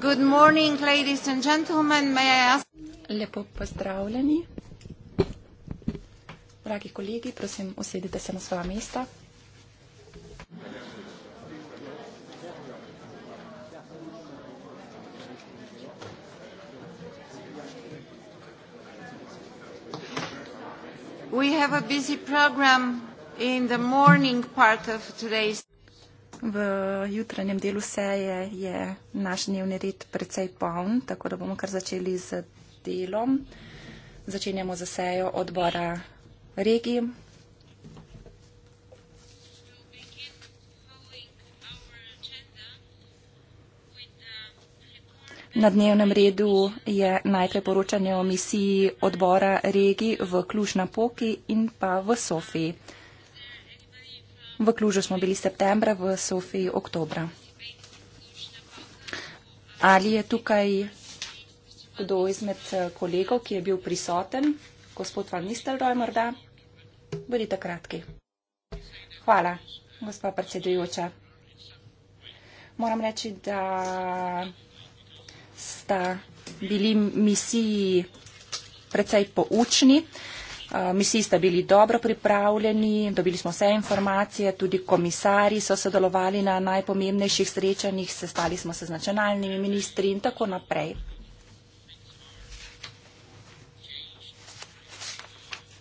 Good morning, ladies and gentlemen. May I ask... Lepo pozdravljeni. Dragi kolegi, prosim, usedite se na svoja mesta. We have a busy program in the morning part of today's... V jutranjem delu seje je naš dnevni red precej poln, tako da bomo kar začeli z delom. Začenjamo za sejo odbora regij. Na dnevnem redu je najprej poročanje o misiji odbora regij v Kluž na Poki in pa v Sofiji. V Klužu smo bili septembra, v Sofiji oktobra. Ali je tukaj kdo izmed eh, kolegov, ki je bil prisoten? Gospod Van Nistelrooy morda? Bodite kratki. Hvala, gospa predsedujoča. Moram reči, da sta bili misiji precej poučni. Uh, Eh, Misi sta bili dobro pripravljeni, dobili smo vse informacije, tudi komisari so sodelovali na najpomembnejših srečanjih, sestali smo se z nacionalnimi ministri in tako naprej.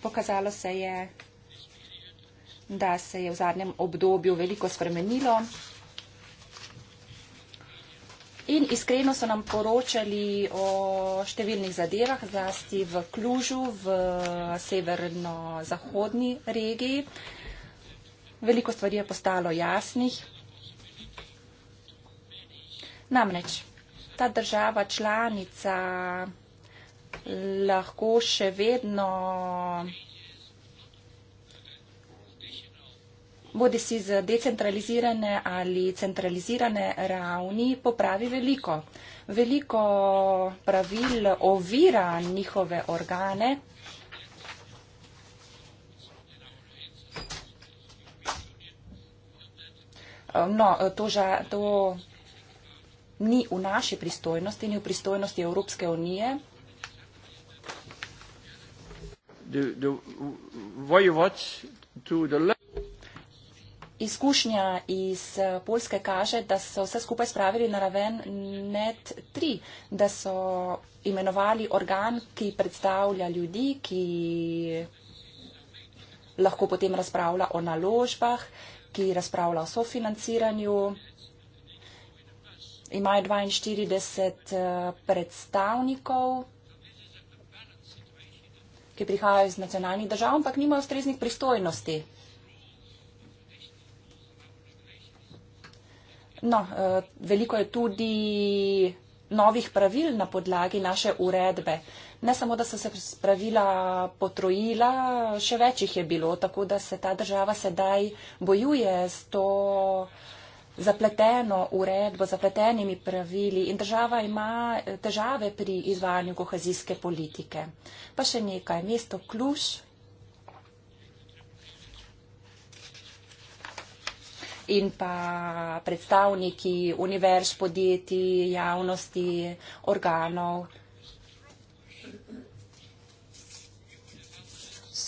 Pokazalo se je, da se je v zadnjem obdobju veliko spremenilo. In iskreno so nam poročali o številnih zadevah, zlasti v Klužu, v severno-zahodni regiji. Veliko stvari je postalo jasnih. Namreč, ta država članica lahko še vedno bodi si z decentralizirane ali centralizirane ravni, popravi veliko. Veliko pravil ovira njihove organe. No, to, ža, to ni v naši pristojnosti, ni v pristojnosti Evropske unije. The, the, izkušnja iz eh, Polske kaže, da so vse skupaj spravili na raven net 3, da so imenovali organ, ki predstavlja ljudi, ki lahko potem razpravlja o naložbah, ki razpravlja o sofinanciranju. Imajo 42 eh, predstavnikov, ki prihajajo iz nacionalnih držav, ampak nimajo ustreznih pristojnosti. No, eh, veliko je tudi novih pravil na podlagi naše uredbe. Ne samo, da so se pravila potrojila, še več jih je bilo, tako da se ta država sedaj bojuje s to zapleteno uredbo, zapletenimi pravili in država ima eh, težave pri izvajanju kohezijske politike. Pa še nekaj, mesto Kluž in pa predstavniki univerz, podjetij, javnosti, organov.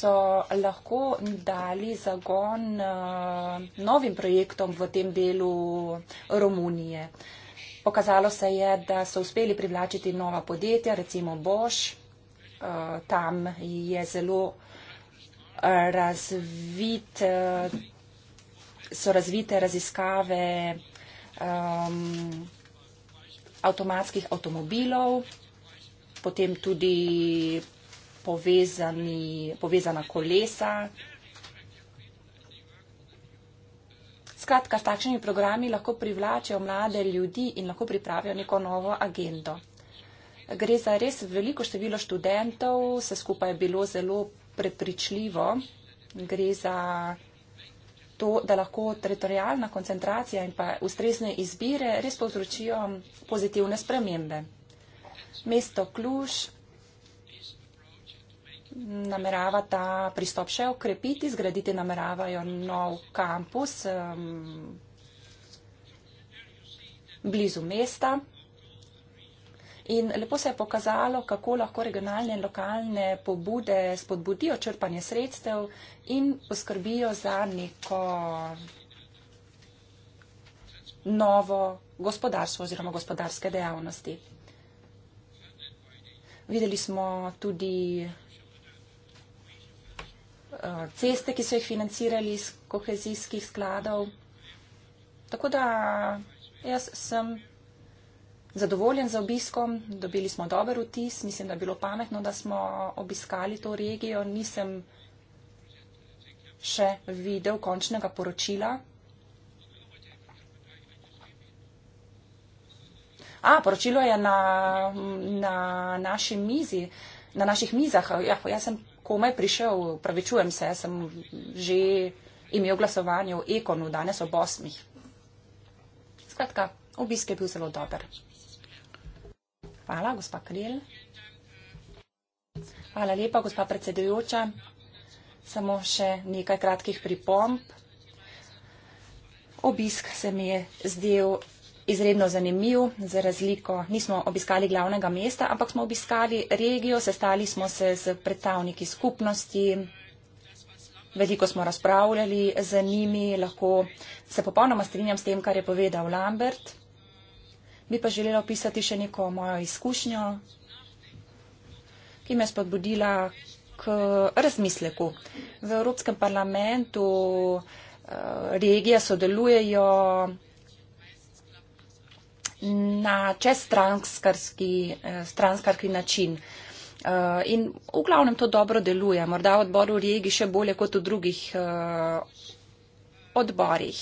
so lahko dali zagon eh, novim projektom v tem delu Romunije. Pokazalo se je, da so uspeli privlačiti nova podjetja, recimo Bosch, eh, tam je zelo razvit eh, so razvite raziskave um, avtomatskih avtomobilov, potem tudi povezani, povezana kolesa. Skratka, s takšnimi programi lahko privlačijo mlade ljudi in lahko pripravijo neko novo agendo. Gre za res veliko število študentov, vse skupaj je bilo zelo prepričljivo. Gre za to, da lahko teritorijalna koncentracija in pa ustrezne izbire res povzročijo pozitivne spremembe. Mesto Kluž namerava ta pristop še okrepiti, zgraditi nameravajo nov kampus um, blizu mesta. In lepo se je pokazalo, kako lahko regionalne in lokalne pobude spodbudijo črpanje sredstev in poskrbijo za neko novo gospodarstvo oziroma gospodarske dejavnosti. Videli smo tudi eh, ceste, ki so jih financirali iz kohezijskih skladov. Tako da jaz sem zadovoljen z obiskom, dobili smo dober vtis, mislim, da je bilo pametno, da smo obiskali to regijo. Nisem še videl končnega poročila. A, poročilo je na, na, naši mizi, na naših mizah. Ja, jaz sem komaj prišel, pravičujem se, jaz sem že imel glasovanje v Ekonu, danes ob osmih. Skratka, obisk je bil zelo dober. Hvala, gospa Krel. Hvala lepa, gospa predsedujoča. Samo še nekaj kratkih pripomb. Obisk se mi je zdel izredno zanimiv, za razliko nismo obiskali glavnega mesta, ampak smo obiskali regijo, sestali smo se z predstavniki skupnosti, veliko smo razpravljali z njimi, lahko se popolnoma strinjam s tem, kar je povedal Lambert. Bi pa želela opisati še neko mojo izkušnjo, ki me spodbudila k razmisleku. V Evropskem parlamentu eh, regije sodelujejo na čestranskarski eh, stranskarki način. Eh, in v glavnem to dobro deluje, morda v odboru regij še bolje kot v drugih odborih.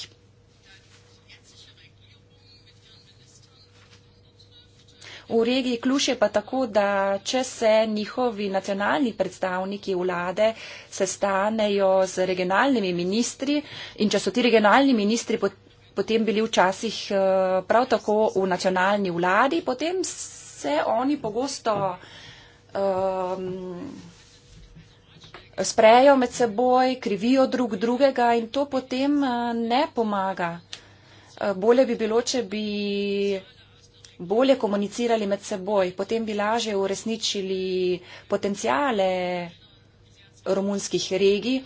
V regiji Kluž je pa tako, da če se njihovi nacionalni predstavniki vlade sestanejo z regionalnimi ministri in če so ti regionalni ministri potem bili včasih eh, prav tako v nacionalni vladi, potem se oni pogosto um, sprejo med seboj, krivijo drug drugega in to potem eh, ne pomaga. Eh, bolje bi bilo, če bi bolje komunicirali med seboj, potem bi laže uresničili potencijale romunskih regij.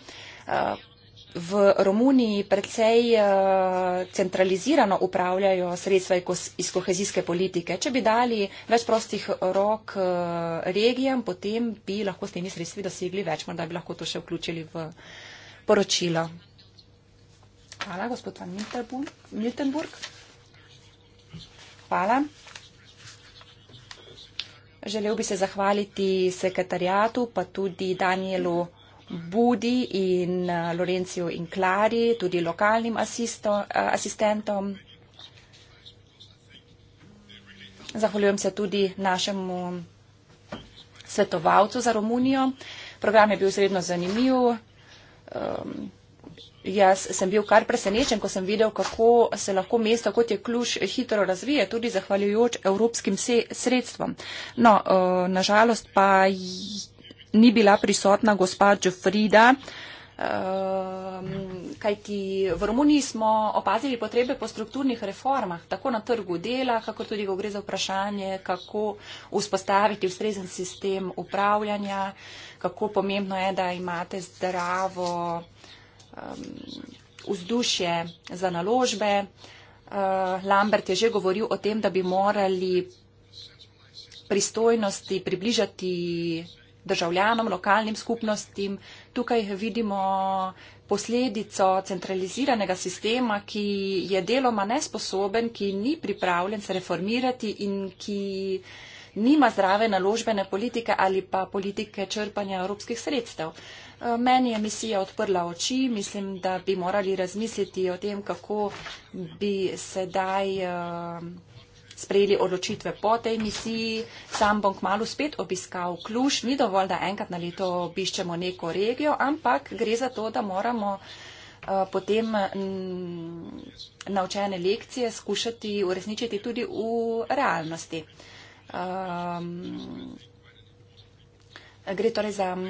V Romuniji precej eh, centralizirano upravljajo sredstva iz kohezijske politike. Če bi dali več prostih rok eh, regijam, potem bi lahko s temi sredstvi dosegli več, morda bi lahko to še vključili v poročilo. Hvala, gospod Van Miltenburg hvala. Želel bi se zahvaliti sekretarjatu, pa tudi Danielu Budi in eh, Lorenciju in Klari, tudi lokalnim asisto, eh, asistentom. Zahvaljujem se tudi našemu svetovalcu za Romunijo. Program je bil sredno zanimiv. Um, Jaz sem bil kar presenečen, ko sem videl, kako se lahko mesto, kot je Kluž, hitro razvije, tudi zahvaljujoč evropskim sredstvom. No, eh, nažalost pa ni bila prisotna gospa Džofrida. Um, ehm, kaj ti v Romuniji smo opazili potrebe po strukturnih reformah, tako na trgu dela, kako tudi, ko gre za vprašanje, kako vzpostaviti ustrezen sistem upravljanja, kako pomembno je, da imate zdravo um, vzdušje za naložbe. Uh, Lambert je že govoril o tem, da bi morali pristojnosti približati državljanom, lokalnim skupnostim. Tukaj vidimo posledico centraliziranega sistema, ki je deloma nesposoben, ki ni pripravljen se reformirati in ki nima zdrave naložbene politike ali pa politike črpanja evropskih sredstev. Uh, Meni je misija odprla oči, mislim, da bi morali razmisliti o tem, kako bi sedaj eh, sprejeli odločitve po tej misiji. Sam bom kmalo spet obiskal Kluž, ni dovolj, da enkrat na leto obiščemo neko regijo, ampak gre za to, da moramo eh, potem mm, naučene lekcije skušati uresničiti tudi v realnosti. Ehm, Gre torej za uh,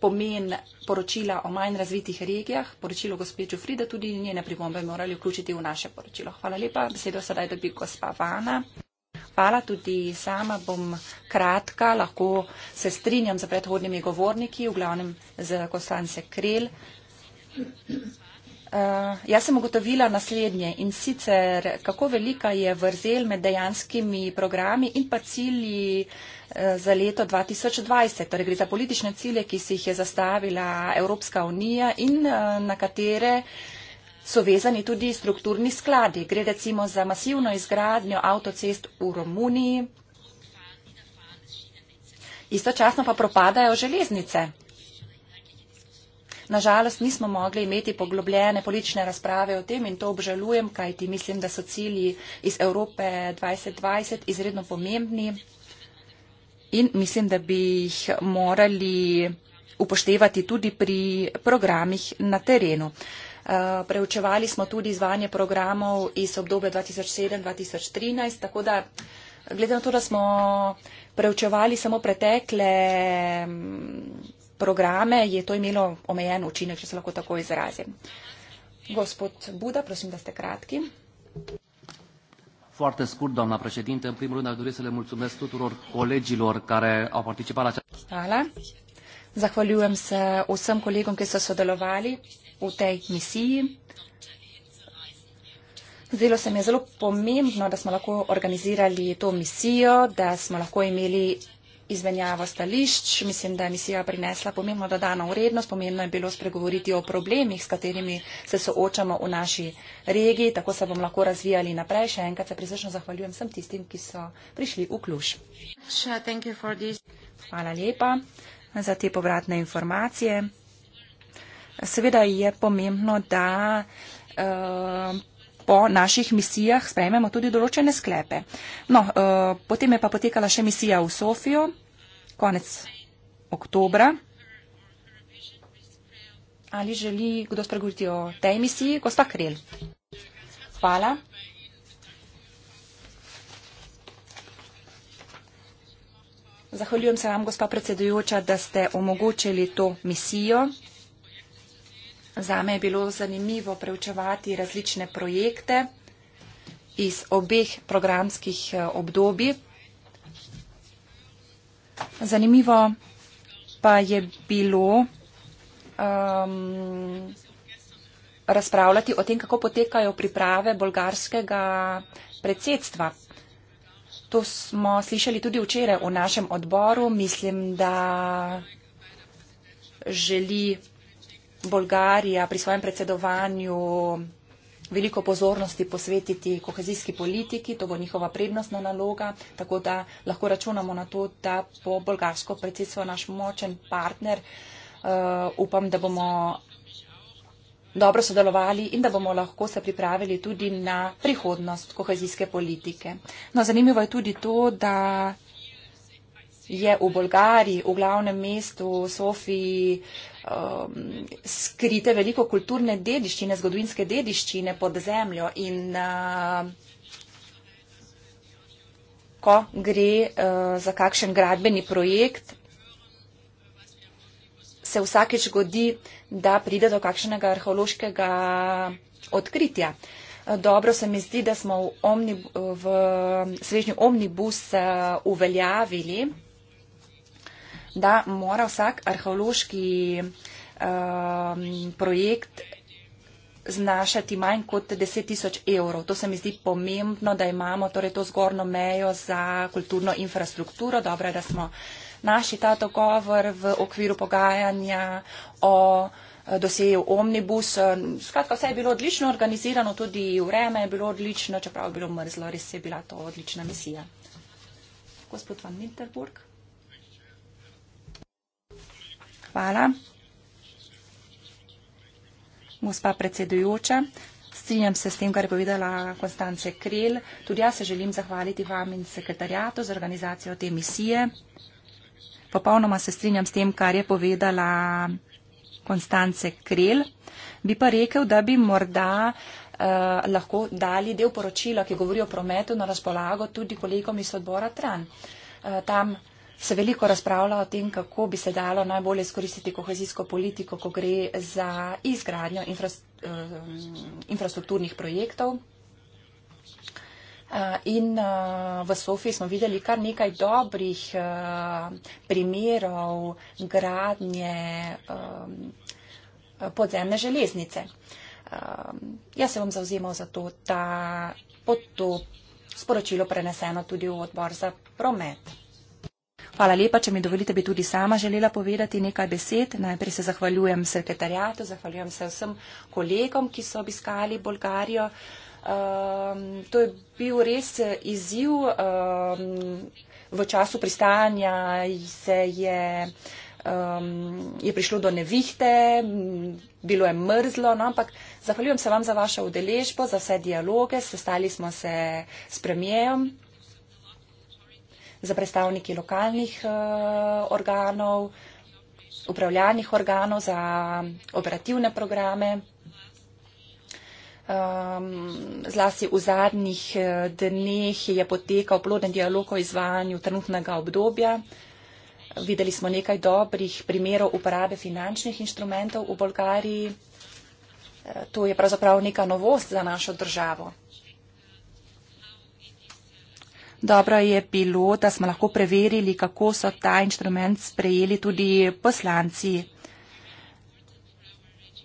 pomen poročila o manj razvitih regijah, poročilo gospe Čufrida, tudi njene pripombe morali vključiti v naše poročilo. Hvala lepa, besedo sedaj dobi gospa Vana. Hvala, tudi sama bom kratka, lahko se strinjam z predhodnimi govorniki, v glavnem z Kostance Krel. Eh, jaz sem ugotovila naslednje in sicer, kako velika je vrzel med dejanskimi programi in pa cilji eh, za leto 2020. Torej gre za politične cilje, ki si jih je zastavila Evropska unija in eh, na katere so vezani tudi strukturni skladi. Gre recimo za masivno izgradnjo avtocest v Romuniji. Istočasno pa propadajo železnice. Na žalost nismo mogli imeti poglobljene politične razprave o tem in to obžalujem, kajti mislim, da so cilji iz Evrope 2020 izredno pomembni in mislim, da bi jih morali upoštevati tudi pri programih na terenu. Eh, preučevali smo tudi izvanje programov iz obdobja 2007-2013, tako da glede na to, da smo preučevali samo pretekle mm, programe, je to imelo omejen učinek, če se lahko tako izrazim. Gospod Buda, prosim, da ste kratki. Foarte scurt, doamna președinte. În primul rând, aș dori să le mulțumesc tuturor colegilor care au participat la această... Zahvaljujem se vsem kolegom, ki so sodelovali v tej misiji. Zdelo se mi je zelo pomembno, da smo lahko organizirali to misijo, da smo lahko imeli izmenjavo stališč. Mislim, da je misija prinesla pomembno dodano vrednost, pomembno je bilo spregovoriti o problemih, s katerimi se soočamo v naši regiji, tako se bomo lahko razvijali naprej. Še enkrat se prisrčno zahvaljujem vsem tistim, ki so prišli v kluž. Hvala lepa za te povratne informacije. Seveda je pomembno, da eh, po naših misijah sprejmemo tudi določene sklepe. No, eh, potem je pa potekala še misija v Sofijo, konec oktobra. Ali želi kdo spregovoriti o tej misiji? Gospa Krel. Hvala. Zahvaljujem se vam, gospa predsedujoča, da ste omogočili to misijo. Zame je bilo zanimivo preučevati različne projekte iz obeh programskih eh, obdobij. Zanimivo pa je bilo um, razpravljati o tem, kako potekajo priprave bolgarskega predsedstva. To smo slišali tudi včeraj v našem odboru. Mislim, da želi Bolgarija pri svojem predsedovanju veliko pozornosti posvetiti kohezijski politiki, to bo njihova prednostna naloga, tako da lahko računamo na to, da bo bolgarsko predsedstvo naš močen partner. Uh, upam, da bomo dobro sodelovali in da bomo lahko se pripravili tudi na prihodnost kohezijske politike. No, zanimivo je tudi to, da je v Bolgariji, v glavnem mestu Sofiji, uh, um, skrite veliko kulturne dediščine, zgodovinske dediščine pod zemljo in uh, ko gre uh, za kakšen gradbeni projekt, se vsakeč godi, da pride do kakšnega arheološkega odkritja. Uh, dobro se mi zdi, da smo v, omni, v svežnju omnibus uh, uveljavili da mora vsak arheološki um, projekt znašati manj kot 10 tisoč evrov. To se mi zdi pomembno, da imamo torej to zgornjo mejo za kulturno infrastrukturo. Dobro, da smo našli ta dogovor v okviru pogajanja o eh, dosejev omnibus. Skratka, vse je bilo odlično organizirano, tudi vreme je bilo odlično, čeprav je bilo mrzlo, res je bila to odlična misija. Gospod Van Winterburg. Hvala. Gospa predsedujoča, strinjam se s tem, kar je povedala Konstance Krel. Tudi jaz se želim zahvaliti vam in sekretarjatu za organizacijo te misije. Popolnoma se strinjam s tem, kar je povedala Konstance Krel. Bi pa rekel, da bi morda uh, lahko dali del poročila, ki govori o prometu na razpolago tudi kolegom iz odbora Tran. Uh, tam se veliko razpravlja o tem, kako bi se dalo najbolje skoristiti kohezijsko politiko, ko gre za izgradnjo eh, infrastrukturnih projektov. Eh, in eh, v SOFI smo videli kar nekaj dobrih primerov gradnje podzemne železnice. Jaz se bom zauzemal za to, da bo to sporočilo preneseno tudi v odbor za promet. Hvala lepa, če mi dovolite, bi tudi sama želela povedati nekaj besed. Najprej se zahvaljujem sekretarjatu, zahvaljujem se vsem kolegom, ki so obiskali Bolgarijo. Um, to je bil res izziv. Um, v času pristanja se je. Um, je prišlo do nevihte, bilo je mrzlo, no, ampak zahvaljujem se vam za vašo udeležbo, za vse dialoge, sestali smo se s premijejem za predstavniki lokalnih eh, organov, upravljanih organov za operativne programe. Ehm, zlasti v zadnjih eh, dneh je potekal ploden dialog o izvajanju trenutnega obdobja. Videli smo nekaj dobrih primerov uporabe finančnih inštrumentov v Bolgariji. Eh, to je pravzaprav neka novost za našo državo. Dobro je bilo, da smo lahko preverili, kako so ta inštrument sprejeli tudi poslanci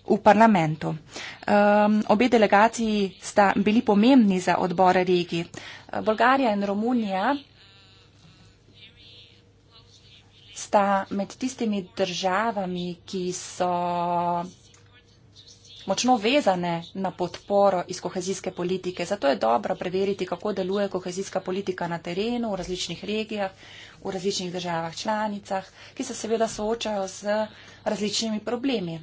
v parlamentu. Um, obe delegaciji sta bili pomembni za odbore regij. Bolgarija in Romunija sta med tistimi državami, ki so močno vezane na podporo iz kohezijske politike. Zato je dobro preveriti, kako deluje kohezijska politika na terenu, v različnih regijah, v različnih državah članicah, ki se seveda soočajo z različnimi problemi.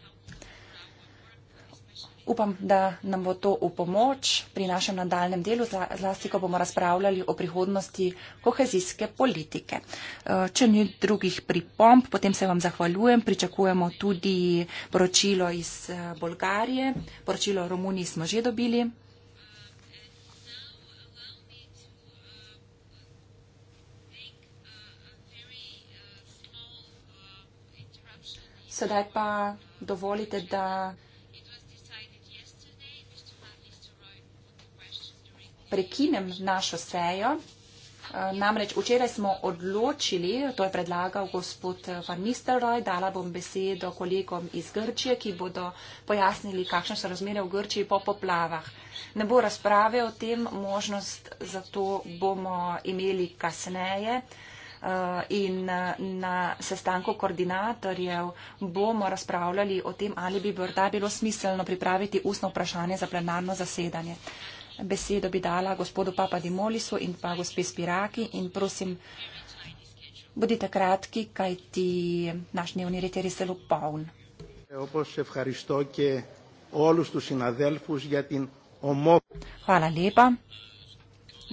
Upam, da nam bo to v pomoč pri našem nadaljem delu, zlasti, ko bomo razpravljali o prihodnosti kohezijske politike. Eh, če ni drugih pripomb, potem se vam zahvaljujem. Pričakujemo tudi poročilo iz eh, Bolgarije. Poročilo o Romuniji smo že dobili. Sedaj pa dovolite, da. prekinem našo sejo. Eh, namreč včeraj smo odločili, to je predlagal gospod eh, Van Nistelrooy, dala bom besedo kolegom iz Grčije, ki bodo pojasnili, kakšne so razmere v Grčiji po poplavah. Ne bo razprave o tem, možnost za to bomo imeli kasneje eh, in na sestanku koordinatorjev bomo razpravljali o tem, ali bi morda bilo smiselno pripraviti ustno vprašanje za plenarno zasedanje besedo bi dala gospodu Papadimolisu in pa gospe Spiraki in prosim, bodite kratki, kaj ti naš dnevni red je res zelo poln. Ja Hvala lepa.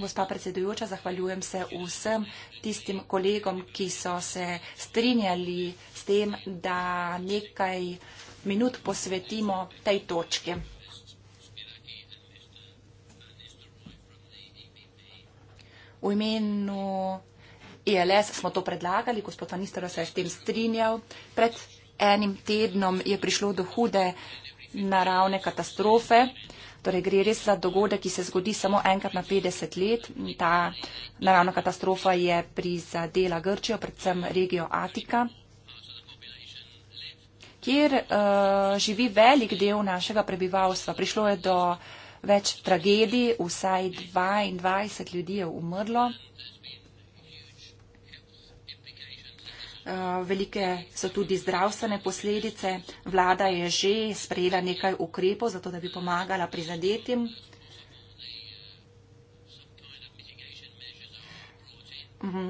Gospa predsedujoča, zahvaljujem se vsem tistim kolegom, ki so se strinjali s tem, da nekaj minut posvetimo tej točki. v imenu ILS e smo to predlagali, gospod Vanistero se je s tem strinjal. Pred enim tednom je prišlo do hude naravne katastrofe, torej gre res za dogodek, ki se zgodi samo enkrat na 50 let. Ta naravna katastrofa je prizadela Grčijo, predvsem regijo Atika kjer uh, živi velik del našega prebivalstva. Prišlo je do uh, več tragedij, vsaj 22 ljudi je umrlo. Eh, velike so tudi zdravstvene posledice. Vlada je že sprejela nekaj ukrepov, zato da bi pomagala prizadetim. Mhm,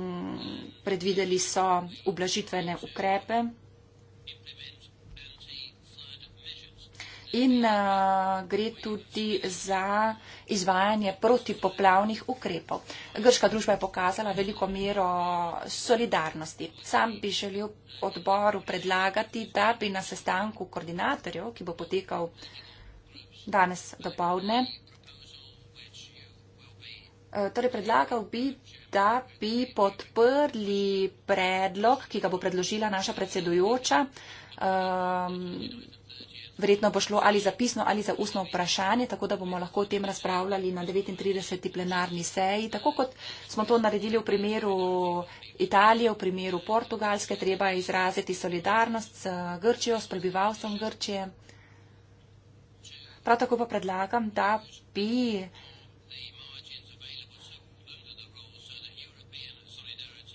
predvideli so ublažitvene ukrepe. in uh, gre tudi za izvajanje protipoplavnih ukrepov. Grška družba je pokazala veliko mero solidarnosti. Sam bi želel odboru predlagati, da bi na sestanku koordinatorjev, ki bo potekal danes do povdne, eh, Torej predlagal bi, da bi podprli predlog, ki ga bo predložila naša predsedujoča, ehm, Verjetno bo šlo ali za pisno ali za ustno vprašanje, tako da bomo lahko o tem razpravljali na 39. plenarni seji. Tako kot smo to naredili v primeru Italije, v primeru Portugalske, treba izraziti solidarnost z Grčijo, s prebivalstvom Grčije. Prav tako pa predlagam, da bi.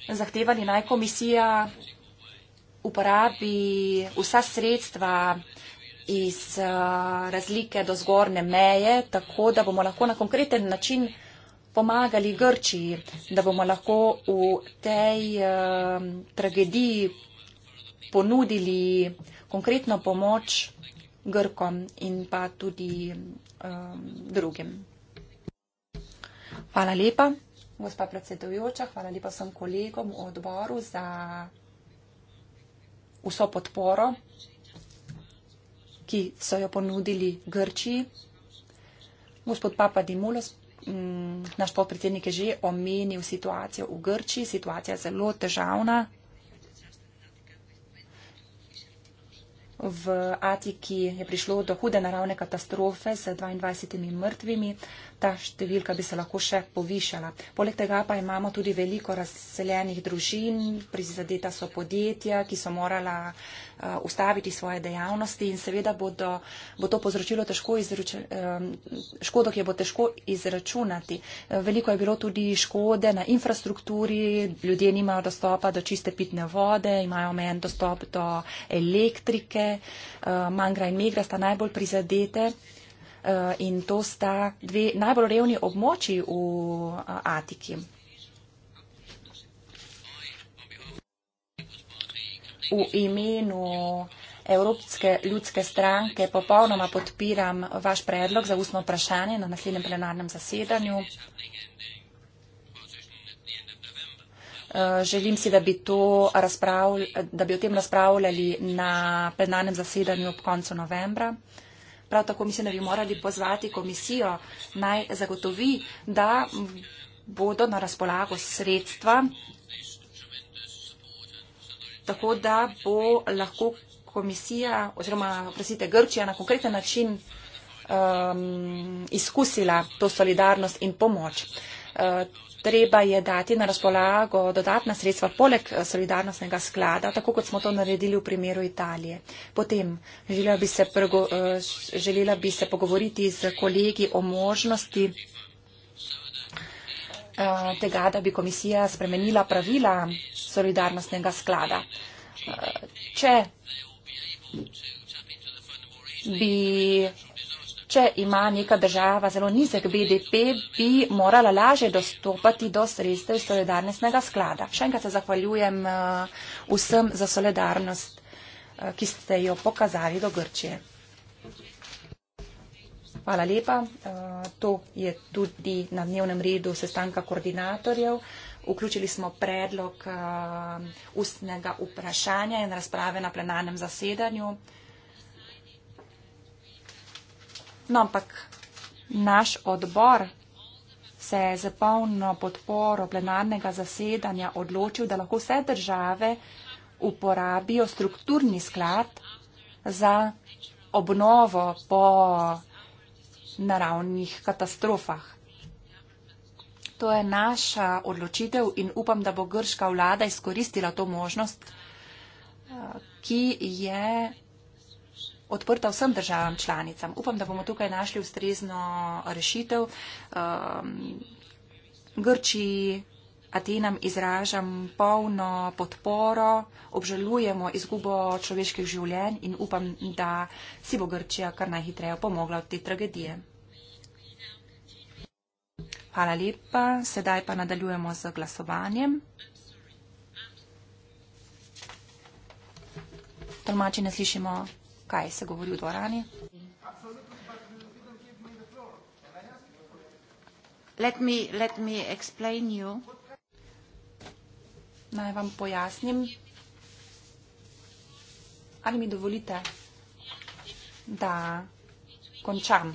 Zahtevali naj komisija uporabi vsa sredstva iz uh, razlike do zgorne meje, tako da bomo lahko na konkreten način pomagali Grčiji, da bomo lahko v tej uh, tragediji ponudili konkretno pomoč Grkom in pa tudi um, drugim. Hvala lepa, gospa predsedujoča, hvala lepa vsem kolegom v odboru za vso podporo ki so jo ponudili Grčiji. Gospod Papa Dimulos, mm, naš podpredsednik je že omenil situacijo v Grčiji, situacija je zelo težavna. V Atiki je prišlo do hude naravne katastrofe z 22 mrtvimi ta številka bi se lahko še povišala. Poleg tega pa imamo tudi veliko razseljenih družin, prizadeta so podjetja, ki so morala uh, ustaviti svoje dejavnosti in seveda bodo, bo to povzročilo uh, škodo, ki jo bo težko izračunati. Eh, veliko je bilo tudi škode na infrastrukturi, ljudje nimajo dostopa do čiste pitne vode, imajo omejen dostop do elektrike, uh, mangra in megra sta najbolj prizadete. Eh, in to sta dve najbolj revni območji v eh, Atiki. V imenu Evropske ljudske stranke popolnoma podpiram vaš predlog za ustno vprašanje na naslednjem plenarnem zasedanju. Eh, želim si, da bi, to da bi o tem razpravljali na plenarnem zasedanju ob koncu novembra. Prav tako mislim, da bi morali pozvati komisijo naj zagotovi, da bodo na razpolago sredstva, tako da bo lahko komisija oziroma prosite Grčija na konkreten način um, izkusila to solidarnost in pomoč. Uh, treba je dati na razpolago dodatna sredstva poleg eh, solidarnostnega sklada, tako kot smo to naredili v primeru Italije. Potem želela bi se, prgo, eh, želela bi se pogovoriti z kolegi o možnosti eh, tega, da bi komisija spremenila pravila solidarnostnega sklada. Če bi Če ima neka država zelo nizek BDP, bi morala laže dostopati do sredstev solidarnostnega sklada. Še enkrat se zahvaljujem eh, vsem za solidarnost, eh, ki ste jo pokazali do Grčije. Hvala lepa. Eh, to je tudi na dnevnem redu sestanka koordinatorjev. Vključili smo predlog ustnega vprašanja in razprave na plenarnem zasedanju. No, ampak naš odbor se je za polno podporo plenarnega zasedanja odločil, da lahko vse države uporabijo strukturni sklad za obnovo po naravnih katastrofah. To je naša odločitev in upam, da bo grška vlada izkoristila to možnost, eh, ki je odprta vsem državam članicam. Upam, da bomo tukaj našli ustrezno eh, rešitev. Um, ehm, Grči, Atenam izražam polno podporo, obžalujemo izgubo človeških življenj in upam, da si bo Grčija kar najhitreje pomogla od te tragedije. Hvala lepa. Sedaj pa nadaljujemo z glasovanjem. Tolmači ne slišimo kaj se govori v dvorani. Let me, let me explain you. Naj vam pojasnim. Ali mi dovolite, da končam?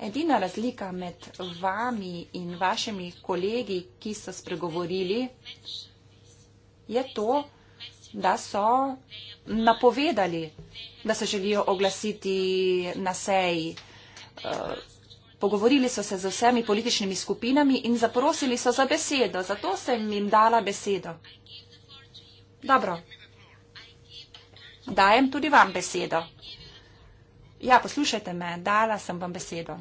Edina razlika med vami in vašimi kolegi, ki so spregovorili, je to, da so napovedali, da se želijo oglasiti na seji. Eh, pogovorili so se z vsemi političnimi skupinami in zaprosili so za besedo. Zato sem jim dala besedo. Dobro. Dajem tudi vam besedo. Ja, poslušajte me, dala sem vam besedo.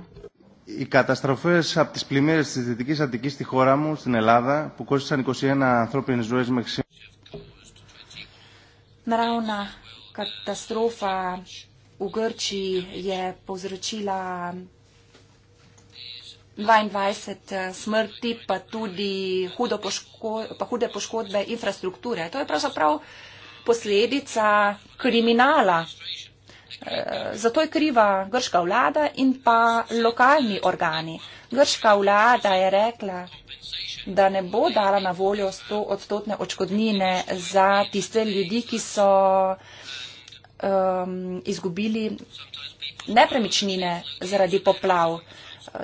Οι καταστροφέ από τι πλημμύρε τη Δυτική Αττική στη χώρα μου, στην Ελλάδα, που κόστησαν 21 ανθρώπινε ζωέ μέχρι σήμερα naravna katastrofa v Grčiji je povzročila 22 smrti, pa tudi hudo poško, pa hude poškodbe infrastrukture. To je pravzaprav posledica kriminala. Eh, zato je kriva grška vlada in pa lokalni organi. Grška vlada je rekla, da ne bo dala na voljo 100 odstotne očkodnine za tiste ljudi, ki so um, izgubili nepremičnine zaradi poplav.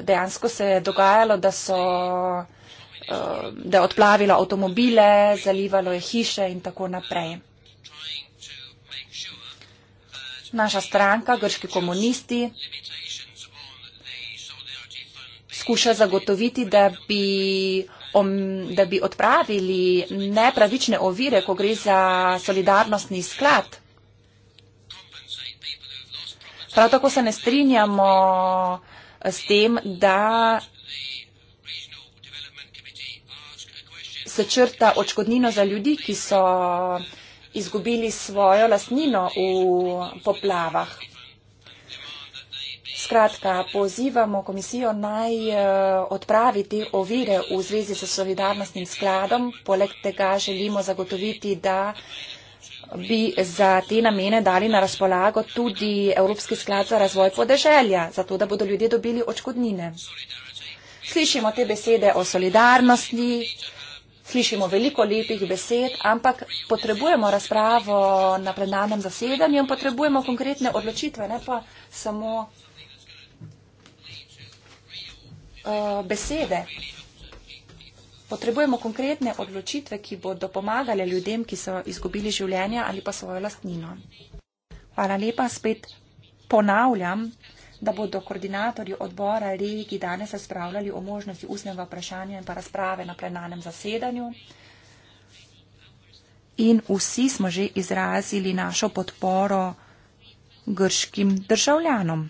Dejansko se je dogajalo, da so um, da je odplavilo avtomobile, zalivalo je hiše in tako naprej. Naša stranka, grški komunisti, skuša zagotoviti, da bi da bi odpravili nepravične ovire, ko gre za solidarnostni sklad. Prav tako se ne strinjamo s tem, da se črta očkodnino za ljudi, ki so izgubili svojo lastnino v poplavah. Skratka, pozivamo komisijo naj eh, odpraviti ovire v zvezi s solidarnostnim skladom. Poleg tega želimo zagotoviti, da bi za te namene dali na razpolago tudi Evropski sklad za razvoj podeželja, zato da bodo ljudje dobili očkodnine. Slišimo te besede o solidarnosti, slišimo veliko lepih besed, ampak potrebujemo razpravo na plenarnem zasedanju in potrebujemo konkretne odločitve, ne pa samo Eh, besede. Potrebujemo konkretne odločitve, ki bodo pomagale ljudem, ki so izgubili življenja ali pa svojo lastnino. Hvala lepa, spet ponavljam, da bodo koordinatorji odbora regi danes razpravljali o možnosti usnega vprašanja in pa razprave na plenarnem zasedanju. In vsi smo že izrazili našo podporo grškim državljanom.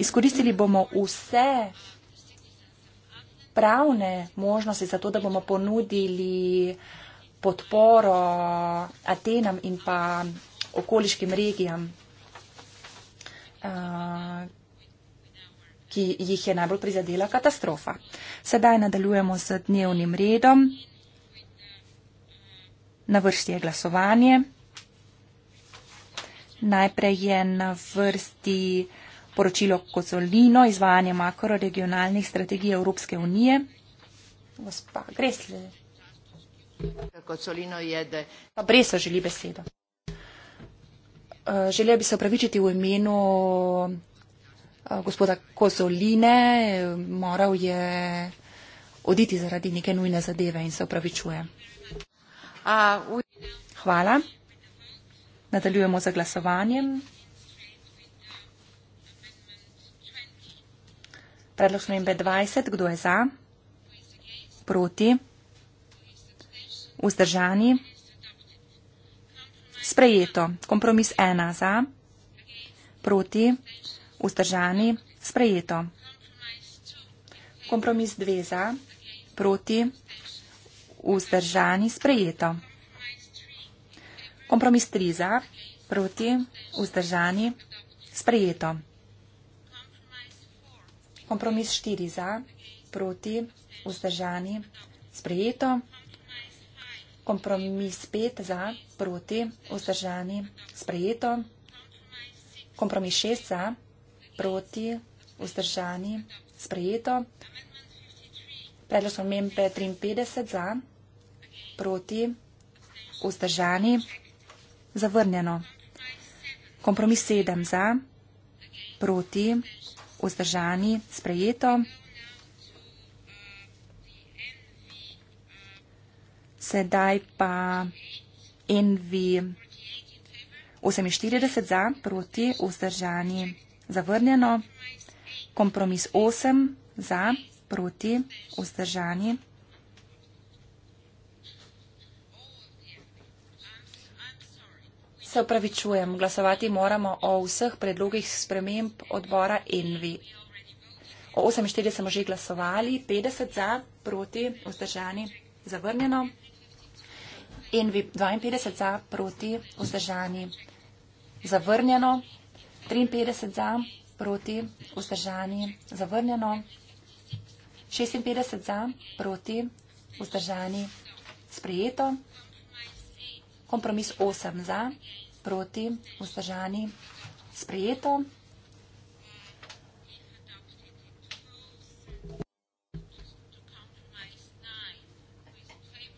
Izkoristili bomo vse pravne možnosti za to, da bomo ponudili podporo Atenam in pa okoliškim regijam, eh, ki jih je najbolj prizadela katastrofa. Sedaj nadaljujemo z dnevnim redom. Na vrsti je glasovanje. Najprej je na vrsti poročilo Kozolino, izvajanje makroregionalnih strategij Evropske unije. Gospa Gresle. Kozolino jede. Pa Breso želi besedo. Eh, Želel bi se opravičiti v imenu eh, gospoda Kozoline. Moral je oditi zaradi neke nujne zadeve in se opravičuje. Hvala. Nadaljujemo za glasovanjem. Predlog smembe 20. Kdo je za? Proti? Vzdržani? Sprejeto. Kompromis 1 za. Proti? Vzdržani? Sprejeto. Kompromis 2 za. Proti? Vzdržani? Sprejeto. Kompromis 3 za. Proti? Vzdržani? Sprejeto. Sprejeto kompromis 4 za, proti, vzdržani, sprejeto. Kompromis 5 za, proti, vzdržani, sprejeto. Kompromis 6 za, proti, vzdržani, sprejeto. Predlog spremembe 53 za, proti, vzdržani, zavrnjeno. Kompromis 7 za, proti, vzdržani vzdržani, sprejeto. Sedaj pa NV 48 za, proti, vzdržani, zavrnjeno. Kompromis 8 za, proti, vzdržani. Se upravičujem, glasovati moramo o vseh predlogih sprememb odbora Envi. O 48 smo že glasovali, 50 za, proti, vzdržani, zavrnjeno. Envi 52 za, proti, vzdržani, zavrnjeno. 53 za, proti, vzdržani, zavrnjeno. 56 za, proti, vzdržani, sprejeto. Kompromis 8 za, proti, vzdržani, sprejeto.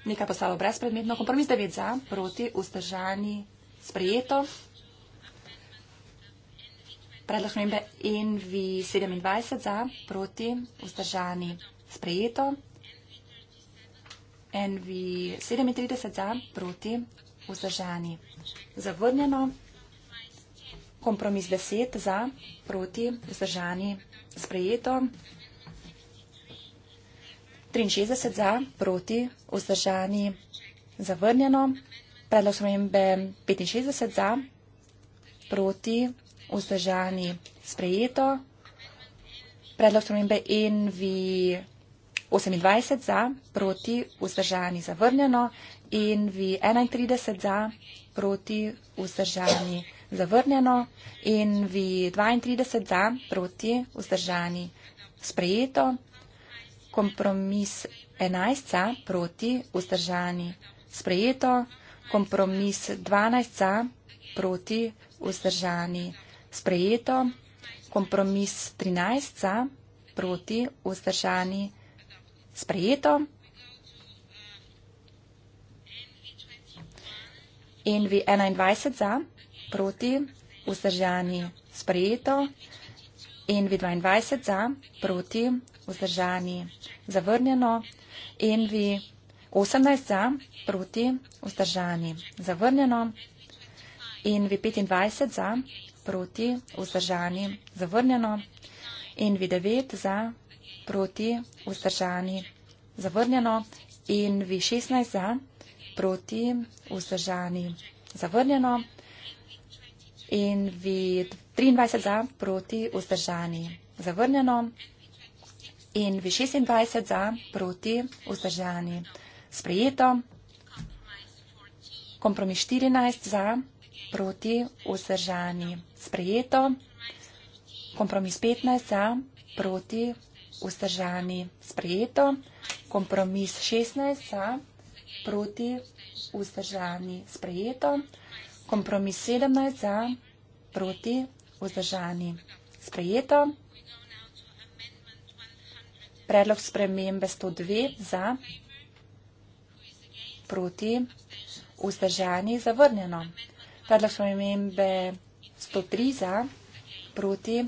Nekaj postalo brezpredmetno. Kompromis 9 za, proti, vzdržani, sprejeto. Predlog smembe NV27 za, proti, vzdržani, sprejeto. NV37 za, proti, vzdržani. Zavrnjeno, kompromis besed za, proti, vzdržani, sprejeto. 63 za, proti, vzdržani, zavrnjeno. Predlog spremembe 65 za, proti, vzdržani, sprejeto. Predlog spremembe NV 28 za, proti, vzdržani, zavrnjeno in vi 31 za, proti vzdržani zavrnjeno in vi 32 za, proti vzdržani sprejeto, kompromis 11 za, proti vzdržani sprejeto, kompromis 12 za, proti vzdržani sprejeto, kompromis 13 za, proti vzdržani sprejeto. Envi 21 za, proti, vzdržani sprejeto. Envi 22 za, proti, vzdržani zavrnjeno. Envi 18 za, proti, vzdržani zavrnjeno. Envi 25 za, proti, vzdržani zavrnjeno. Envi 9 za, proti, vzdržani zavrnjeno. Envi 16 za, proti, vzdržani zavrnjeno proti, vzdržani zavrnjeno in vi 23 za, proti, vzdržani zavrnjeno in vi 26 za, proti, vzdržani sprejeto, kompromis 14 za, proti, vzdržani sprejeto, kompromis 15 za, proti, vzdržani sprejeto, kompromis 16 za, proti, vzdržani sprejeto, proti, vzdržani, sprejeto. Kompromis 17 za, proti, vzdržani, sprejeto. Predlog spremembe 102 za, proti, vzdržani, zavrnjeno. Predlog spremembe 103 za, proti,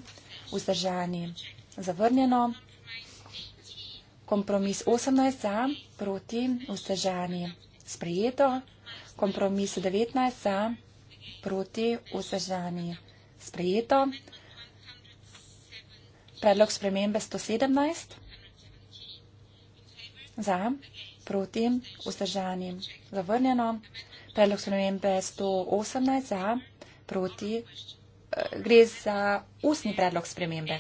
vzdržani, zavrnjeno kompromis 18 za, proti, vzdržani, sprejeto, kompromis 19 za, proti, vzdržani, sprejeto, predlog spremembe 117 za, proti, vzdržani, zavrnjeno, predlog spremembe 118 za, proti, eh, gre za usni predlog spremembe.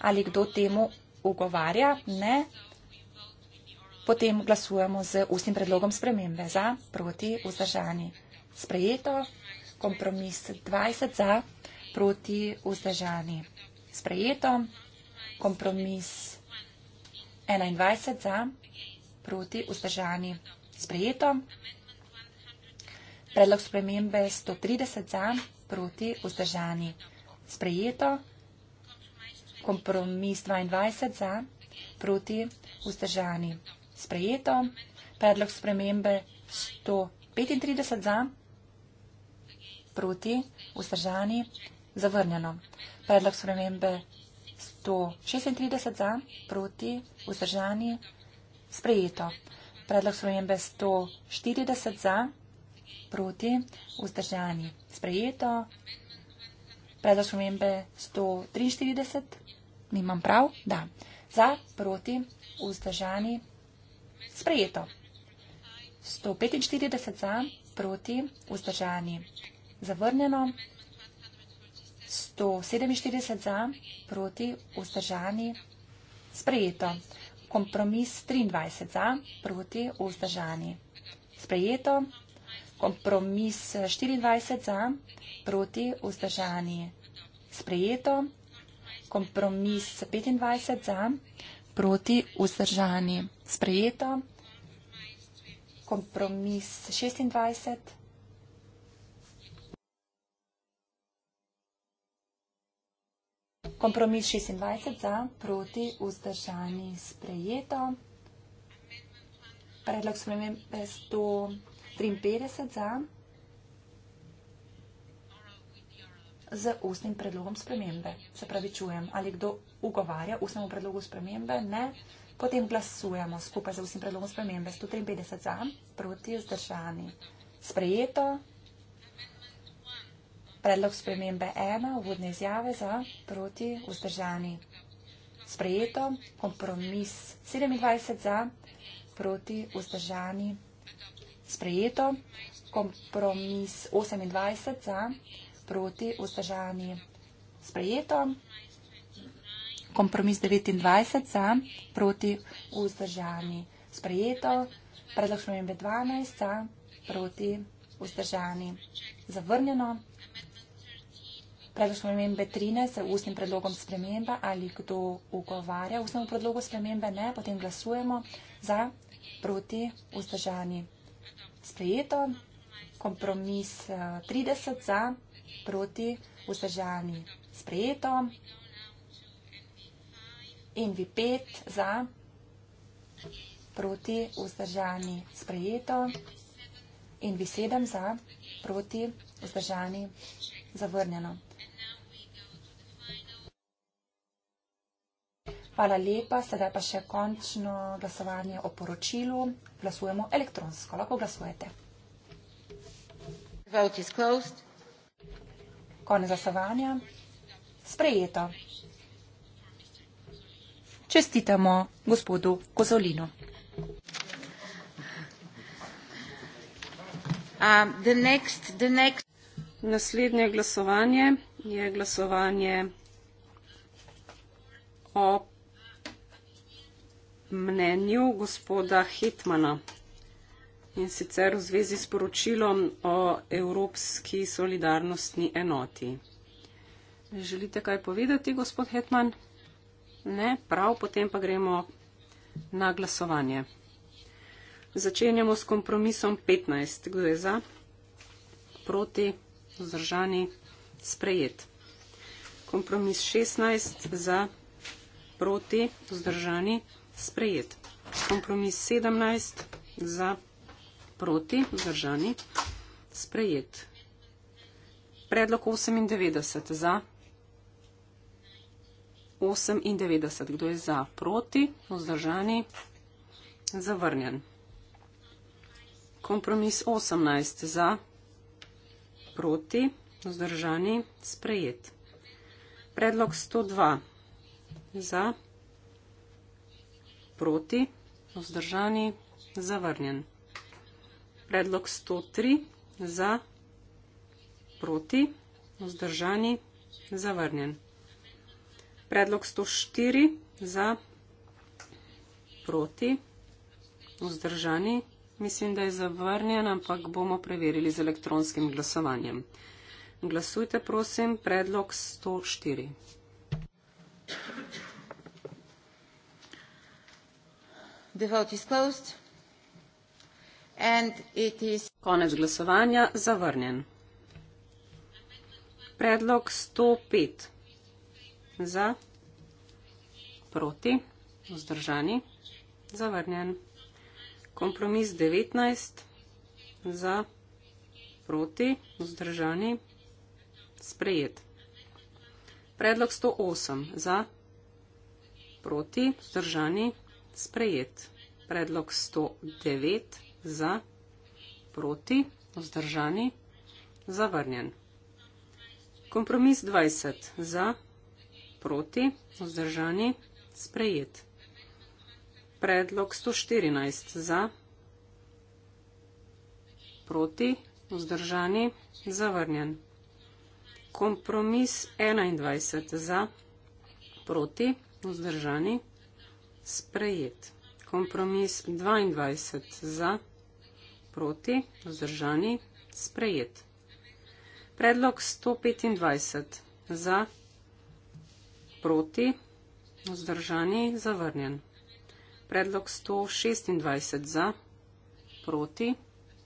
Ali kdo temu vzdržani? ugovarja ne, potem glasujemo z ustnim predlogom spremembe za proti vzdržani. Sprejeto, kompromis 20 za proti vzdržani. Sprejeto, kompromis 21 za proti vzdržani. Sprejeto, predlog spremembe 130 za proti vzdržani. Sprejeto kompromis 22 za, proti, vzdržani. Sprejeto. Predlog spremembe 135 za, proti, vzdržani, zavrnjeno. Predlog spremembe 136 za, proti, vzdržani, sprejeto. Predlog spremembe 140 za, proti, vzdržani, sprejeto. Predlog spremembe 143 za, Nimam prav? Da. Za, proti, vzdržani, sprejeto. 145 za, proti, vzdržani, zavrnjeno. 147 za, proti, vzdržani, sprejeto. Kompromis 23 za, proti, vzdržani, sprejeto. Kompromis 24 za, proti, vzdržani, sprejeto kompromis 25 za, proti vzdržani. Sprejeto. Kompromis 26. Kompromis 26 za, proti vzdržani. Sprejeto. Predlog spremembe 153 za. z ustnim predlogom spremembe. Se pravi, čujem, ali kdo ugovarja ustnemu predlogu spremembe, ne. Potem glasujemo skupaj z ustnim predlogom spremembe. 153 za, proti zdržani. Sprejeto. Predlog spremembe 1, uvodne izjave za, proti vzdržani. Sprejeto. Kompromis 27 za, proti vzdržani. Sprejeto. Kompromis 28 za, proti vzdržani proti vzdržani. Sprejeto. Kompromis 29 za proti vzdržani. Sprejeto. Predlog spremembe 12 za proti vzdržani. Zavrnjeno. Predlog spremembe 13 za ustnim predlogom spremembe ali kdo ugovarja ustnemu predlogu spremembe. Ne, potem glasujemo za proti vzdržani. Sprejeto. Kompromis 30 eh, za proti vzdržani proti vzdržani sprejeto. NV5 za proti vzdržani sprejeto. NV7 za proti vzdržani zavrnjeno. Hvala lepa, sedaj pa še končno glasovanje o poročilu. Glasujemo elektronsko, lahko glasujete. Vote is closed. Konec glasovanja. Sprejeto. Čestitamo gospodu Kozolinu. Uh, next, next... Naslednje glasovanje je glasovanje o mnenju gospoda Hitmana in sicer v zvezi s poročilom o Evropski solidarnostni enoti. Želite kaj povedati, gospod Hetman? Ne, prav, potem pa gremo na glasovanje. Začenjamo s kompromisom 15. Kdo je za? Proti, vzdržani, sprejet. Kompromis 16. Za, proti, vzdržani, sprejet. Kompromis 17. Za, proti, vzdržani, sprejet. Predlog 98 za. 98. Kdo je za? Proti, vzdržani, zavrnjen. Kompromis 18 za. Proti, vzdržani, sprejet. Predlog 102 za. Proti, vzdržani, zavrnjen predlog 103 za, proti, vzdržani, zavrnjen. Predlog 104 za, proti, vzdržani, mislim, da je zavrnjen, ampak bomo preverili z elektronskim glasovanjem. Glasujte, prosim, predlog 104. The vote is closed. Konec glasovanja zavrnjen. Predlog 105 za, proti, vzdržani, zavrnjen. Kompromis 19 za, proti, vzdržani, sprejet. Predlog 108 za, proti, vzdržani, sprejet. Predlog 109 za, proti, vzdržani, sprejet za, proti, vzdržani, zavrnjen. Kompromis 20. Za, proti, vzdržani, sprejet. Predlog 114. Za, proti, vzdržani, zavrnjen. Kompromis 21. Za, proti, vzdržani, sprejet. Kompromis 22. Za, proti, vzdržani, sprejet proti, vzdržani, sprejet. Predlog 125 za, proti, vzdržani, zavrnjen. Predlog 126 za, proti,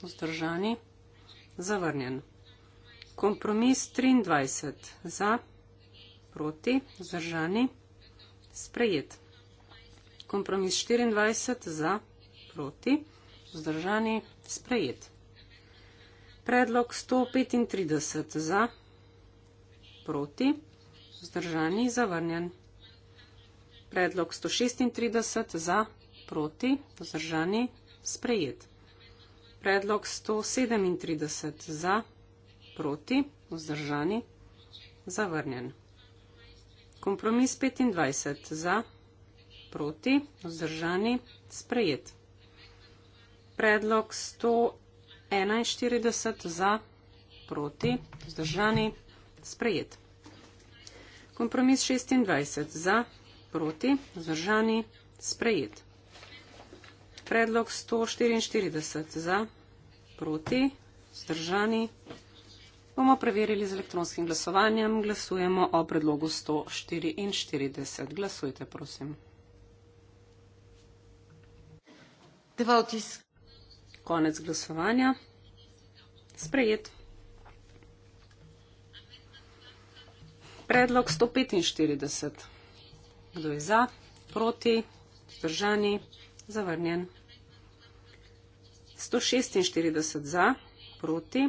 vzdržani, zavrnjen. Kompromis 23 za, proti, vzdržani, sprejet. Kompromis 24 za, proti, vzdržani, sprejet. Predlog 135 za, proti, vzdržani, zavrnjen. Predlog 136 za, proti, vzdržani, sprejet. Predlog 137 za, proti, vzdržani, zavrnjen. Kompromis 25 za, proti, vzdržani, sprejet predlog 141 za, proti, vzdržani, sprejet. Kompromis 26 za, proti, vzdržani, sprejet. Predlog 144 za, proti, vzdržani. Bomo preverili z elektronskim glasovanjem. Glasujemo o predlogu 144. Glasujte, prosim. Deva otisk. Konec glasovanja. Sprejet. Predlog 145. Kdo je za, proti, zdržani, zavrnjen. 146 za, proti,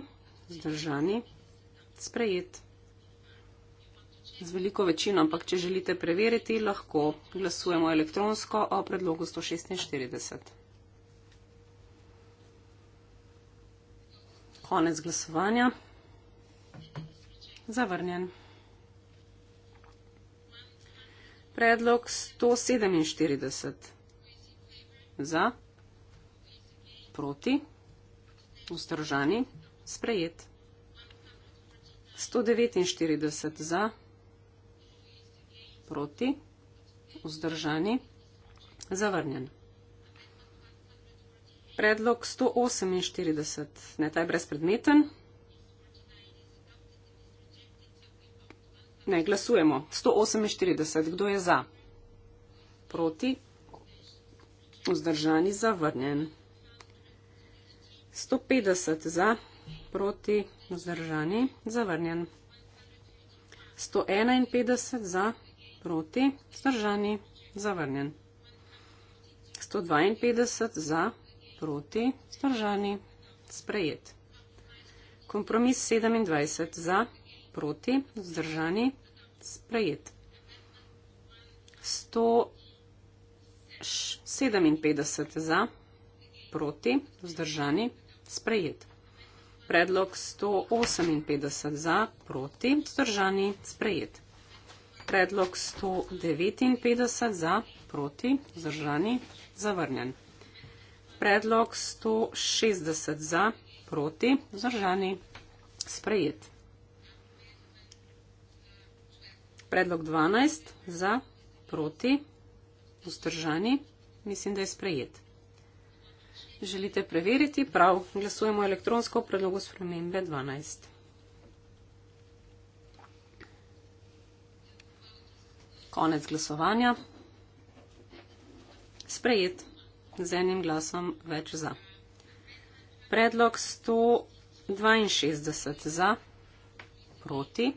zdržani, sprejet. Z veliko večino, ampak če želite preveriti, lahko glasujemo elektronsko o predlogu 146. konec glasovanja. Zavrnjen. Predlog 147. Za. Proti. Ustržani. Sprejet. 149 za, proti, vzdržani, zavrnjeni predlog 148, ne ta je brezpredmeten. Ne, glasujemo. 148, kdo je za? Proti? Vzdržani zavrnjen. 150 za, proti, vzdržani, zavrnjen. 151 za, proti, vzdržani, zavrnjen. 152 za, proti, vzdržani, sprejet. Kompromis 27 za, proti, vzdržani, sprejet. 157 za, proti, vzdržani, sprejet. Predlog 158 za, proti, vzdržani, sprejet. Predlog 159 za, proti, vzdržani, zavrnjen predlog 160 za, proti, vzdržani, sprejet. Predlog 12 za, proti, vzdržani, mislim, da je sprejet. Želite preveriti? Prav, glasujemo elektronsko v predlogu spremembe 12. Konec glasovanja. Sprejet z enim glasom več za. Predlog 162 za, proti,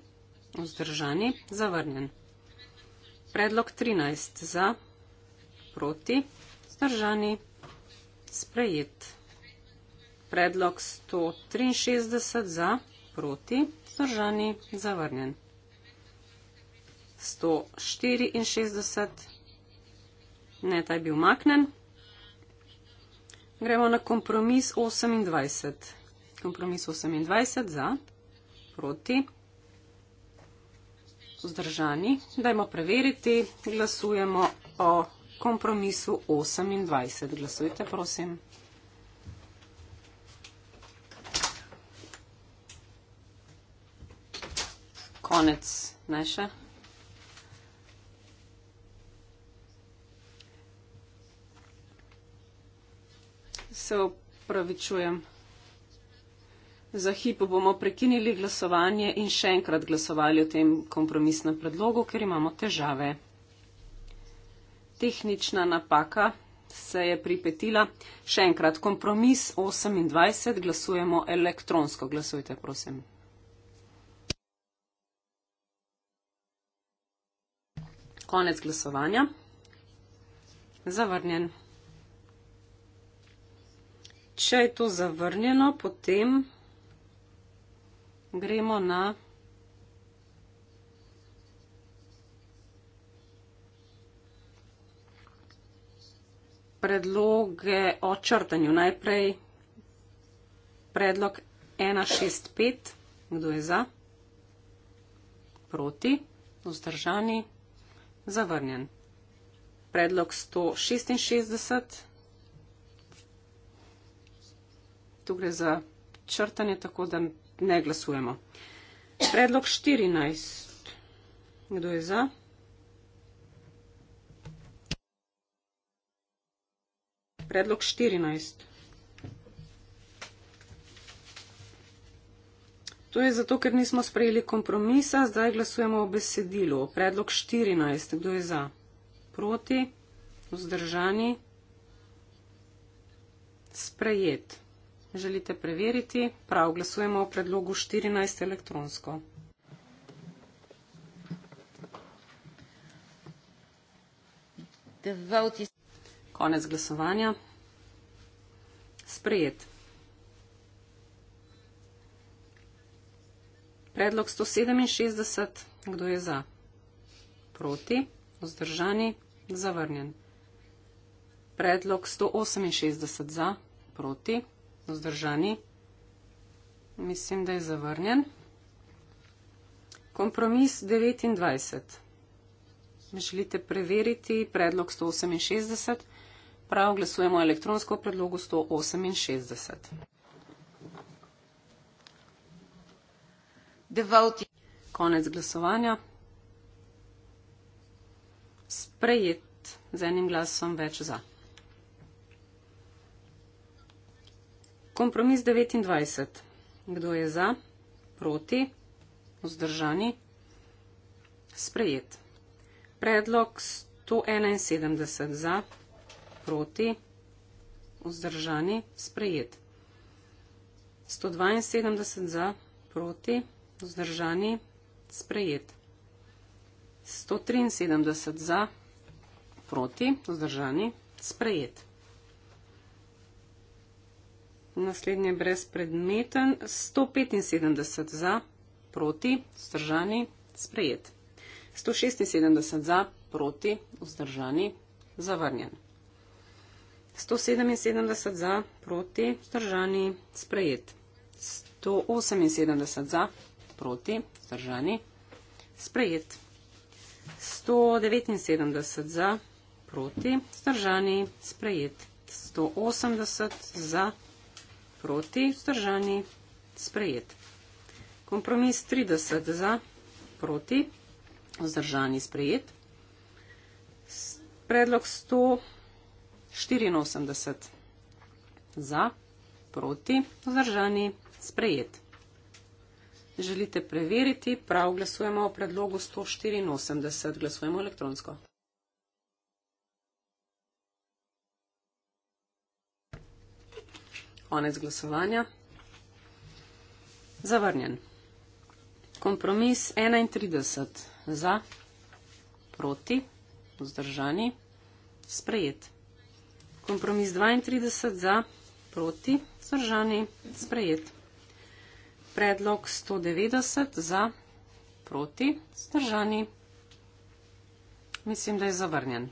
vzdržani, zavrnjen. Predlog 13 za, proti, vzdržani, sprejet. Predlog 163 za, proti, vzdržani, zavrnjen. 164 ne, ta je bil umaknen. Gremo na kompromis 28. Kompromis 28 za, proti, vzdržani. Dajmo preveriti, glasujemo o kompromisu 28. Glasujte, prosim. Konec, ne še? Se opravičujem. Za hip bomo prekinili glasovanje in še enkrat glasovali o tem kompromisnem predlogu, ker imamo težave. Tehnična napaka se je pripetila. Še enkrat, kompromis 28, glasujemo elektronsko. Glasujte, prosim. Konec glasovanja. Zavrnjen če je to zavrnjeno, potem gremo na predloge o črtanju. Najprej predlog 165. Kdo je za? Proti? Vzdržani? Zavrnjen. Predlog 166. tu gre za črtanje, tako da ne glasujemo. Predlog 14. Kdo je za? Predlog 14. To je zato, ker nismo sprejeli kompromisa, zdaj glasujemo o besedilu. Predlog 14. Kdo je za? Proti? Vzdržani? Sprejet. Želite preveriti? Prav, glasujemo o predlogu 14 elektronsko. Konec glasovanja. Sprejet. Predlog 167. Kdo je za? Proti. Vzdržani. Zavrnjen. Predlog 168. Za. Proti vzdržani. Mislim, da je zavrnjen. Kompromis 29. Želite preveriti predlog 168? Prav glasujemo elektronsko predlogu 168. Devoti. Konec glasovanja. Sprejet z enim glasom več za. Kompromis 29. Kdo je za, proti, vzdržani, sprejet. Predlog 171 za, proti, vzdržani, sprejet. 172 za, proti, vzdržani, sprejet. 173 za, proti, vzdržani, sprejet. Naslednji je brezpredmeten. 175 za, proti, vzdržani, sprejet. 176 za, proti, vzdržani, zavrnjen. 177 za, proti, vzdržani, sprejet. 178 za, proti, vzdržani, sprejet. 179 za, proti, vzdržani, sprejet. 180 za, proti proti, vzdržani, sprejet. Kompromis 30 za, proti, vzdržani, sprejet. Predlog 184 za, proti, vzdržani, sprejet. Želite preveriti, prav glasujemo o predlogu 184, glasujemo elektronsko. konec glasovanja. Zavrnjen. Kompromis 31 za, proti, vzdržani, sprejet. Kompromis 32 za, proti, vzdržani, sprejet. Predlog 190 za, proti, vzdržani. Mislim, da je zavrnjen.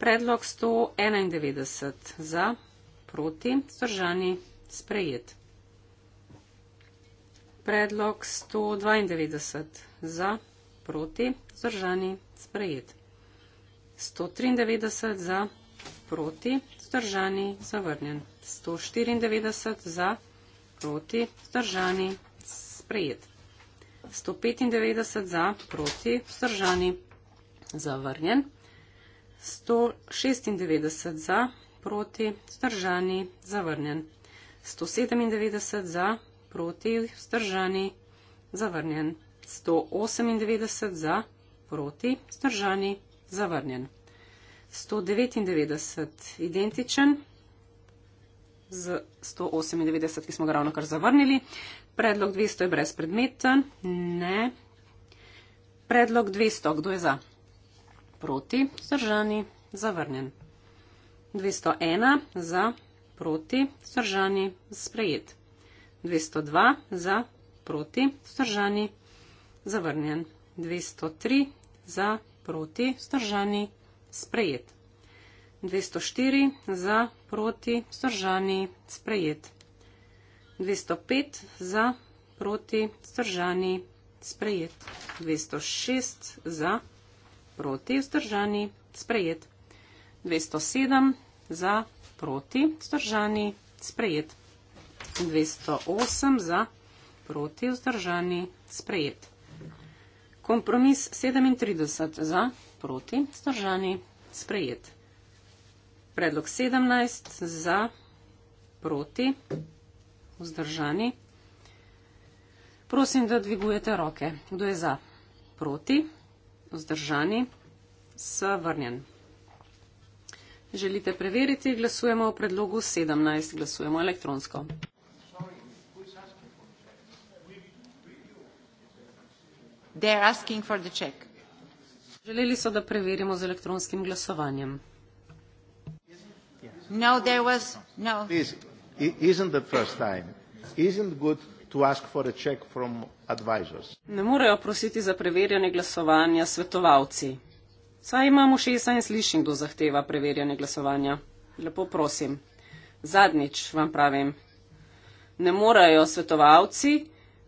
Predlog 191 za, proti, vzdržani proti, vzdržani, sprejet. Predlog 192 za, proti, vzdržani, sprejet. 193 za, proti, vzdržani, zavrnjen. 194 za, proti, vzdržani, sprejet. 195 za, proti, vzdržani, zavrnjen. 196 za, proti, vzdržani, zavrnjen. 197 za, proti, vzdržani, zavrnjen. 198 za, proti, vzdržani, zavrnjen. 199 identičen z 198, ki smo ga ravno kar zavrnili. Predlog 200 je brezpredmeten. Ne. Predlog 200, kdo je za? Proti, vzdržani, zavrnjen. 201 za proti vzdržani sprejet. 202 za proti vzdržani zavrnjen. 203 za proti vzdržani sprejet. 204 za proti vzdržani sprejet. 205 za proti vzdržani sprejet. 206 za proti vzdržani sprejet. 207 za, proti, vzdržani, sprejet. 208 za, proti, vzdržani, sprejet. Kompromis 37 za, proti, vzdržani, sprejet. Predlog 17 za, proti, vzdržani. Prosim, da dvigujete roke. Kdo je za? Proti, vzdržani, svrnjen. Želite preveriti? Glasujemo o predlogu 17. Glasujemo elektronsko. Želeli so, da preverimo z elektronskim glasovanjem. No, there was no. Please, isn't the first time. Isn't good to ask for a check from advisors. Ne morejo prositi za preverjanje glasovanja svetovalci. Saj imamo šesa in slišim, kdo zahteva preverjanje glasovanja. Lepo prosim. Zadnjič vam pravim. Ne morajo svetovalci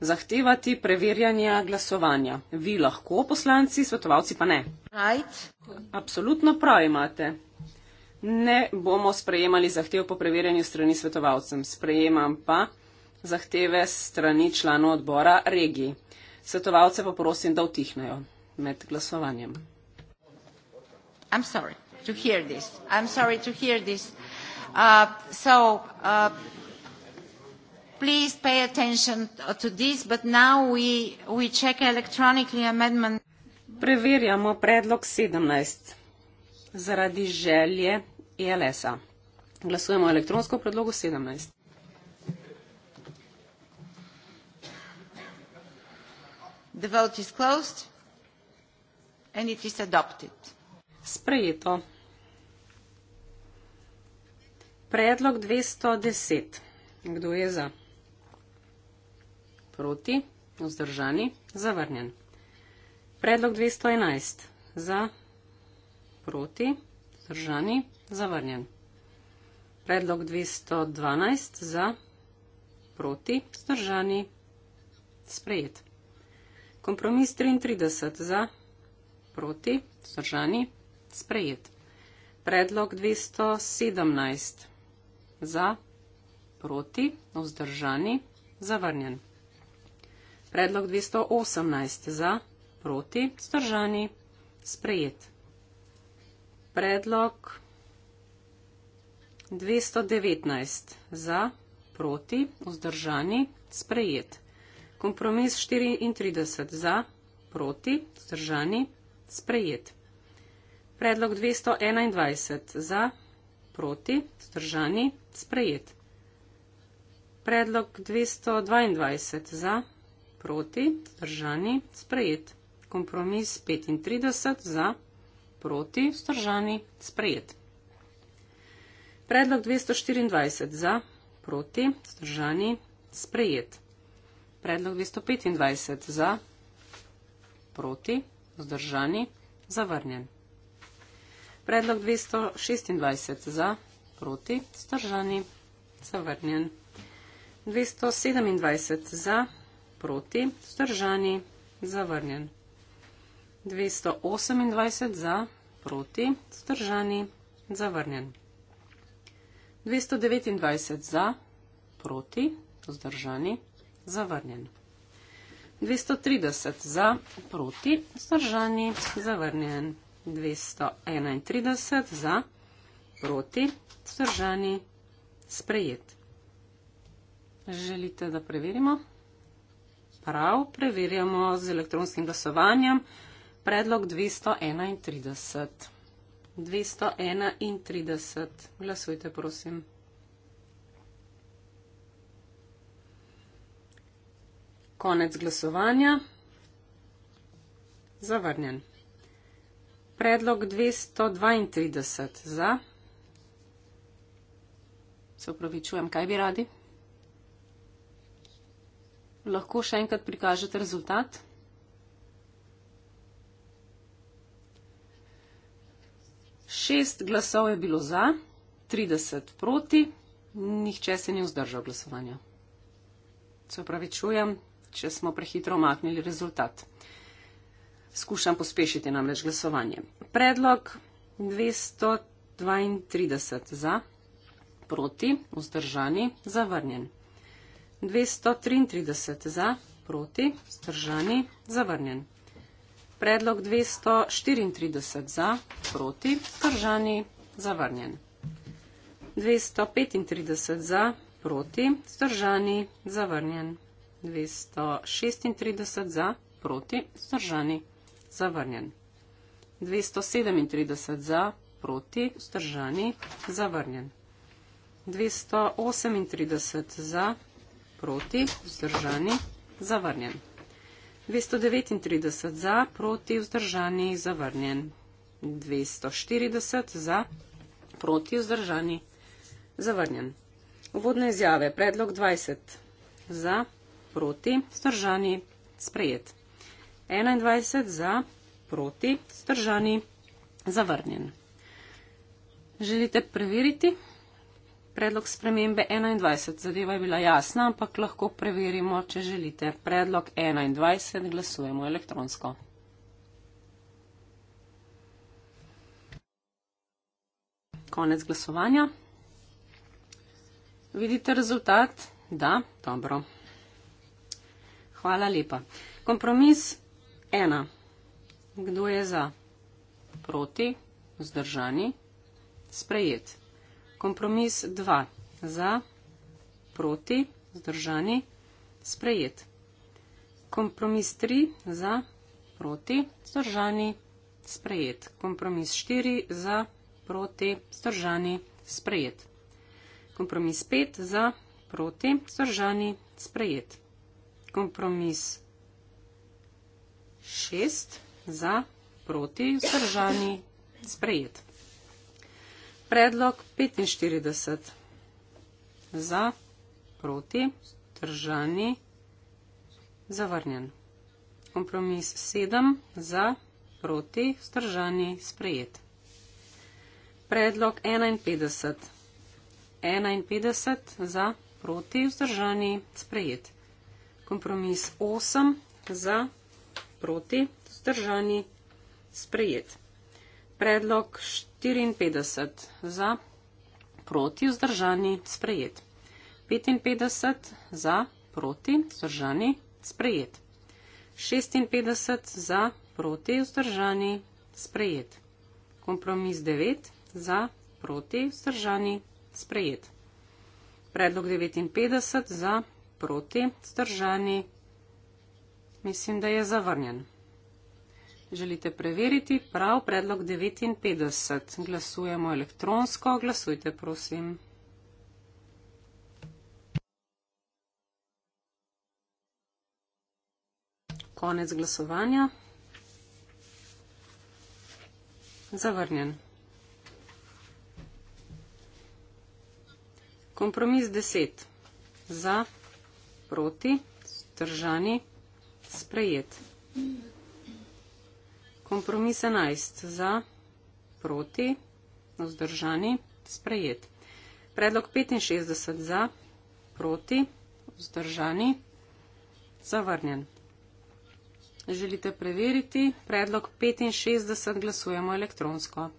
zahtevati preverjanja glasovanja. Vi lahko, poslanci, svetovalci pa ne. Right. Absolutno prav imate. Ne bomo sprejemali zahtev po preverjanju strani svetovalcem. Sprejemam pa zahteve strani članov odbora regiji. Svetovalce pa prosim, da utihnejo med glasovanjem. I'm sorry to hear this. I'm sorry to hear this. Uh, so uh, please pay attention to this, but now we, we check electronically amendment. Preverjamo predlog 17 zaradi želje ELS-a. Glasujemo elektronsko predlogu 17. The vote is closed and it is adopted sprejeto. Predlog 210. Kdo je za? Proti, vzdržani, zavrnjen. Predlog 211. Za, proti, vzdržani, zavrnjen. Predlog 212. Za, proti, vzdržani, sprejet. Kompromis 33. Za, proti, vzdržani, sprejet. Predlog 217 za, proti, vzdržani, zavrnjen. Predlog 218 za, proti, vzdržani, sprejet. Predlog 219 za, proti, vzdržani, sprejet. Kompromis 34 za, proti, vzdržani, sprejet. Predlog 221 za, proti, vzdržani, sprejet. Predlog 222 za, proti, vzdržani, sprejet. Kompromis 35 za, proti, vzdržani, sprejet. Predlog 224 za, proti, vzdržani, sprejet. Predlog 225 za, proti, vzdržani, zavrnjen. Predlog 226 za, proti, stržani, zavrnjen. 227 za, proti, stržani, zavrnjen. 228 za, proti, stržani, zavrnjen. 229 za, proti, stržani, zavrnjen. 230 za, proti, stržani, zavrnjen. 231 za, proti, vzdržani, sprejet. Želite, da preverimo? Prav, preverjamo z elektronskim glasovanjem. Predlog 231. 231. Glasujte, prosim. Konec glasovanja. Zavrnjen. Predlog 232 za. Se upravičujem, kaj bi radi? Lahko še enkrat prikažete rezultat? Šest glasov je bilo za, 30 proti, nihče se ni vzdržal glasovanja. Se upravičujem, če smo prehitro omaknili rezultat skušam pospešiti namreč glasovanje. Predlog 232 za, proti, vzdržani, zavrnjen. 233 za, proti, vzdržani, zavrnjen. Predlog 234 za, proti, vzdržani, zavrnjen. 235 za, proti, vzdržani, zavrnjen. 236 za, proti, vzdržani, zavrnjen zavrnjen. 237 za, proti, vzdržani, zavrnjen. 238 za, proti, vzdržani, zavrnjen. 239 za, proti, vzdržani, zavrnjen. 240 za, proti, vzdržani, zavrnjen. Uvodne izjave. Predlog 20 za, proti, vzdržani, sprejet. 21 za, proti, zdržani, zavrnjen. Želite preveriti predlog spremembe 21? Zadeva je bila jasna, ampak lahko preverimo, če želite. Predlog 21 glasujemo elektronsko. Konec glasovanja. Vidite rezultat? Da, dobro. Hvala lepa. Kompromis ena. Kdo je za? Proti, vzdržani, sprejet. Kompromis dva. Za, proti, vzdržani, sprejet. Kompromis tri. Za, proti, vzdržani, sprejet. Kompromis štiri. Za, proti, vzdržani, sprejet. Kompromis pet. Za, proti, vzdržani, sprejet. Kompromis 6 za, proti, vzdržani, sprejet. Predlog 45 za, proti, vzdržani, zavrnjen. Kompromis 7 za, proti, vzdržani, sprejet. Predlog 51. 51 za, proti, vzdržani, sprejet. Kompromis 8 za, proti, vzdržani, sprejet proti, vzdržani, sprejet. Predlog 54 za, proti, vzdržani, sprejet. 55 za, proti, vzdržani, sprejet. 56 za, proti, vzdržani, sprejet. Kompromis 9 za, proti, vzdržani, sprejet. Predlog 59 za, proti, vzdržani, sprejet. Mislim, da je zavrnjen. Želite preveriti prav predlog 59. Glasujemo elektronsko. Glasujte, prosim. Konec glasovanja. Zavrnjen. Kompromis 10. Za, proti, držani sprejet. Kompromis 11. Za, proti, vzdržani, sprejet. Predlog 65. Za, proti, vzdržani, zavrnjen. Želite preveriti? Predlog 65 glasujemo elektronsko.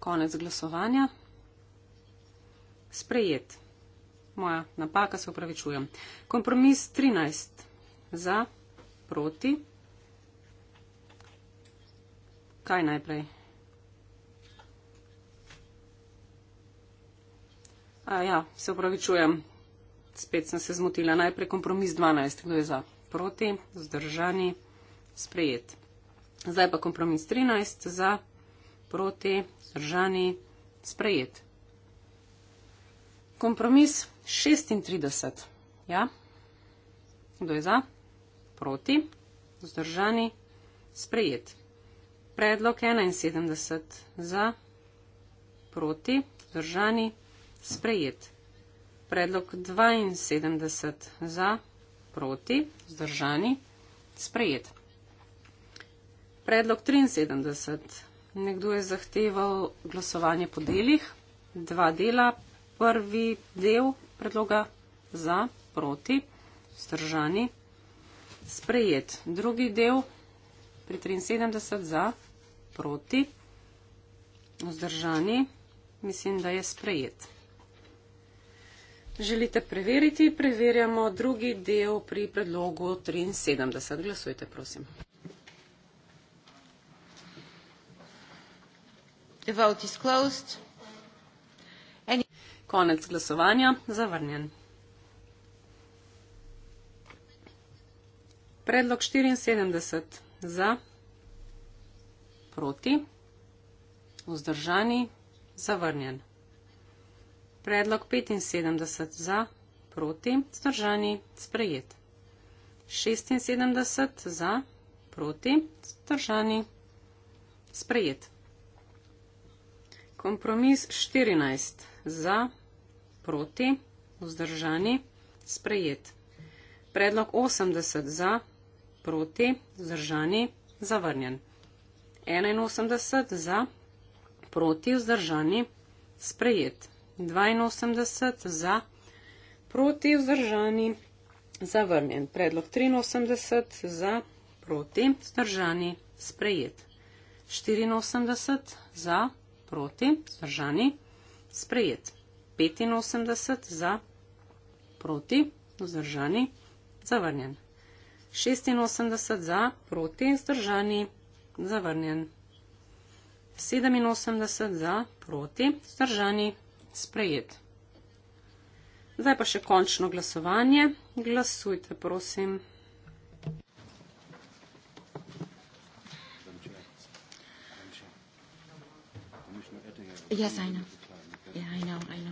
Konec glasovanja. Sprejet moja napaka, se upravičujem. Kompromis 13. Za, proti. Kaj najprej? A ja, se upravičujem. Spet sem se zmotila. Najprej kompromis 12. Kdo je za? Proti, zdržani, sprejet. Zdaj pa kompromis 13. Za, proti, zdržani, sprejet. Kompromis 36. Ja? Kdo je za? Proti? Zdržani? Sprejet. Predlog 71. Za? Proti? Zdržani? Sprejet. Predlog 72. Za? Proti? Zdržani? Sprejet. Predlog 73. Nekdo je zahteval glasovanje po delih. Dva dela, prvi del predloga za, proti, vzdržani, sprejet. Drugi del pri 73 za, proti, vzdržani, mislim, da je sprejet. Želite preveriti? Preverjamo drugi del pri predlogu 73. Glasujte, prosim. The vote is closed. Konec glasovanja. Zavrnjen. Predlog 74 za, proti, vzdržani, zavrnjen. Predlog 75 za, proti, vzdržani, sprejet. 76 za, proti, vzdržani, sprejet. Kompromis 14 za, proti, vzdržani, sprejet proti, vzdržani, sprejet. Predlog 80 za, proti, vzdržani, zavrnjen. 81 za, proti, vzdržani, sprejet. 82 za, proti, vzdržani, zavrnjen. Predlog 83 za, proti, vzdržani, sprejet. 84 za, proti, vzdržani, sprejet. 85 za, proti, vzdržani, zavrnjen. 86 za, proti, vzdržani, zavrnjen. 87 za, proti, vzdržani, sprejet. Zdaj pa še končno glasovanje. Glasujte, prosim. Yes, I know. Yeah, I know, I know.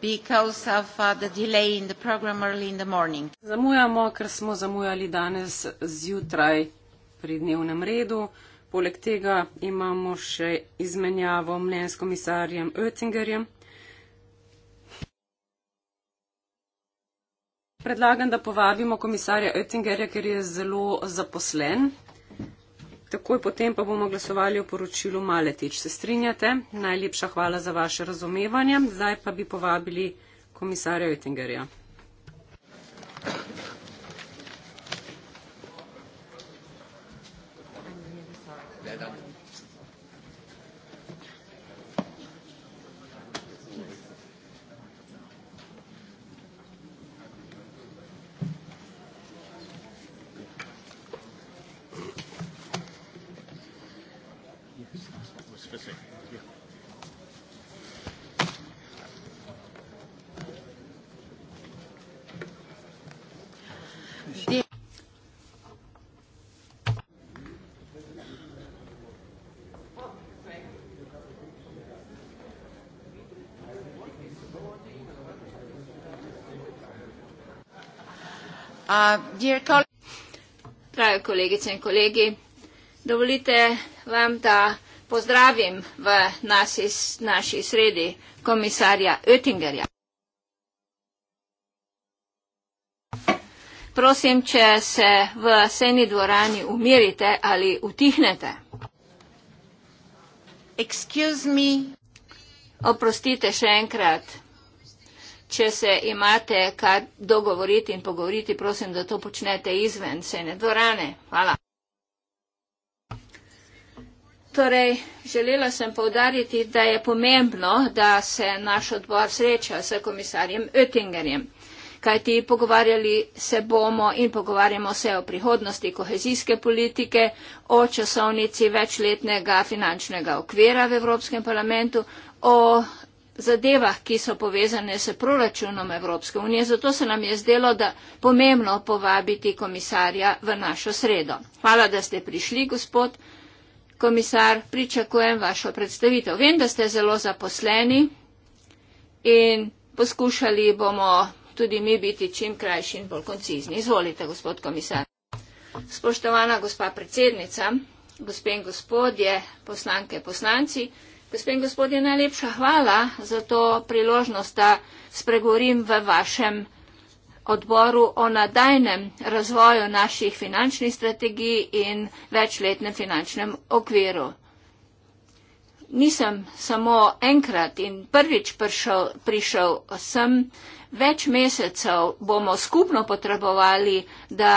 because of uh, the delay in the program early in the morning. Zamujamo, ker smo zamujali danes zjutraj pri dnevnem redu. Poleg tega imamo še izmenjavo mnen s komisarjem Oettingerjem. Predlagam, da povabimo komisarja Oettingerja, ker je zelo zaposlen. Takoj potem pa bomo glasovali o poročilu Maletič. Se strinjate? Najlepša hvala za vaše razumevanje. Zdaj pa bi povabili komisarja Oettingerja. Uh, Drage kolegice in kolegi, dovolite vam, da pozdravim v nasi, naši sredi komisarja Oettingerja. Prosim, če se v seni dvorani umirite ali utihnete. Oprostite še enkrat če se imate kaj dogovoriti in pogovoriti, prosim, da to počnete izven sejne dvorane. Hvala. Torej, želela sem povdariti, da je pomembno, da se naš odbor sreča s komisarjem Oettingerjem, kajti pogovarjali se bomo in pogovarjamo se o prihodnosti kohezijske politike, o časovnici večletnega finančnega okvira v Evropskem parlamentu, o zadevah, ki so povezane s proračunom Evropske unije, zato se nam je zdelo, da pomembno povabiti komisarja v našo sredo. Hvala, da ste prišli, gospod komisar, pričakujem vašo predstavitev. Vem, da ste zelo zaposleni in poskušali bomo tudi mi biti čim krajši in bolj koncizni. Izvolite, gospod komisar. Spoštovana gospa predsednica, gospe in gospodje, poslanke, poslanci. Gospod in gospodje, najlepša hvala za to priložnost, da spregovorim v vašem odboru o nadaljnem razvoju naših finančnih strategij in večletnem finančnem okviru. Nisem samo enkrat in prvič prišel, prišel sem, več mesecev bomo skupno potrebovali, da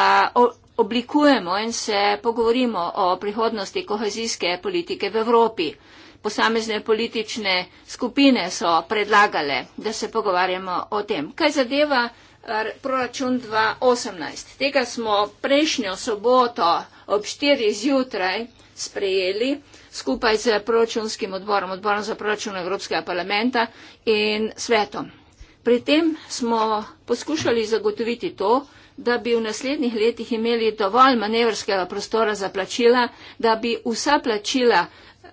oblikujemo in se pogovorimo o prihodnosti kohezijske politike v Evropi posamezne politične skupine so predlagale, da se pogovarjamo o tem. Kaj zadeva eh, proračun 2018? Tega smo prejšnjo soboto ob 4 zjutraj sprejeli skupaj z proračunskim odborom, odborom za proračun Evropskega parlamenta in svetom. Pri tem smo poskušali zagotoviti to, da bi v naslednjih letih imeli dovolj manevrskega prostora za plačila, da bi vsa plačila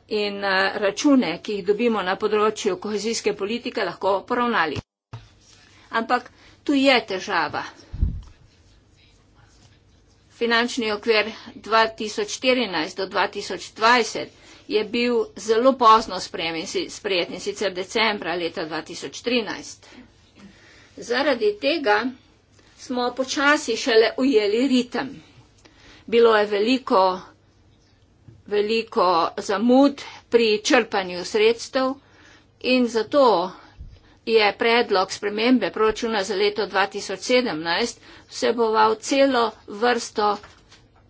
in eh, račune, ki jih dobimo na področju kohezijske politike, lahko poravnali. Ampak tu je težava. Finančni okvir 2014 do 2020 je bil zelo pozno sprejet in sicer decembra leta 2013. Zaradi tega smo počasi šele ujeli ritem. Bilo je veliko veliko zamud pri črpanju sredstev in zato je predlog spremembe proračuna za leto 2017 vseboval celo vrsto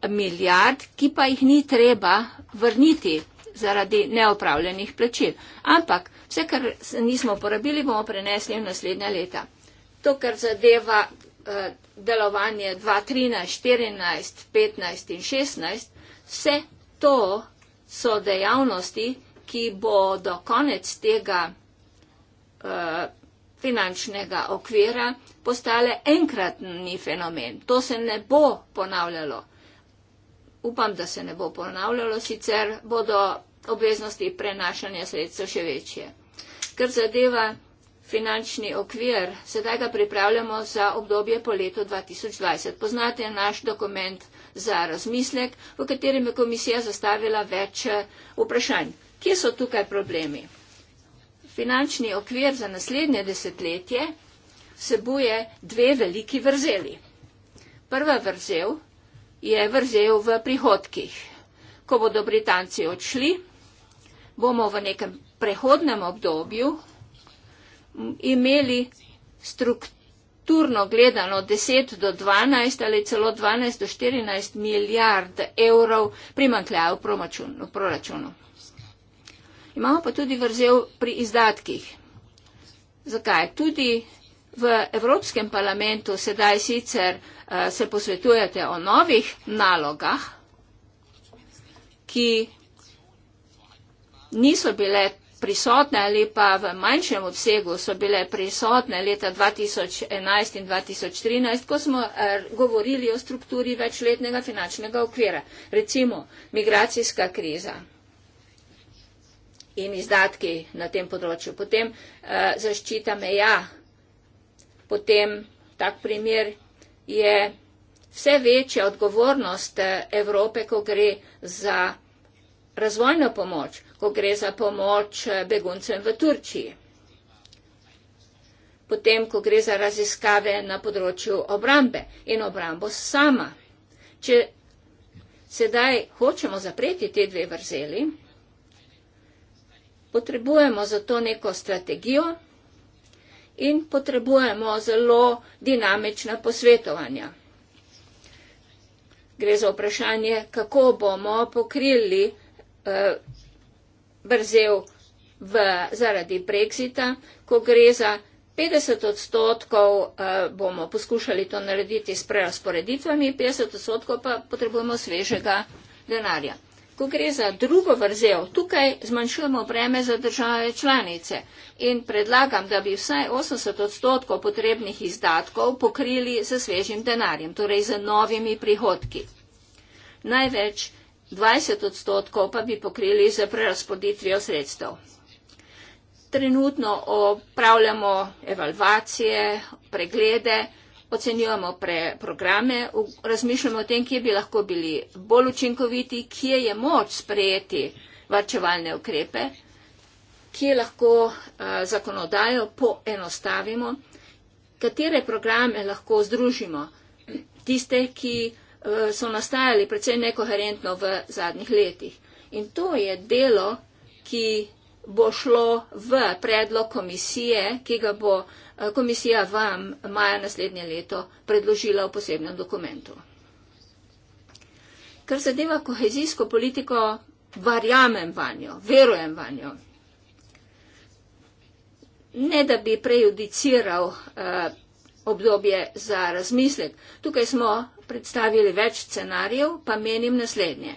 milijard, ki pa jih ni treba vrniti zaradi neopravljenih plačil. Ampak vse, kar nismo porabili, bomo prenesli v naslednja leta. To, kar zadeva eh, delovanje 2013, 2014, 2015 in 2016, se to so dejavnosti, ki bo do konec tega uh, finančnega okvira postale enkratni fenomen. To se ne bo ponavljalo. Upam, da se ne bo ponavljalo, sicer bodo obveznosti prenašanja sredstev še večje. Ker zadeva finančni okvir, sedaj ga pripravljamo za obdobje po letu 2020. Poznate naš dokument za razmislek, v katerem je komisija zastavila več eh, vprašanj. Kje so tukaj problemi? Finančni okvir za naslednje desetletje vsebuje dve veliki vrzeli. Prva vrzel je vrzel v prihodkih. Ko bodo Britanci odšli, bomo v nekem prehodnem obdobju imeli strukturo, strukturno gledano 10 do 12 ali celo 12 do 14 milijard evrov primankljaja v proračunu. Imamo pa tudi vrzel pri izdatkih. Zakaj? Tudi v Evropskem parlamentu sedaj sicer eh, se posvetujete o novih nalogah, ki niso bile prisotne ali pa v manjšem obsegu so bile prisotne leta 2011 in 2013, ko smo eh, govorili o strukturi večletnega finančnega okvira. Recimo, migracijska kriza in izdatki na tem področju, potem eh, zaščita meja, potem tak primer je vse večja odgovornost eh, Evrope, ko gre za razvojno pomoč ko gre za pomoč eh, beguncem v Turčiji. Potem, ko gre za raziskave na področju obrambe in obrambo sama. Če sedaj hočemo zapreti te dve vrzeli, potrebujemo za to neko strategijo in potrebujemo zelo dinamična posvetovanja. Gre za vprašanje, kako bomo pokrili eh, brzel v, zaradi Brexita, ko gre za 50 odstotkov, eh, bomo poskušali to narediti s prerasporeditvami, 50 odstotkov pa potrebujemo svežega denarja. Ko gre za drugo vrzel, tukaj zmanjšujemo breme za države članice in predlagam, da bi vsaj 80 odstotkov potrebnih izdatkov pokrili z svežim denarjem, torej z novimi prihodki. Največ 20 odstotkov pa bi pokrili z prerasporeditvijo sredstev. Trenutno opravljamo evalvacije, preglede, ocenjujemo pre programe, razmišljamo o tem, kje bi lahko bili bolj učinkoviti, kje je moč sprejeti varčevalne ukrepe, kje lahko uh, zakonodajo poenostavimo, katere programe lahko združimo tiste, ki Eh, so nastajali precej nekoherentno v zadnjih letih. In to je delo, ki bo šlo v predlog komisije, ki ga bo eh, komisija vam maja naslednje leto predložila v posebnem dokumentu. Kar zadeva kohezijsko politiko, verjamem vanjo, verujem vanjo. Ne da bi prejudiciral eh, obdobje za razmislek. Tukaj smo predstavili več scenarijev, pa menim naslednje.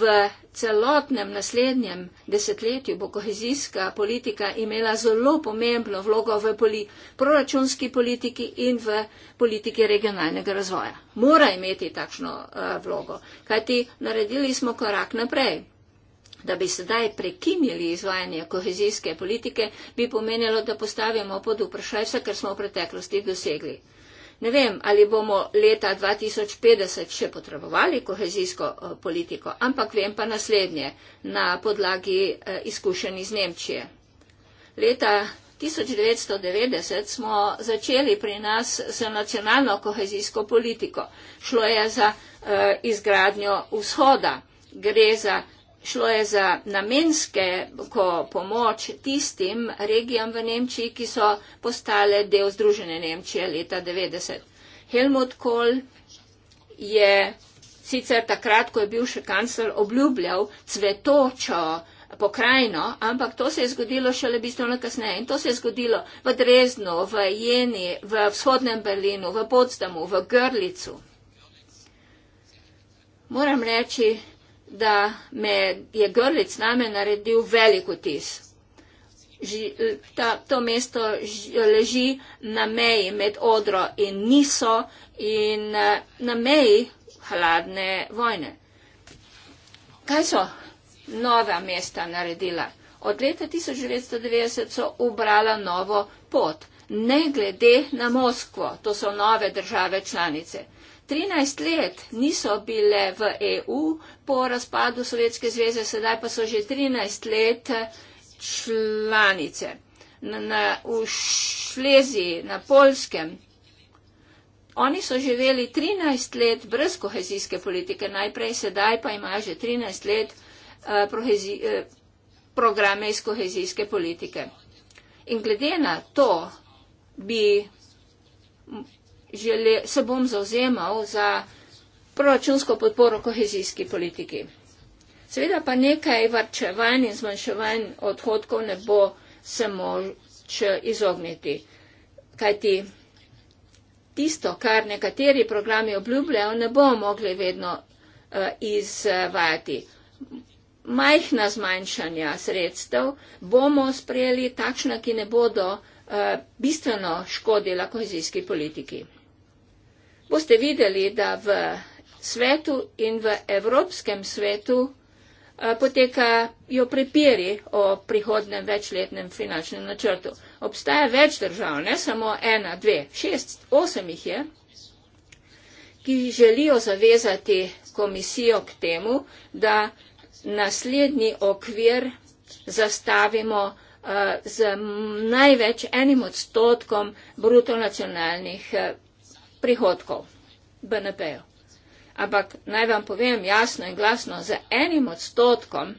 V celotnem naslednjem desetletju bo kohezijska politika imela zelo pomembno vlogo v poli proračunski politiki in v politiki regionalnega razvoja. Mora imeti takšno uh, vlogo, kajti naredili smo korak naprej. Da bi sedaj prekinili izvajanje kohezijske politike, bi pomenilo, da postavimo pod vprašaj vse, kar smo v preteklosti dosegli. Ne vem, ali bomo leta 2050 še potrebovali kohezijsko eh, politiko, ampak vem pa naslednje na podlagi eh, izkušenj iz Nemčije. Leta 1990 smo začeli pri nas z nacionalno kohezijsko politiko. Šlo je za eh, izgradnjo vzhoda, gre za šlo je za namenske pomoč tistim regijam v Nemčiji, ki so postale del Združene Nemčije leta 90. Helmut Kohl je sicer takrat, ko je bil še kancler, obljubljal cvetočo pokrajino, ampak to se je zgodilo šele bistveno kasneje. In to se je zgodilo v Dreznu, v Jeni, v vzhodnem Berlinu, v Potsdamu, v Grlicu. Moram reči, da me je Grlic name naredil velik vtis. Ta, to mesto leži na meji med Odro in Niso in eh, na meji hladne vojne. Kaj so nova mesta naredila? Od leta 1990 so ubrala novo pot, ne glede na Moskvo, to so nove države članice. 13 let niso bile v EU po razpadu Sovjetske zveze, sedaj pa so že 13 let članice. Na, na, v Šleziji, na Polskem. Oni so živeli 13 let brez kohezijske politike najprej, sedaj pa imajo že 13 let uh, prohezi, uh, programe iz kohezijske politike. In glede na to bi želi, se bom zauzemal za proračunsko podporo kohezijski politiki. Seveda pa nekaj varčevanj in zmanjševanj odhodkov ne bo se moč izogniti. Kajti tisto, kar nekateri programi obljubljajo, ne bo mogli vedno uh, izvajati. Majhna zmanjšanja sredstev bomo sprejeli takšna, ki ne bodo uh, bistveno škodila kohezijski politiki boste videli, da v svetu in v evropskem svetu eh, potekajo prepiri o prihodnem večletnem finančnem načrtu. Obstaja več držav, ne samo ena, dve, šest, osem jih je, ki želijo zavezati komisijo k temu, da naslednji okvir zastavimo uh, z največ enim odstotkom brutonacionalnih uh, eh, prihodkov BNP-ju. Ampak naj vam povem jasno in glasno, za enim odstotkom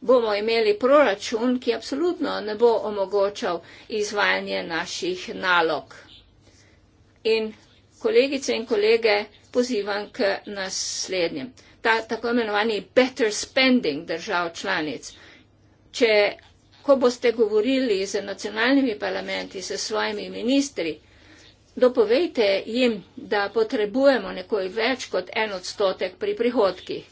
bomo imeli proračun, ki apsolutno ne bo omogočal izvajanje naših nalog. In kolegice in kolege, pozivam k naslednjem. Ta tako imenovani better spending držav članic. Če, ko boste govorili z nacionalnimi parlamenti, s svojimi ministri, Dopovejte jim, da potrebujemo nekoj več kot en odstotek pri prihodkih.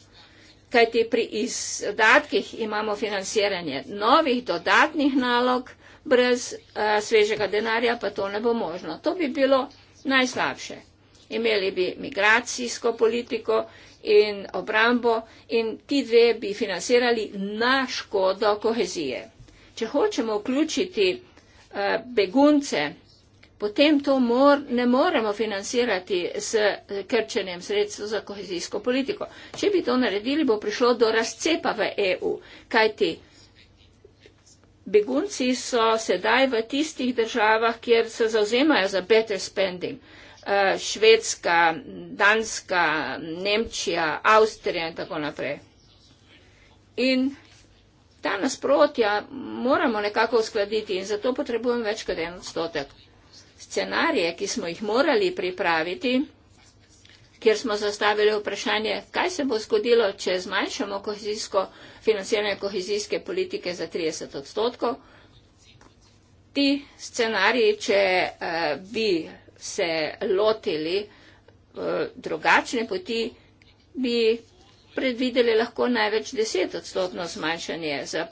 Kajti pri izdatkih imamo financiranje novih dodatnih nalog, brez a, svežega denarja pa to ne bo možno. To bi bilo najslabše. Imeli bi migracijsko politiko in obrambo in ti dve bi financirali na škodo kohezije. Če hočemo vključiti a, begunce, potem to mor, ne moremo financirati s eh, krčenjem sredstv za kohezijsko politiko. Če bi to naredili, bo prišlo do razcepa v EU, kajti begunci so sedaj v tistih državah, kjer se zauzemajo za better spending. Eh, Švedska, Danska, Nemčija, Avstrija in tako naprej. In ta nasprotja moramo nekako uskladiti in zato potrebujem več kot en odstotek scenarije, ki smo jih morali pripraviti, kjer smo zastavili vprašanje, kaj se bo zgodilo, če zmanjšamo kohezijsko financiranje kohezijske politike za 30 odstotkov. Ti scenariji, če uh, bi se lotili uh, drugačne poti, bi predvideli lahko največ 10 odstotno zmanjšanje za,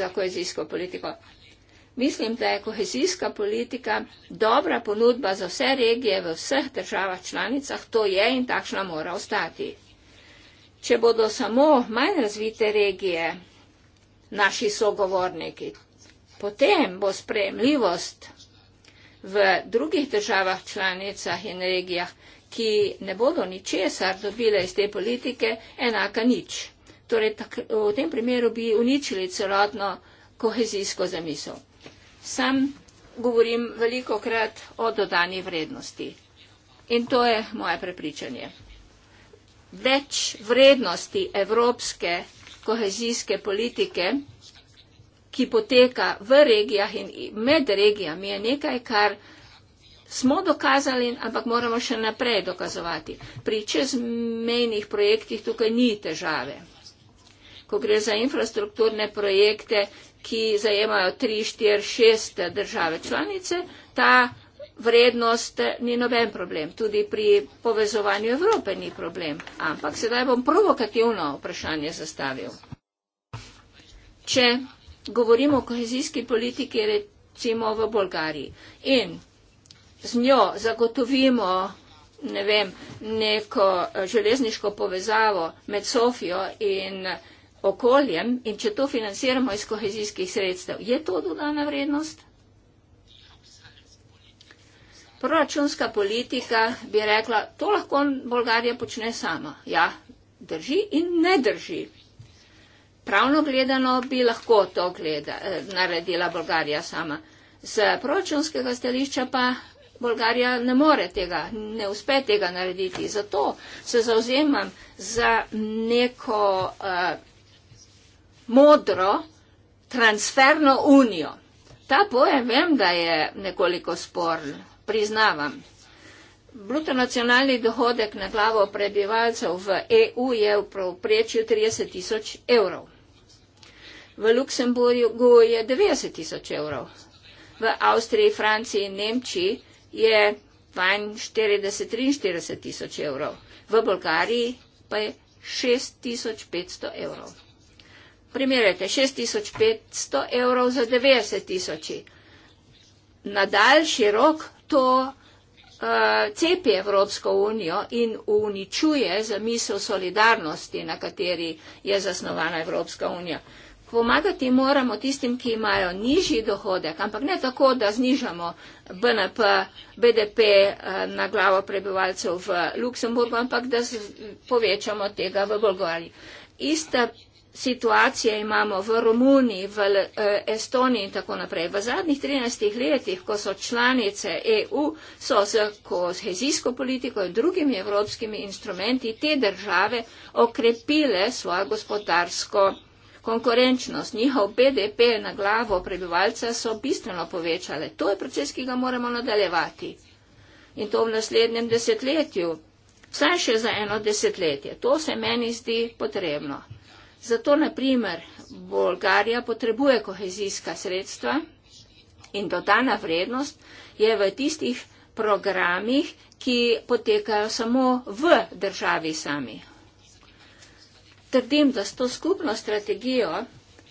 za kohezijsko politiko. Mislim, da je kohezijska politika dobra ponudba za vse regije v vseh državah članicah, to je in takšna mora ostati. Če bodo samo manj razvite regije naši sogovorniki, potem bo sprejemljivost v drugih državah članicah in regijah, ki ne bodo ničesar dobile iz te politike, enaka nič. Torej, tak, v tem primeru bi uničili celotno kohezijsko zamisel. Sam govorim veliko krat o dodani vrednosti. In to je moje prepričanje. Več vrednosti evropske kohezijske politike, ki poteka v regijah in med regijami, je nekaj, kar smo dokazali, ampak moramo še naprej dokazovati. Pri čezmejnih projektih tukaj ni težave. Ko gre za infrastrukturne projekte, ki zajemajo 3, 4, 6 države članice, ta vrednost ni noben problem. Tudi pri povezovanju Evrope ni problem. Ampak sedaj bom provokativno vprašanje zastavil. Če govorimo o kohezijski politiki, recimo v Bolgariji, in z njo zagotovimo ne vem, neko železniško povezavo med Sofijo in okoljem in če to financiramo iz kohezijskih sredstev, je to dodana vrednost? Proračunska politika bi rekla, to lahko Bolgarija počne sama. Ja, drži in ne drži. Pravno gledano bi lahko to gleda, eh, naredila Bolgarija sama. Z proračunskega stališča pa Bolgarija ne more tega, ne uspe tega narediti. Zato se zauzemam za neko. Eh, modro transferno unijo. Ta pojem vem, da je nekoliko sporn, priznavam. Brutonacionalni dohodek na glavo prebivalcev v EU je v prečju 30 tisoč evrov. V Luksemburgu je 90 tisoč evrov. V Avstriji, Franciji in Nemčiji je 42-43 tisoč evrov. V Bolgariji pa je 6500 evrov. Primerjajte, 6500 evrov za 90 tisoč. Na daljši rok to uh, cepi Evropsko unijo in uničuje zamisel solidarnosti, na kateri je zasnovana Evropska unija. Pomagati moramo tistim, ki imajo nižji dohodek, ampak ne tako, da znižamo BNP, BDP eh, na glavo prebivalcev v Luksemburgu, ampak da povečamo tega v Bolgariji. Ista situacije imamo v Romuniji, v eh, Estoniji in tako naprej. V zadnjih 13 letih, ko so članice EU, so z kohezijsko politiko in drugimi evropskimi instrumenti te države okrepile svojo gospodarsko konkurenčnost. Njihov BDP na glavo prebivalca so bistveno povečale. To je proces, ki ga moramo nadaljevati. In to v naslednjem desetletju. Vsaj še za eno desetletje. To se meni zdi potrebno. Zato, na primer, Bolgarija potrebuje kohezijska sredstva in dodana vrednost je v tistih programih, ki potekajo samo v državi sami. Trdim, da s to skupno strategijo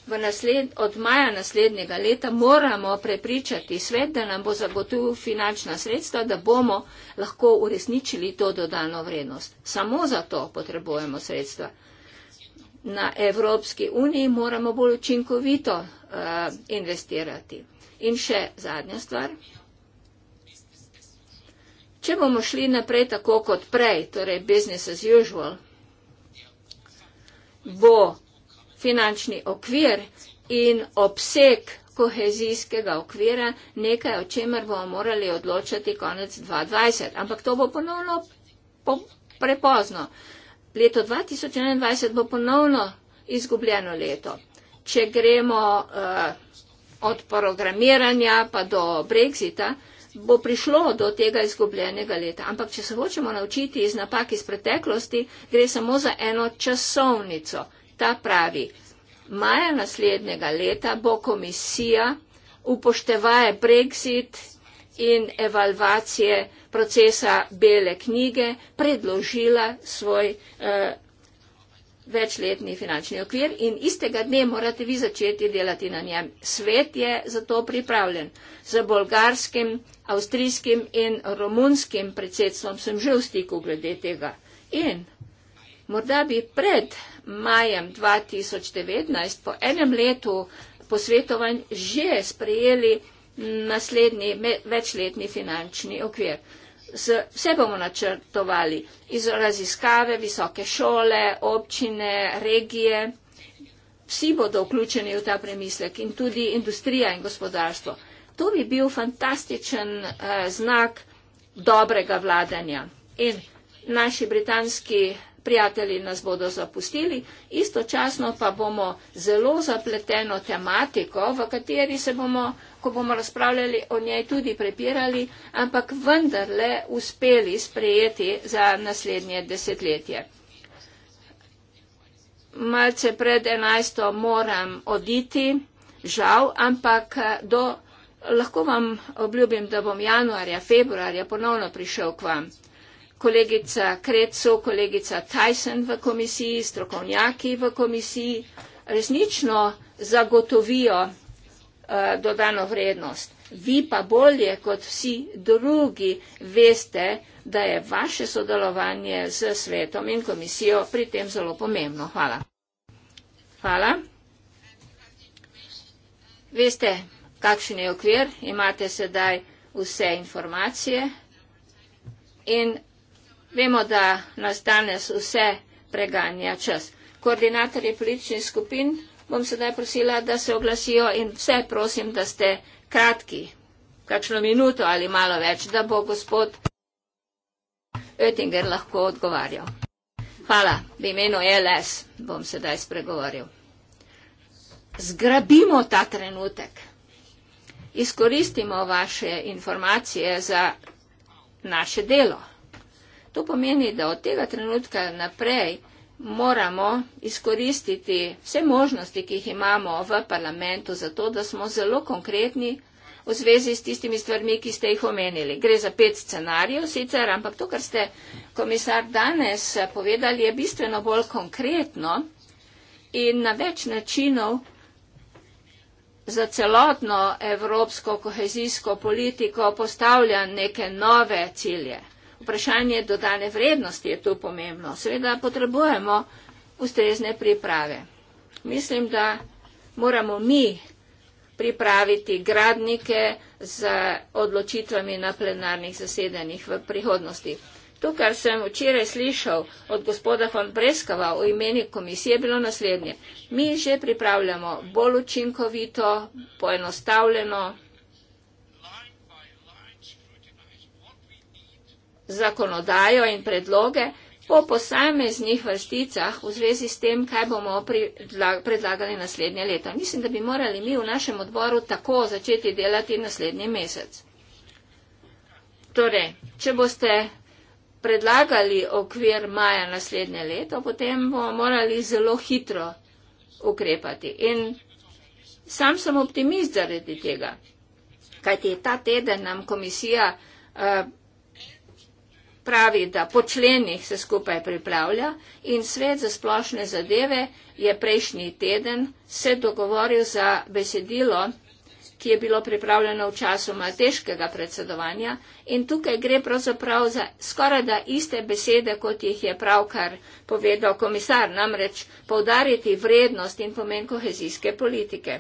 v nasled, od maja naslednjega leta moramo prepričati svet, da nam bo zagotovil finančna sredstva, da bomo lahko uresničili to dodano vrednost. Samo za to potrebujemo sredstva na Evropski uniji moramo bolj učinkovito uh, investirati. In še zadnja stvar. Če bomo šli naprej tako kot prej, torej business as usual, bo finančni okvir in obseg kohezijskega okvira nekaj, o čemer bomo morali odločati konec 2020. Ampak to bo ponovno po prepozno leto 2021 bo ponovno izgubljeno leto. Če gremo uh, od programiranja pa do brexita, bo prišlo do tega izgubljenega leta. Ampak če se hočemo naučiti iz napak iz preteklosti, gre samo za eno časovnico. Ta pravi, maja naslednjega leta bo komisija upoštevaje brexit in evalvacije procesa bele knjige predložila svoj uh, večletni finančni okvir in istega dne morate vi začeti delati na njem. Svet je za to pripravljen. Z bolgarskim, avstrijskim in romunskim predsedstvom sem že v stiku glede tega. In morda bi pred majem 2019 po enem letu posvetovanj že sprejeli naslednji večletni finančni okvir. Vse bomo načrtovali iz raziskave, visoke šole, občine, regije. Vsi bodo vključeni v ta premislek in tudi industrija in gospodarstvo. To bi bil fantastičen eh, znak dobrega vladanja. In naši britanski prijatelji nas bodo zapustili, istočasno pa bomo zelo zapleteno tematiko, v kateri se bomo ko bomo razpravljali o njej, tudi prepirali, ampak vendarle uspeli sprejeti za naslednje desetletje. Malce pred enajsto moram oditi, žal, ampak do, lahko vam obljubim, da bom januarja, februarja ponovno prišel k vam. Kolegica Kreco, kolegica Tyson v komisiji, strokovnjaki v komisiji resnično zagotovijo Eh, dodano vrednost. Vi pa bolje kot vsi drugi veste, da je vaše sodelovanje z svetom in komisijo pri tem zelo pomembno. Hvala. Hvala. Veste, kakšen je okvir, imate sedaj vse informacije in vemo, da nas danes vse preganja čas. Koordinatorji političnih skupin bom sedaj prosila, da se oglasijo in vse prosim, da ste kratki, kakšno minuto ali malo več, da bo gospod Oettinger lahko odgovarjal. Hvala, v imenu e LS bom sedaj spregovoril. Zgrabimo ta trenutek. Izkoristimo vaše informacije za naše delo. To pomeni, da od tega trenutka naprej moramo izkoristiti vse možnosti, ki jih imamo v parlamentu, zato da smo zelo konkretni v zvezi s tistimi stvarmi, ki ste jih omenili. Gre za pet scenarijev sicer, ampak to, kar ste komisar danes povedali, je bistveno bolj konkretno in na več načinov za celotno evropsko kohezijsko politiko postavlja neke nove cilje vprašanje dodane vrednosti je tu pomembno. Seveda potrebujemo ustrezne priprave. Mislim, da moramo mi pripraviti gradnike z odločitvami na plenarnih zasedanjih v prihodnosti. To, kar sem včeraj slišal od gospoda von Breskava v imeni komisije, je bilo naslednje. Mi že pripravljamo bolj učinkovito, poenostavljeno zakonodajo in predloge po posameznih vrsticah v zvezi s tem, kaj bomo predlagali naslednje leto. Mislim, da bi morali mi v našem odboru tako začeti delati naslednji mesec. Torej, če boste predlagali okvir maja naslednje leto, potem bomo morali zelo hitro ukrepati. In sam sem optimist zaradi tega, kajti ta teden nam komisija. Uh, pravi, da po členih se skupaj pripravlja in svet za splošne zadeve je prejšnji teden se dogovoril za besedilo, ki je bilo pripravljeno v času mateškega predsedovanja in tukaj gre pravzaprav za skoraj da iste besede, kot jih je pravkar povedal komisar, namreč povdariti vrednost in pomen kohezijske politike.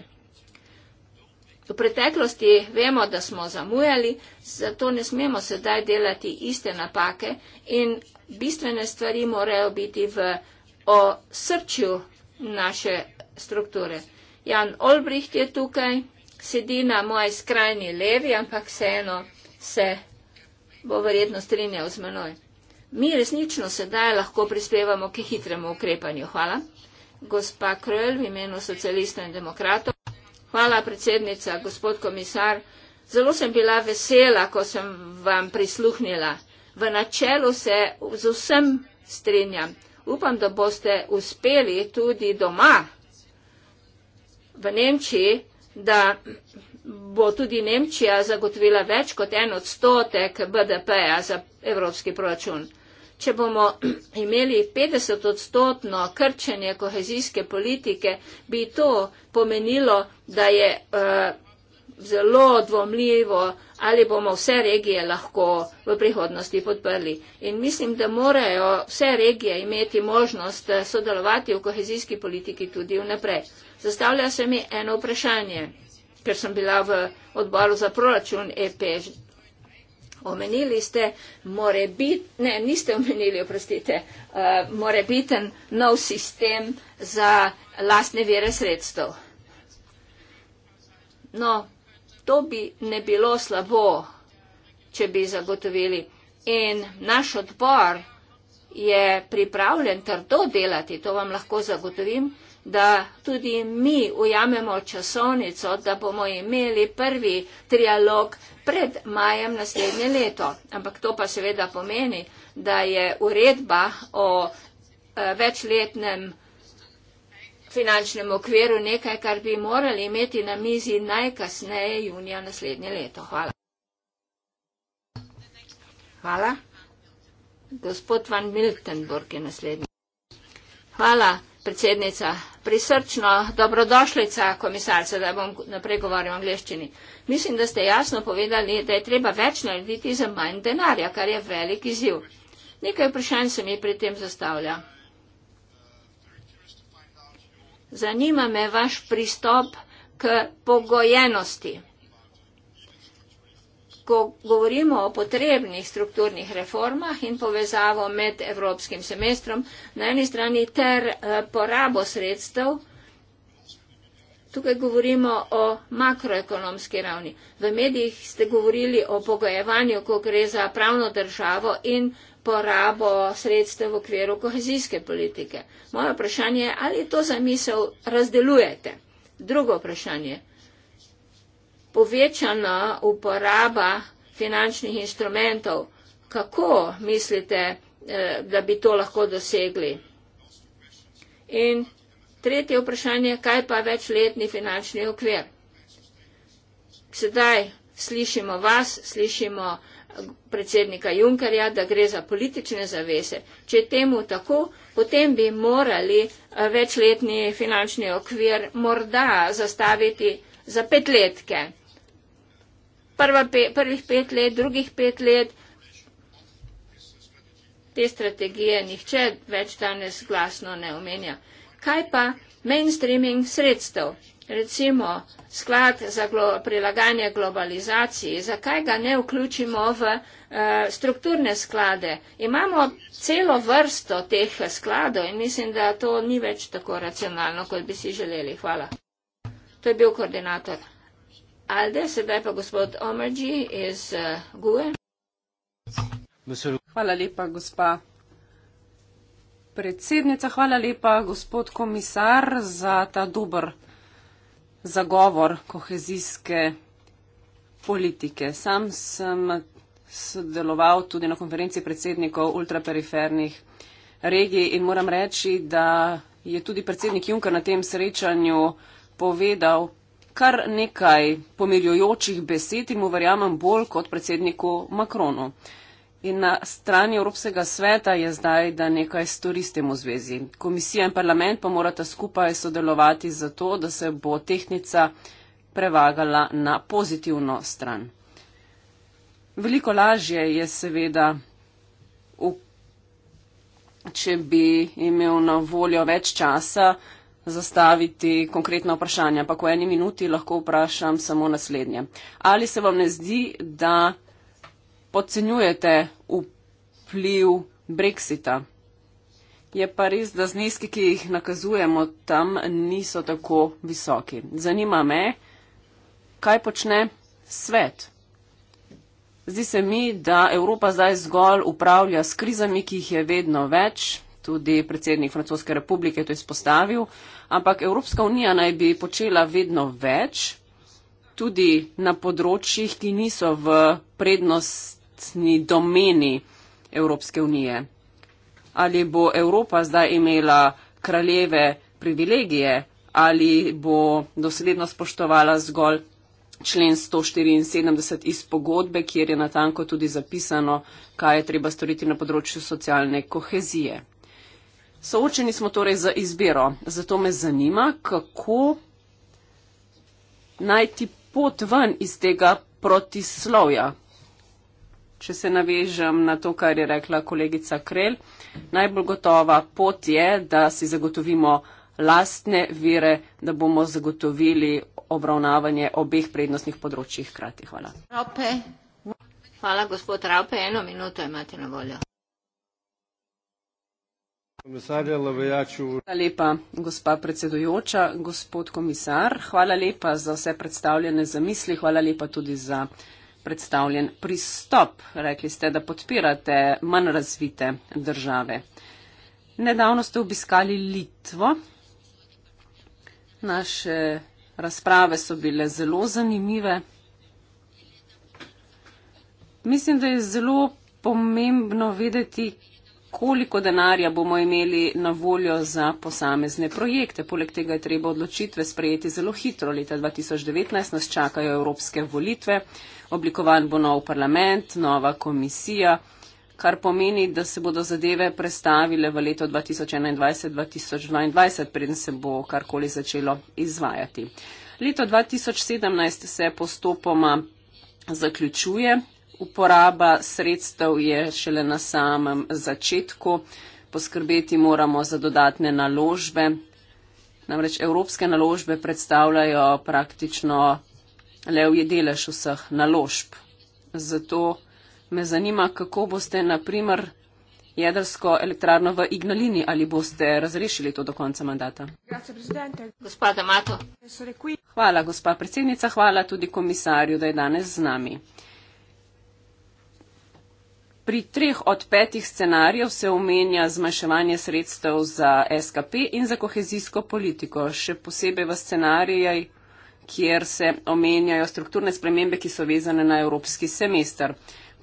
V preteklosti vemo, da smo zamujali, zato ne smemo sedaj delati iste napake in bistvene stvari morajo biti v osrčju naše strukture. Jan Olbricht je tukaj, sedi na moji skrajni levi, ampak vseeno se bo verjetno strinjal z menoj. Mi resnično sedaj lahko prispevamo k hitremu ukrepanju. Hvala. Gospa Kröl v imenu socialistov in demokratov. Hvala, predsednica, gospod komisar. Zelo sem bila vesela, ko sem vam prisluhnila. V načelu se z vsem strinjam. Upam, da boste uspeli tudi doma v Nemčiji, da bo tudi Nemčija zagotovila več kot en odstotek BDP-ja za evropski proračun če bomo imeli 50 odstotno krčenje kohezijske politike, bi to pomenilo, da je uh, zelo dvomljivo, ali bomo vse regije lahko v prihodnosti podprli. In mislim, da morajo vse regije imeti možnost eh, sodelovati v kohezijski politiki tudi vnaprej. Zastavlja se mi eno vprašanje, ker sem bila v odboru za proračun EP omenili ste morebit, ne, niste omenili, oprostite, uh, morebiten nov sistem za lastne vere sredstev. No, to bi ne bilo slabo, če bi zagotovili. In naš odbor je pripravljen trdo delati, to vam lahko zagotovim da tudi mi ujamemo časovnico, da bomo imeli prvi trialog pred majem naslednje leto. Ampak to pa seveda pomeni, da je uredba o eh, večletnem finančnem okviru nekaj, kar bi morali imeti na mizi najkasneje junija naslednje leto. Hvala. Hvala. Gospod Van Miltenburg je naslednji. Hvala predsednica, prisrčno dobrodošljica, komisarca, da bom naprej govoril v angliščini. Mislim, da ste jasno povedali, da je treba več narediti za manj denarja, kar je velik izziv. Nekaj vprašanj se mi pri tem zastavlja. Zanima me vaš pristop k pogojenosti ko govorimo o potrebnih strukturnih reformah in povezavo med evropskim semestrom na eni strani ter eh, porabo sredstev, tukaj govorimo o makroekonomski ravni. V medijih ste govorili o pogojevanju, ko gre za pravno državo in porabo sredstev v okviru kohezijske politike. Moje vprašanje je, ali to zamisel razdelujete? Drugo vprašanje je, povečana uporaba finančnih instrumentov. Kako mislite, eh, da bi to lahko dosegli? In tretje vprašanje, kaj pa večletni finančni okvir? Sedaj slišimo vas, slišimo eh, predsednika Junkerja, da gre za politične zavese. Če temu tako, potem bi morali eh, večletni finančni okvir morda zastaviti za petletke prva pe, prvih pet let, drugih pet let. Te strategije nihče več danes glasno ne omenja. Kaj pa mainstreaming sredstev? Recimo sklad za glo prilagajanje globalizaciji. Zakaj ga ne vključimo v uh, strukturne sklade? Imamo celo vrsto teh skladov in mislim, da to ni več tako racionalno, kot bi si želeli. Hvala. To je bil koordinator. Alde, sedaj pa gospod Omerji iz eh, GUE. Hvala lepa, gospa predsednica, hvala lepa, gospod komisar, za ta dober zagovor kohezijske politike. Sam sem sodeloval tudi na konferenci predsednikov ultraperifernih regij in moram reči, da je tudi predsednik Juncker na tem srečanju povedal, kar nekaj pomirjujočih besed in mu verjamem bolj kot predsedniku Makronu. In na strani Evropskega sveta je zdaj, da nekaj stori s tem v zvezi. Komisija in parlament pa morata skupaj sodelovati za to, da se bo tehnica prevagala na pozitivno stran. Veliko lažje je seveda, če bi imel na voljo več časa, zastaviti konkretna vprašanja, ampak v eni minuti lahko vprašam samo naslednje. Ali se vam ne zdi, da podcenjujete vpliv Brexita? Je pa res, da zneski, ki jih nakazujemo tam, niso tako visoki. Zanima me, kaj počne svet. Zdi se mi, da Evropa zdaj zgolj upravlja s krizami, ki jih je vedno več, tudi predsednik Francoske republike to izpostavil, ampak Evropska unija naj bi počela vedno več, tudi na področjih, ki niso v prednostni domeni Evropske unije. Ali bo Evropa zdaj imela kraljeve privilegije ali bo dosledno spoštovala zgolj člen 174 iz pogodbe, kjer je natanko tudi zapisano, kaj je treba storiti na področju socialne kohezije. Soočeni smo torej z izbiro, zato me zanima, kako najti pot ven iz tega protislovja. Če se navežem na to, kar je rekla kolegica Krel, najbolj gotova pot je, da si zagotovimo lastne vire, da bomo zagotovili obravnavanje obeh prednostnih področjih. Hkrati hvala. Hvala, gospod Raupe. Eno minuto imate na voljo. Hvala lepa, gospa predsedujoča, gospod komisar. Hvala lepa za vse predstavljene zamisli, hvala lepa tudi za predstavljen pristop. Rekli ste, da podpirate manj razvite države. Nedavno ste obiskali Litvo. Naše razprave so bile zelo zanimive. Mislim, da je zelo pomembno vedeti, koliko denarja bomo imeli na voljo za posamezne projekte. Poleg tega je treba odločitve sprejeti zelo hitro. Leta 2019 nas čakajo evropske volitve, oblikovan bo nov parlament, nova komisija, kar pomeni, da se bodo zadeve prestavile v leto 2021-2022, preden se bo karkoli začelo izvajati. Leto 2017 se postopoma zaključuje, Uporaba sredstev je šele na samem začetku. Poskrbeti moramo za dodatne naložbe. Namreč evropske naložbe predstavljajo praktično levje delež vseh naložb. Zato me zanima, kako boste naprimer jedrsko elektrarno v Ignalini ali boste razrešili to do konca mandata. Hvala, gospa predsednica, hvala tudi komisarju, da je danes z nami. Pri treh od petih scenarijev se omenja zmanjševanje sredstev za SKP in za kohezijsko politiko, še posebej v scenarijaj, kjer se omenjajo strukturne spremembe, ki so vezane na evropski semester.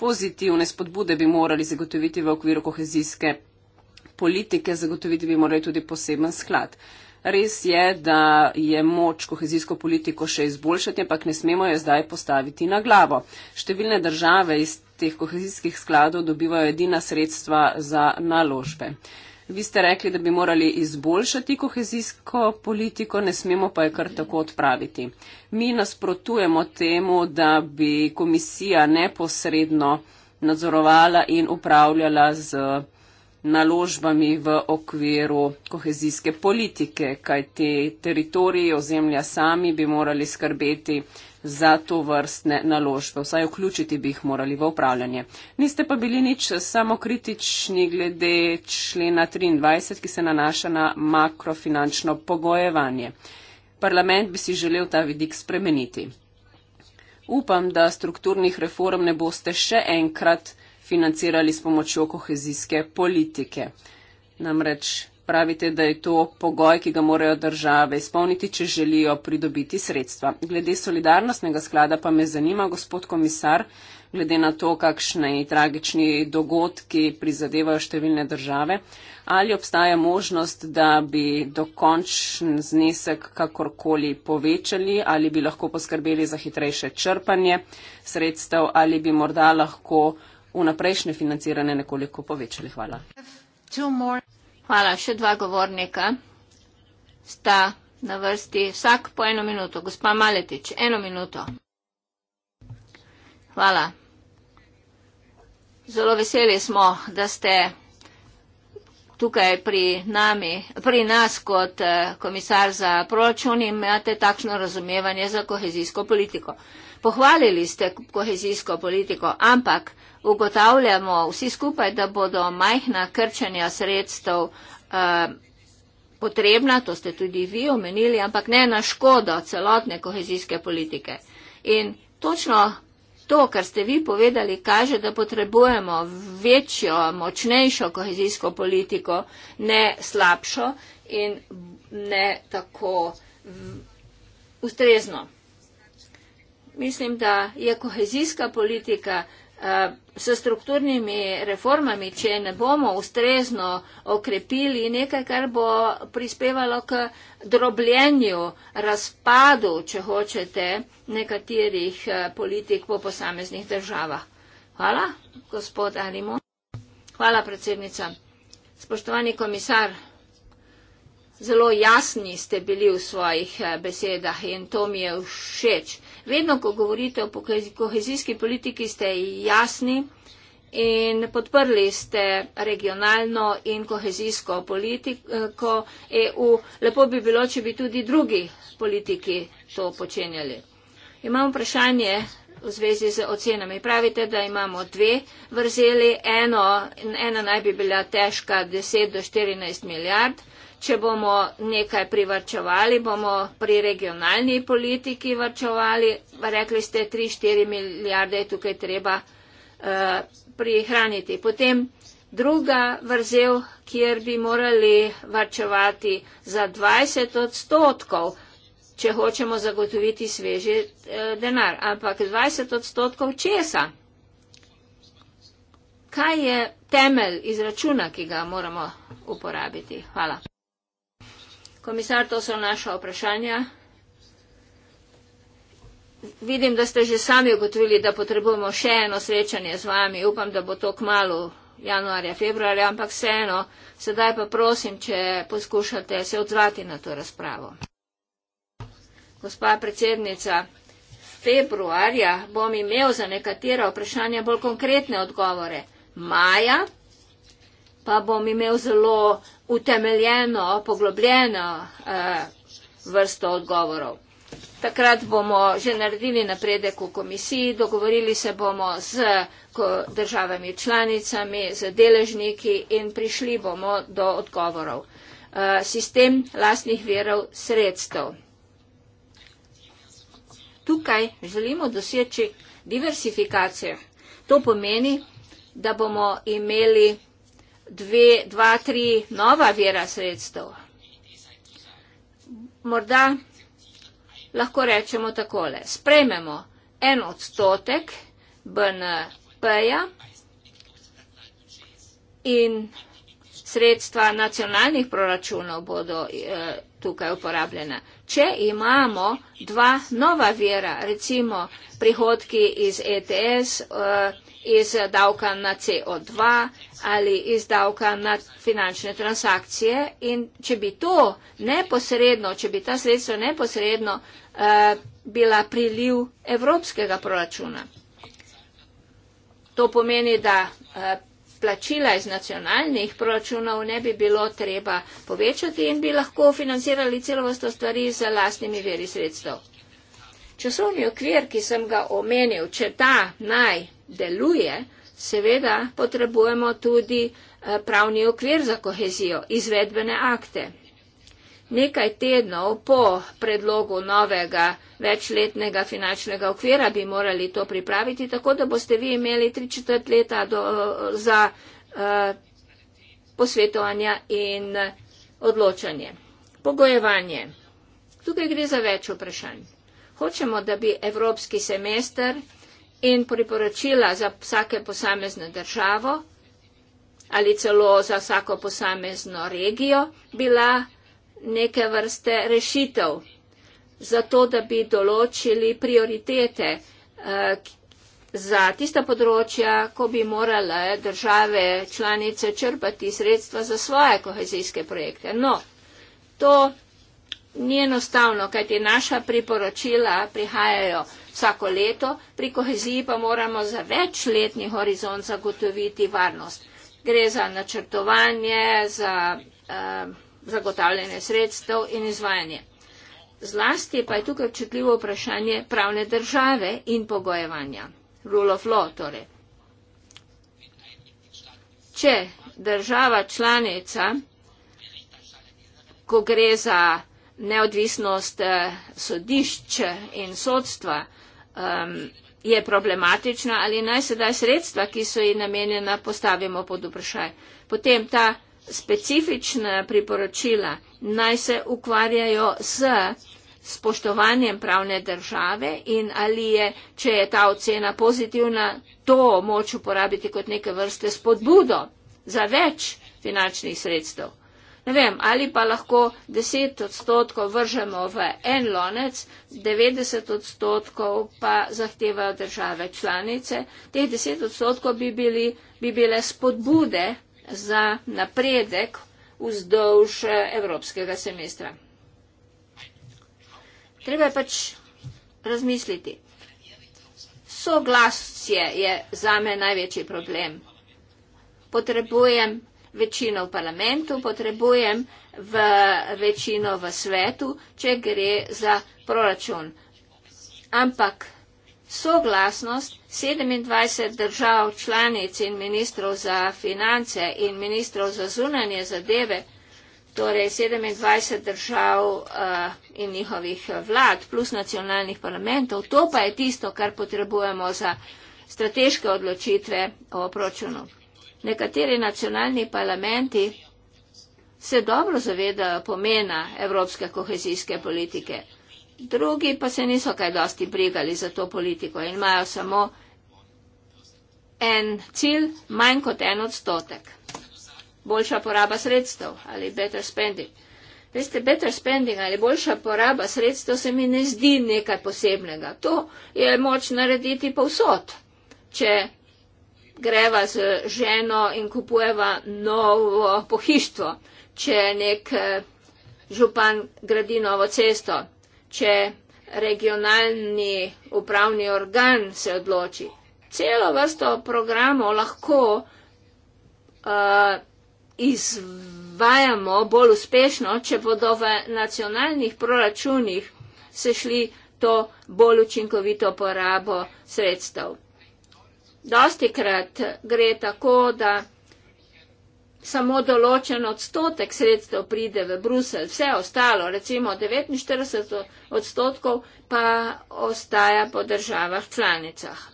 Pozitivne spodbude bi morali zagotoviti v okviru kohezijske politike, zagotoviti bi morali tudi poseben sklad. Res je, da je moč kohezijsko politiko še izboljšati, ampak ne smemo jo zdaj postaviti na glavo. Številne države iz teh kohezijskih skladov dobivajo edina sredstva za naložbe. Vi ste rekli, da bi morali izboljšati kohezijsko politiko, ne smemo pa je kar tako odpraviti. Mi nasprotujemo temu, da bi komisija neposredno nadzorovala in upravljala z naložbami v okviru kohezijske politike, kaj te teritoriji ozemlja sami bi morali skrbeti za to vrstne naložbe, vsaj vključiti bi jih morali v upravljanje. Niste pa bili nič samokritični glede člena 23, ki se nanaša na makrofinančno pogojevanje. Parlament bi si želel ta vidik spremeniti. Upam, da strukturnih reform ne boste še enkrat financirali s pomočjo kohezijske politike. Namreč pravite, da je to pogoj, ki ga morajo države izpolniti, če želijo pridobiti sredstva. Glede solidarnostnega sklada pa me zanima, gospod komisar, glede na to, kakšni tragični dogodki prizadevajo številne države, ali obstaja možnost, da bi dokončen znesek kakorkoli povečali, ali bi lahko poskrbeli za hitrejše črpanje sredstev, ali bi morda lahko vnaprejšnje financiranje nekoliko povečali. Hvala. Hvala. Še dva govornika sta na vrsti. Vsak po eno minuto. Gospa Maletič, eno minuto. Hvala. Zelo veseli smo, da ste tukaj pri, nami, pri nas kot eh, komisar za proračun in imate takšno razumevanje za kohezijsko politiko. Pohvalili ste kohezijsko politiko, ampak ugotavljamo vsi skupaj, da bodo majhna krčanja sredstev eh, potrebna, to ste tudi vi omenili, ampak ne na škodo celotne kohezijske politike. In točno to, kar ste vi povedali, kaže, da potrebujemo večjo, močnejšo kohezijsko politiko, ne slabšo in ne tako ustrezno. Mislim, da je kohezijska politika Eh, s strukturnimi reformami, če ne bomo ustrezno okrepili nekaj, kar bo prispevalo k drobljenju, razpadu, če hočete, nekaterih eh, politik po posameznih državah. Hvala, gospod Arimo. Hvala, predsednica. Spoštovani komisar, zelo jasni ste bili v svojih eh, besedah in to mi je všeč. Vedno, ko govorite o kohezijski politiki, ste jasni in podprli ste regionalno in kohezijsko politiko EU. Lepo bi bilo, če bi tudi drugi politiki to počenjali. Imam vprašanje v zvezi z ocenami. Pravite, da imamo dve vrzeli, eno, ena naj bi bila težka 10 do 14 milijard. Če bomo nekaj privrčevali, bomo pri regionalni politiki vrčevali. Rekli ste, 3-4 milijarde je tukaj treba uh, prihraniti. Potem druga vrzel, kjer bi morali vrčevati za 20 odstotkov, če hočemo zagotoviti sveži uh, denar. Ampak 20 odstotkov česa? Kaj je temelj izračuna, ki ga moramo uporabiti? Hvala. Komisar, to so naša vprašanja. Vidim, da ste že sami ugotovili, da potrebujemo še eno srečanje z vami. Upam, da bo to k malu januarja, februarja, ampak vseeno, sedaj pa prosim, če poskušate se odzvati na to razpravo. Gospa predsednica, februarja bom imel za nekatera vprašanja bolj konkretne odgovore. Maja pa bom imel zelo utemeljeno, poglobljeno eh, vrsto odgovorov. Takrat bomo že naredili napredek v komisiji, dogovorili se bomo z državami članicami, z deležniki in prišli bomo do odgovorov. Eh, sistem lastnih verov sredstev. Tukaj želimo doseči diversifikacijo. To pomeni, da bomo imeli dve, dva, tri nova vira sredstev. Morda lahko rečemo takole. Sprememo en odstotek BNP-ja in sredstva nacionalnih proračunov bodo eh, tukaj uporabljena. Če imamo dva nova vira, recimo prihodki iz ETS, eh, iz davka na CO2 ali iz davka na finančne transakcije in če bi to neposredno, če bi ta sredstvo neposredno uh, bila priliv evropskega proračuna. To pomeni, da uh, plačila iz nacionalnih proračunov ne bi bilo treba povečati in bi lahko financirali celo vrsto stvari z lastnimi veri sredstev. Časovni okvir, ki sem ga omenil, če ta naj deluje, seveda potrebujemo tudi eh, pravni okvir za kohezijo, izvedbene akte. Nekaj tednov po predlogu novega večletnega finančnega okvira bi morali to pripraviti, tako da boste vi imeli tri četrt leta do, eh, za uh, posvetovanja in odločanje. Pogojevanje. Tukaj gre za več vprašanj. Hočemo, da bi evropski semester in priporočila za vsake posamezne državo ali celo za vsako posamezno regijo bila neke vrste rešitev za to, da bi določili prioritete eh, za tista področja, ko bi morale države članice črpati sredstva za svoje kohezijske projekte. No, to ni enostavno, kajti naša priporočila prihajajo vsako leto, pri koheziji pa moramo za večletni horizont zagotoviti varnost. Gre za načrtovanje, za eh, zagotavljanje sredstev in izvajanje. Zlasti pa je tukaj občutljivo vprašanje pravne države in pogojevanja. Rule of law torej. Če država članica, ko gre za neodvisnost eh, sodišče in sodstva, um, je problematična ali naj sedaj sredstva, ki so ji namenjena, postavimo pod vprašaj. Potem ta specifična priporočila naj se ukvarjajo z spoštovanjem pravne države in ali je, če je ta ocena pozitivna, to moč uporabiti kot neke vrste spodbudo za več finančnih sredstev ne vem, ali pa lahko 10 odstotkov vržemo v en lonec, 90 odstotkov pa zahtevajo države članice. Teh 10 odstotkov bi, bili, bi bile spodbude za napredek vzdolž eh, evropskega semestra. Treba je pač razmisliti. Soglasje je zame največji problem. Potrebujem večino v parlamentu, potrebujem v večino v svetu, če gre za proračun. Ampak soglasnost 27 držav članic in ministrov za finance in ministrov za zunanje zadeve, torej 27 držav uh, in njihovih eh, vlad plus nacionalnih parlamentov, to pa je tisto, kar potrebujemo za strateške odločitve o proračunu. Nekateri nacionalni parlamenti se dobro zavedajo pomena evropske kohezijske politike, drugi pa se niso kaj dosti brigali za to politiko in imajo samo en cilj, manj kot en odstotek. Boljša poraba sredstev ali better spending. Veste, better spending ali boljša poraba sredstev se mi ne zdi nekaj posebnega. To je moč narediti povsod. Če greva z ženo in kupujeva novo pohištvo, če nek eh, župan gradi novo cesto, če regionalni upravni organ se odloči. Celo vrsto programov lahko uh, izvajamo bolj uspešno, če bodo v nacionalnih proračunih sešli to bolj učinkovito porabo sredstev dosti krat gre tako, da samo določen odstotek sredstev pride v Bruselj, vse ostalo, recimo 49 odstotkov, pa ostaja po državah članicah.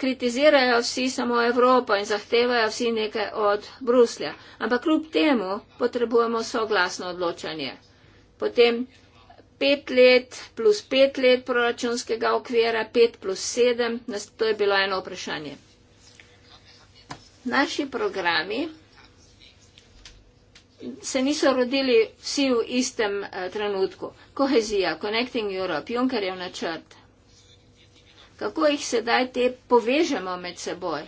Kritizirajo vsi samo Evropo in zahtevajo vsi nekaj od Bruslja, ampak kljub temu potrebujemo soglasno odločanje. Potem pet let plus pet let proračunskega okvira, pet plus sedem, to je bilo eno vprašanje. Naši programi se niso rodili vsi v istem eh, trenutku. Kohezija, Connecting Europe, Junckerjev načrt. Kako jih sedaj te povežemo med seboj?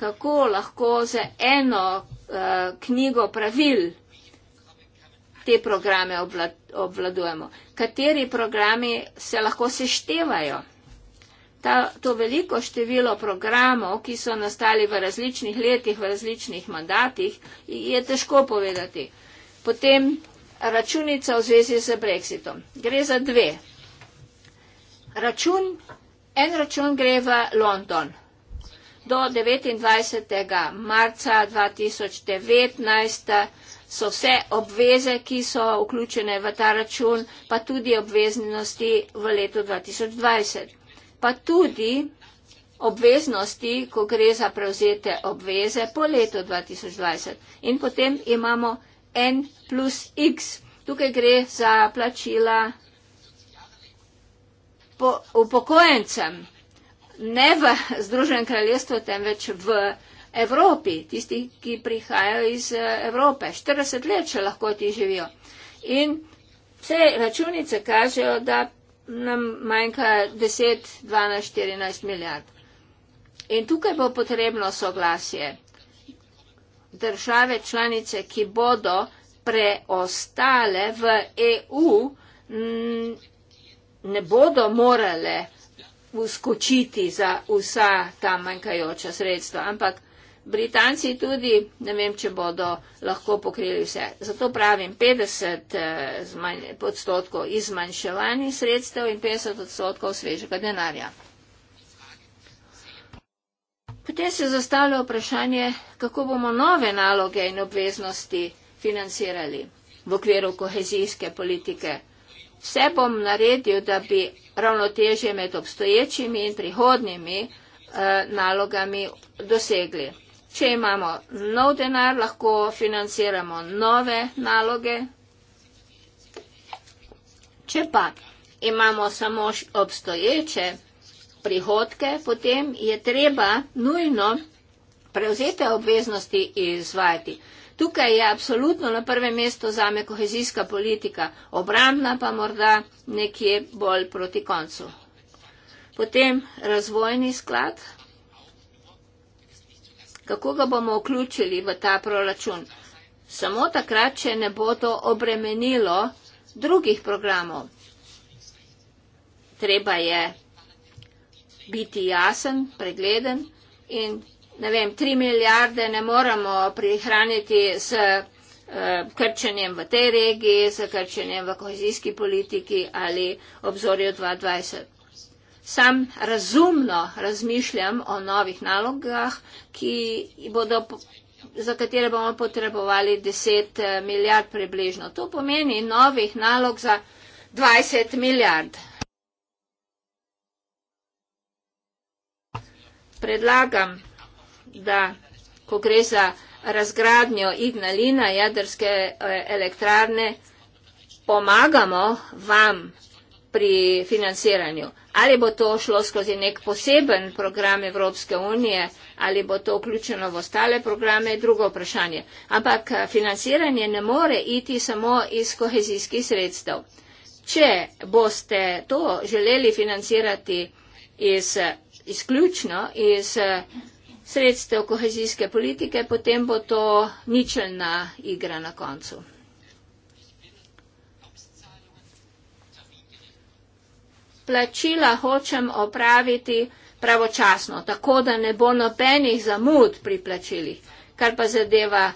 Kako lahko za eno eh, knjigo pravil te programe obvladujemo. Kateri programi se lahko seštevajo? Ta, to veliko število programov, ki so nastali v različnih letih, v različnih mandatih, je težko povedati. Potem računica v zvezi z Brexitom. Gre za dve. Račun, en račun gre v London. Do 29. marca 2019 so vse obveze, ki so vključene v ta račun, pa tudi obveznosti v letu 2020. Pa tudi obveznosti, ko gre za prevzete obveze po letu 2020. In potem imamo N plus X. Tukaj gre za plačila po upokojencem. Ne v Združenem kraljestvu, temveč v Evropi, tisti, ki prihajajo iz eh, Evrope. 40 let, če lahko ti živijo. In vse računice kažejo, da nam manjka 10, 12, 14 milijard. In tukaj bo potrebno soglasje države članice, ki bodo preostale v EU, ne bodo morale uskočiti za vsa ta manjkajoča sredstva, ampak Britanci tudi, ne vem, če bodo lahko pokrili vse. Zato pravim, 50 eh, odstotkov izmanjševanih sredstev in 50 odstotkov svežega denarja. Potem se zastavlja vprašanje, kako bomo nove naloge in obveznosti financirali v okviru kohezijske politike. Vse bom naredil, da bi ravnotežje med obstoječimi in prihodnimi eh, nalogami dosegli. Če imamo nov denar, lahko financiramo nove naloge. Če pa imamo samo obstoječe prihodke, potem je treba nujno prevzete obveznosti izvajati. Tukaj je apsolutno na prvem mestu zame kohezijska politika, obrambna pa morda nekje bolj proti koncu. Potem razvojni sklad, kako ga bomo vključili v ta proračun. Samo takrat, če ne bo to obremenilo drugih programov. Treba je biti jasen, pregleden in ne vem, tri milijarde ne moramo prihraniti s eh, krčenjem v tej regiji, s krčenjem v kohezijski politiki ali obzorju 2020. Sam razumno razmišljam o novih nalogah, bodo, za katere bomo potrebovali 10 eh, milijard približno. To pomeni novih nalog za 20 milijard. Predlagam, da ko gre za razgradnjo Ignalina jedrske eh, elektrarne, pomagamo vam pri financiranju ali bo to šlo skozi nek poseben program Evropske unije, ali bo to vključeno v ostale programe, drugo vprašanje. Ampak eh, financiranje ne more iti samo iz kohezijskih sredstev. Če boste to želeli financirati iz, izključno iz eh, sredstev kohezijske politike, potem bo to ničelna igra na koncu. plačila hočem opraviti pravočasno, tako da ne bo nobenih zamud pri plačilih, kar pa zadeva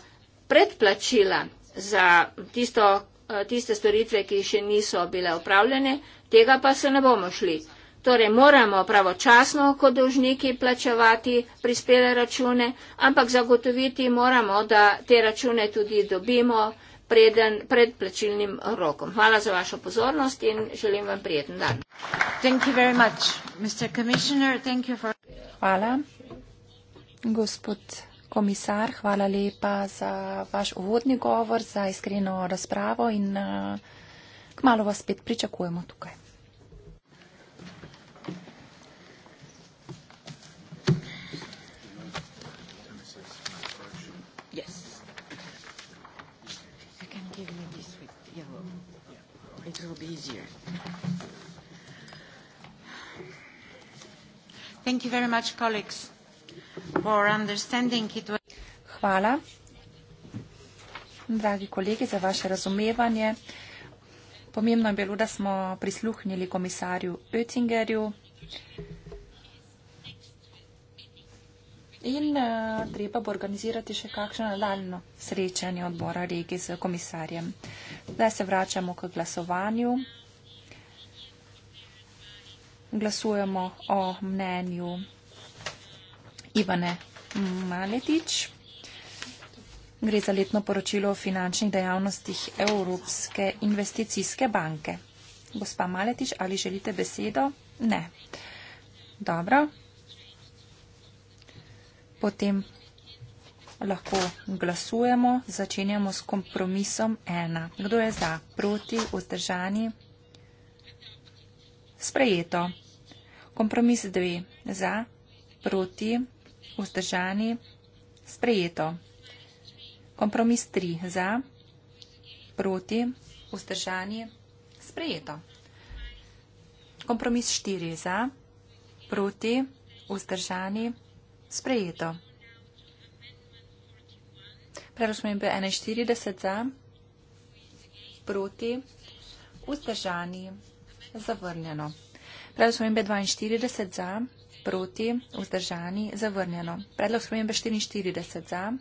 predplačila za tisto, eh, tiste storitve, ki še niso bile upravljene, tega pa se ne bomo šli. Torej moramo pravočasno kot dolžniki plačevati prispele račune, ampak zagotoviti moramo, da te račune tudi dobimo preden, pred plačilnim rokom. Hvala za vašo pozornost in želim vam prijeten dan. Much, for... Hvala, gospod komisar. Hvala lepa za vaš uvodni govor, za iskreno razpravo in uh, eh, k malo vas spet pričakujemo tukaj. Hvala, dragi kolegi, za vaše razumevanje. Pomembno je bilo, da smo prisluhnili komisarju Oettingerju. In uh, treba bo organizirati še kakšno nadaljno srečanje odbora regi s komisarjem. Zdaj se vračamo k glasovanju glasujemo o mnenju Ivane Maletič. Gre za letno poročilo o finančnih dejavnostih Evropske investicijske banke. Gospa Maletič, ali želite besedo? Ne. Dobro. Potem lahko glasujemo. Začenjamo s kompromisom 1. Kdo je za? Proti? Vzdržani? Sprejeto. Kompromis dve. Za, proti, vzdržani, sprejeto. Kompromis tri. Za, proti, vzdržani, sprejeto. Kompromis štiri. Za, proti, vzdržani, sprejeto. Prvo smo imeli 41 za, proti, vzdržani, zavrnjeno. Predlog spremembe 42 za, proti, vzdržani, zavrnjeno. Predlog spremembe 44 za,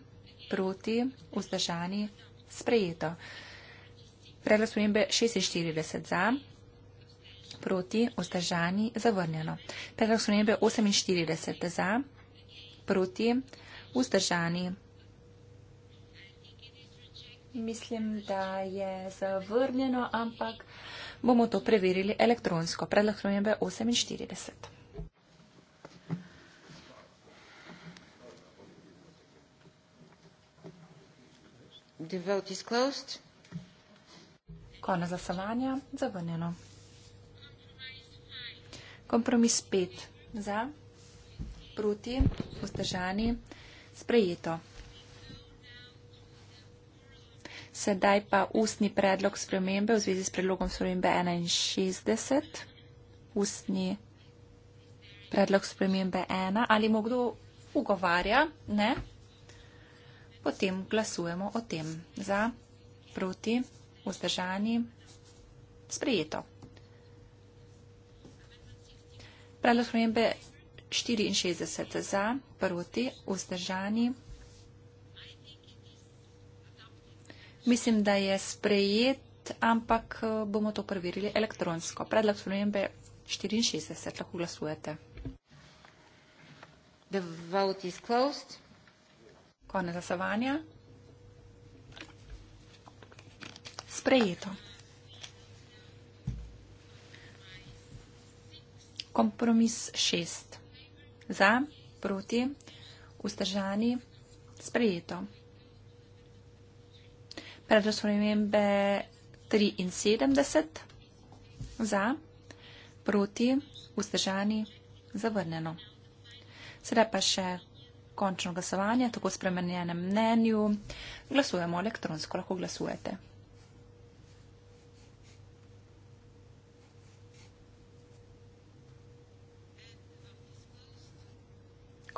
proti, vzdržani, sprejeto. Predlog spremembe 46 za, proti, vzdržani, zavrnjeno. Predlog spremembe 48 za, proti, vzdržani. Mislim, da je zavrnjeno, ampak bomo to preverili elektronsko. Predlahnujem B48. The vote is closed. Konec glasovanja. Zavrnjeno. Kompromis 5 za, proti, vzdržani, sprejeto. Sedaj pa ustni predlog spremembe v zvezi s predlogom spremembe 61. Ustni predlog spremembe 1. Ali mu kdo ugovarja? Ne. Potem glasujemo o tem. Za, proti, vzdržani, sprejeto. Predlog spremembe 64 za, proti, vzdržani, sprejeto. Mislim, da je sprejet, ampak eh, bomo to preverili elektronsko. Predlog spremembe 64 lahko glasujete. The vote is closed. Konec glasovanja. Sprejeto. Kompromis šest. Za, proti, vzdržani, sprejeto. Predlog spremembe 73 za, proti, vzdržani, zavrnjeno. Sedaj pa še končno glasovanje, tako spremenjenem mnenju. Glasujemo elektronsko, lahko glasujete.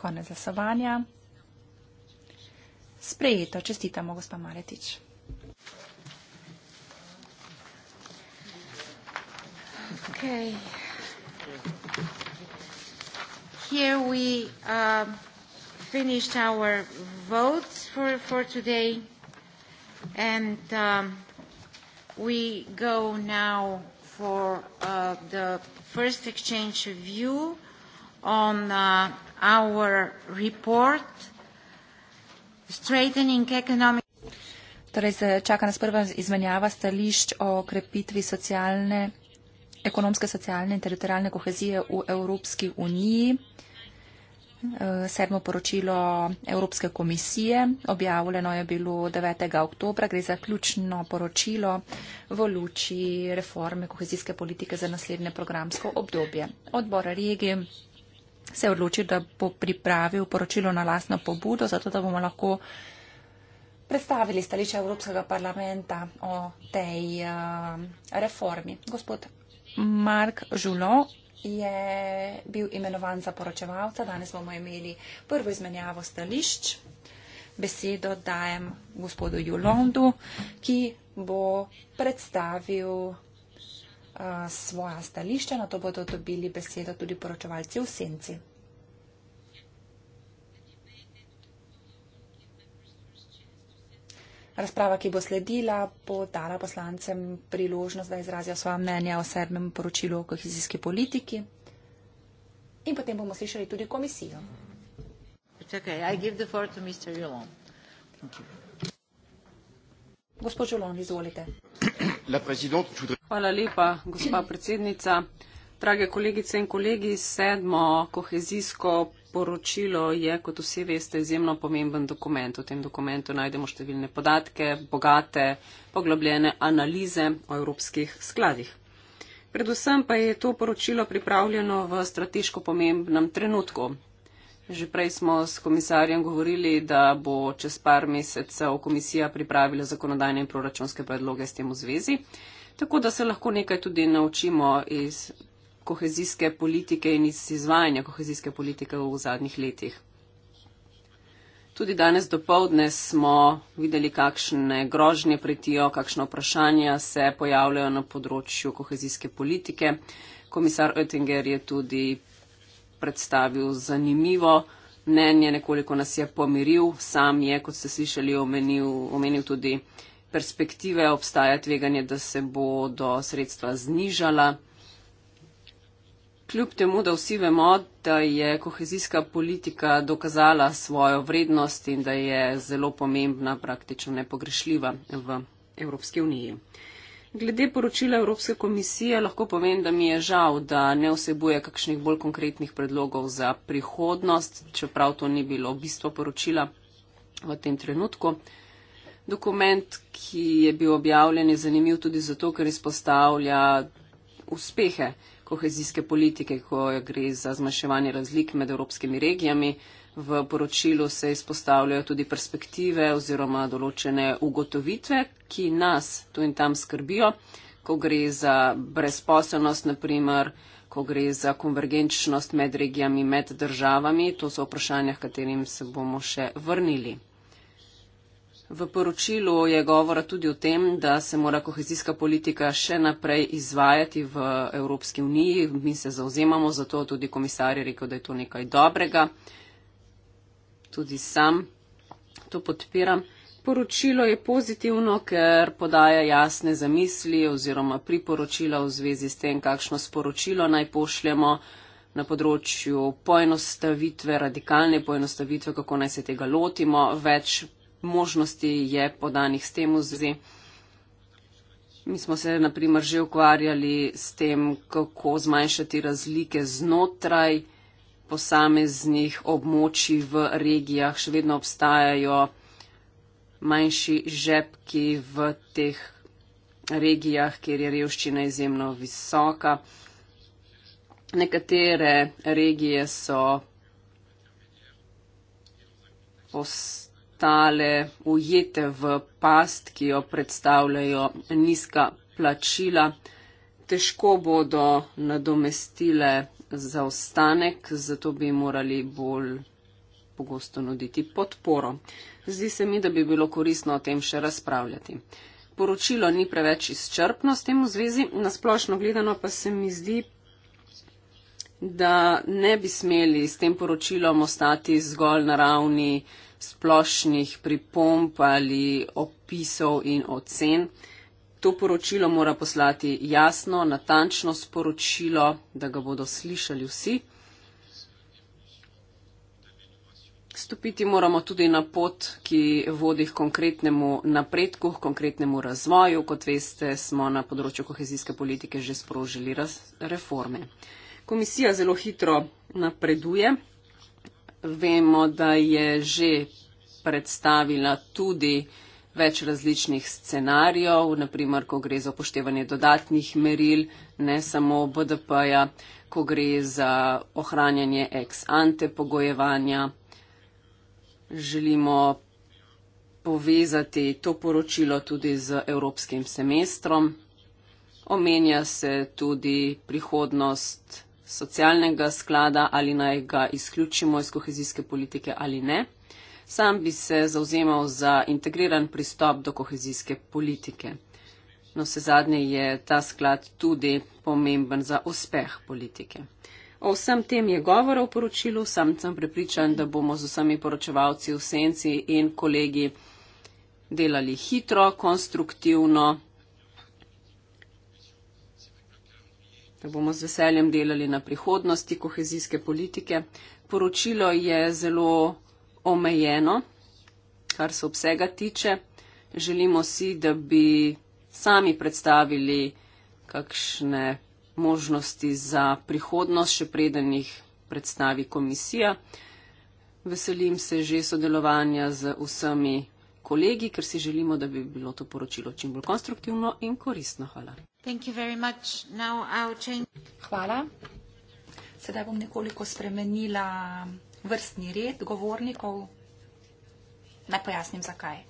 Konec zasovanja. Sprejeto, čestitamo, gospa Maretič. Okay. Here we uh, finished our votes for, for today, and um, we go now for uh, the first exchange of view on uh, our report, Straightening Economic. Torej, čaka nas prva izmenjava stališč o krepitvi socialne ekonomske, socialne in teritorijalne kohezije v Evropski uniji. Eh, sedmo poročilo Evropske komisije, objavljeno je bilo 9. oktobra, gre za ključno poročilo v luči reforme kohezijske politike za naslednje programsko obdobje. Odbor regij se je odločil, da bo pripravil poročilo na lastno pobudo, zato da bomo lahko predstavili stališče Evropskega parlamenta o tej eh, reformi. Gospod Mark Žulov je bil imenovan za poročevalca. Danes bomo imeli prvo izmenjavo stališč. Besedo dajem gospodu Julondu, ki bo predstavil uh, svoja stališča. Na to bodo dobili besedo tudi poročevalci v senci. Razprava, ki bo sledila, bo dala poslancem priložnost, da izrazijo svoje mnenja o sedmem poročilu o kohezijski politiki. In potem bomo slišali tudi komisijo. Okay, Gospod Žulon, izvolite. Hvala lepa, gospa predsednica. Drage kolegice in kolegi, sedmo kohezijsko poročilo je, kot vsi veste, izjemno pomemben dokument. V tem dokumentu najdemo številne podatke, bogate, poglobljene analize o evropskih skladih. Predvsem pa je to poročilo pripravljeno v strateško pomembnem trenutku. Že prej smo s komisarjem govorili, da bo čez par mesecev komisija pripravila zakonodajne in proračunske predloge s tem v zvezi, tako da se lahko nekaj tudi naučimo iz kohezijske politike in iz izvajanja kohezijske politike v zadnjih letih. Tudi danes do povdne smo videli, kakšne grožnje pretijo, kakšne vprašanja se pojavljajo na področju kohezijske politike. Komisar Oettinger je tudi predstavil zanimivo mnenje, nekoliko nas je pomiril, sam je, kot ste slišali, omenil, omenil tudi perspektive, obstaja tveganje, da se bodo sredstva znižala. Kljub temu, da vsi vemo, da je kohezijska politika dokazala svojo vrednost in da je zelo pomembna, praktično nepogrešljiva v Evropski uniji. Glede poročila Evropske komisije lahko povem, da mi je žal, da ne vsebuje kakšnih bolj konkretnih predlogov za prihodnost, čeprav to ni bilo bistvo poročila v tem trenutku. Dokument, ki je bil objavljen, je zanimiv tudi zato, ker izpostavlja uspehe kohezijske politike, ko gre za zmanjševanje razlik med evropskimi regijami. V poročilu se izpostavljajo tudi perspektive oziroma določene ugotovitve, ki nas tu in tam skrbijo, ko gre za brezposelnost, naprimer, ko gre za konvergenčnost med regijami, med državami. To so vprašanja, katerim se bomo še vrnili. V poročilu je govora tudi o tem, da se mora kohezijska politika še naprej izvajati v Evropski uniji. Mi se zauzemamo za to, tudi komisar je rekel, da je to nekaj dobrega. Tudi sam to podpiram. Poročilo je pozitivno, ker podaja jasne zamisli oziroma priporočila v zvezi s tem, kakšno sporočilo naj pošljemo na področju poenostavitve, radikalne poenostavitve, kako naj se tega lotimo, več možnosti je podanih s tem v zvezi. Mi smo se naprimer že ukvarjali s tem, kako zmanjšati razlike znotraj posameznih območij v regijah. Še vedno obstajajo manjši žepki v teh regijah, kjer je revščina izjemno visoka. Nekatere regije so postavljene ostale ujete v past, ki jo predstavljajo nizka plačila, težko bodo nadomestile zaostanek, zato bi morali bolj pogosto nuditi podporo. Zdi se mi, da bi bilo korisno o tem še razpravljati. Poročilo ni preveč izčrpno s tem v zvezi, nasplošno gledano pa se mi zdi, da ne bi smeli s tem poročilom ostati zgolj na ravni uh, splošnih pripomp ali opisov in ocen. To poročilo mora poslati jasno, natančno sporočilo, da ga bodo slišali vsi. Stopiti moramo tudi na pot, ki vodi k konkretnemu napredku, k konkretnemu razvoju. Kot veste, smo na področju kohezijske politike že sprožili reforme. Komisija zelo hitro napreduje vemo, da je že predstavila tudi več različnih scenarijev, naprimer, ko gre za upoštevanje dodatnih meril, ne samo BDP-ja, ko gre za ohranjanje ex ante pogojevanja. Želimo povezati to poročilo tudi z evropskim semestrom. Omenja se tudi prihodnost socialnega sklada ali naj ga izključimo iz kohezijske politike ali ne. Sam bi se zauzemal za integriran pristop do kohezijske politike. No, se zadnje je ta sklad tudi pomemben za uspeh politike. O vsem tem je govora v poročilu, sam sem prepričan, da bomo z vsemi poročevalci v senci in kolegi delali hitro, konstruktivno. da bomo z veseljem delali na prihodnosti kohezijske politike. Poročilo je zelo omejeno, kar se obsega tiče. Želimo si, da bi sami predstavili kakšne možnosti za prihodnost, še preden jih predstavi komisija. Veselim se že sodelovanja z vsemi kolegi, ker si želimo, da bi bilo to poročilo čim bolj konstruktivno in koristno. Hvala. Hvala. Sedaj bom nekoliko spremenila vrstni red govornikov. Naj pojasnim, zakaj.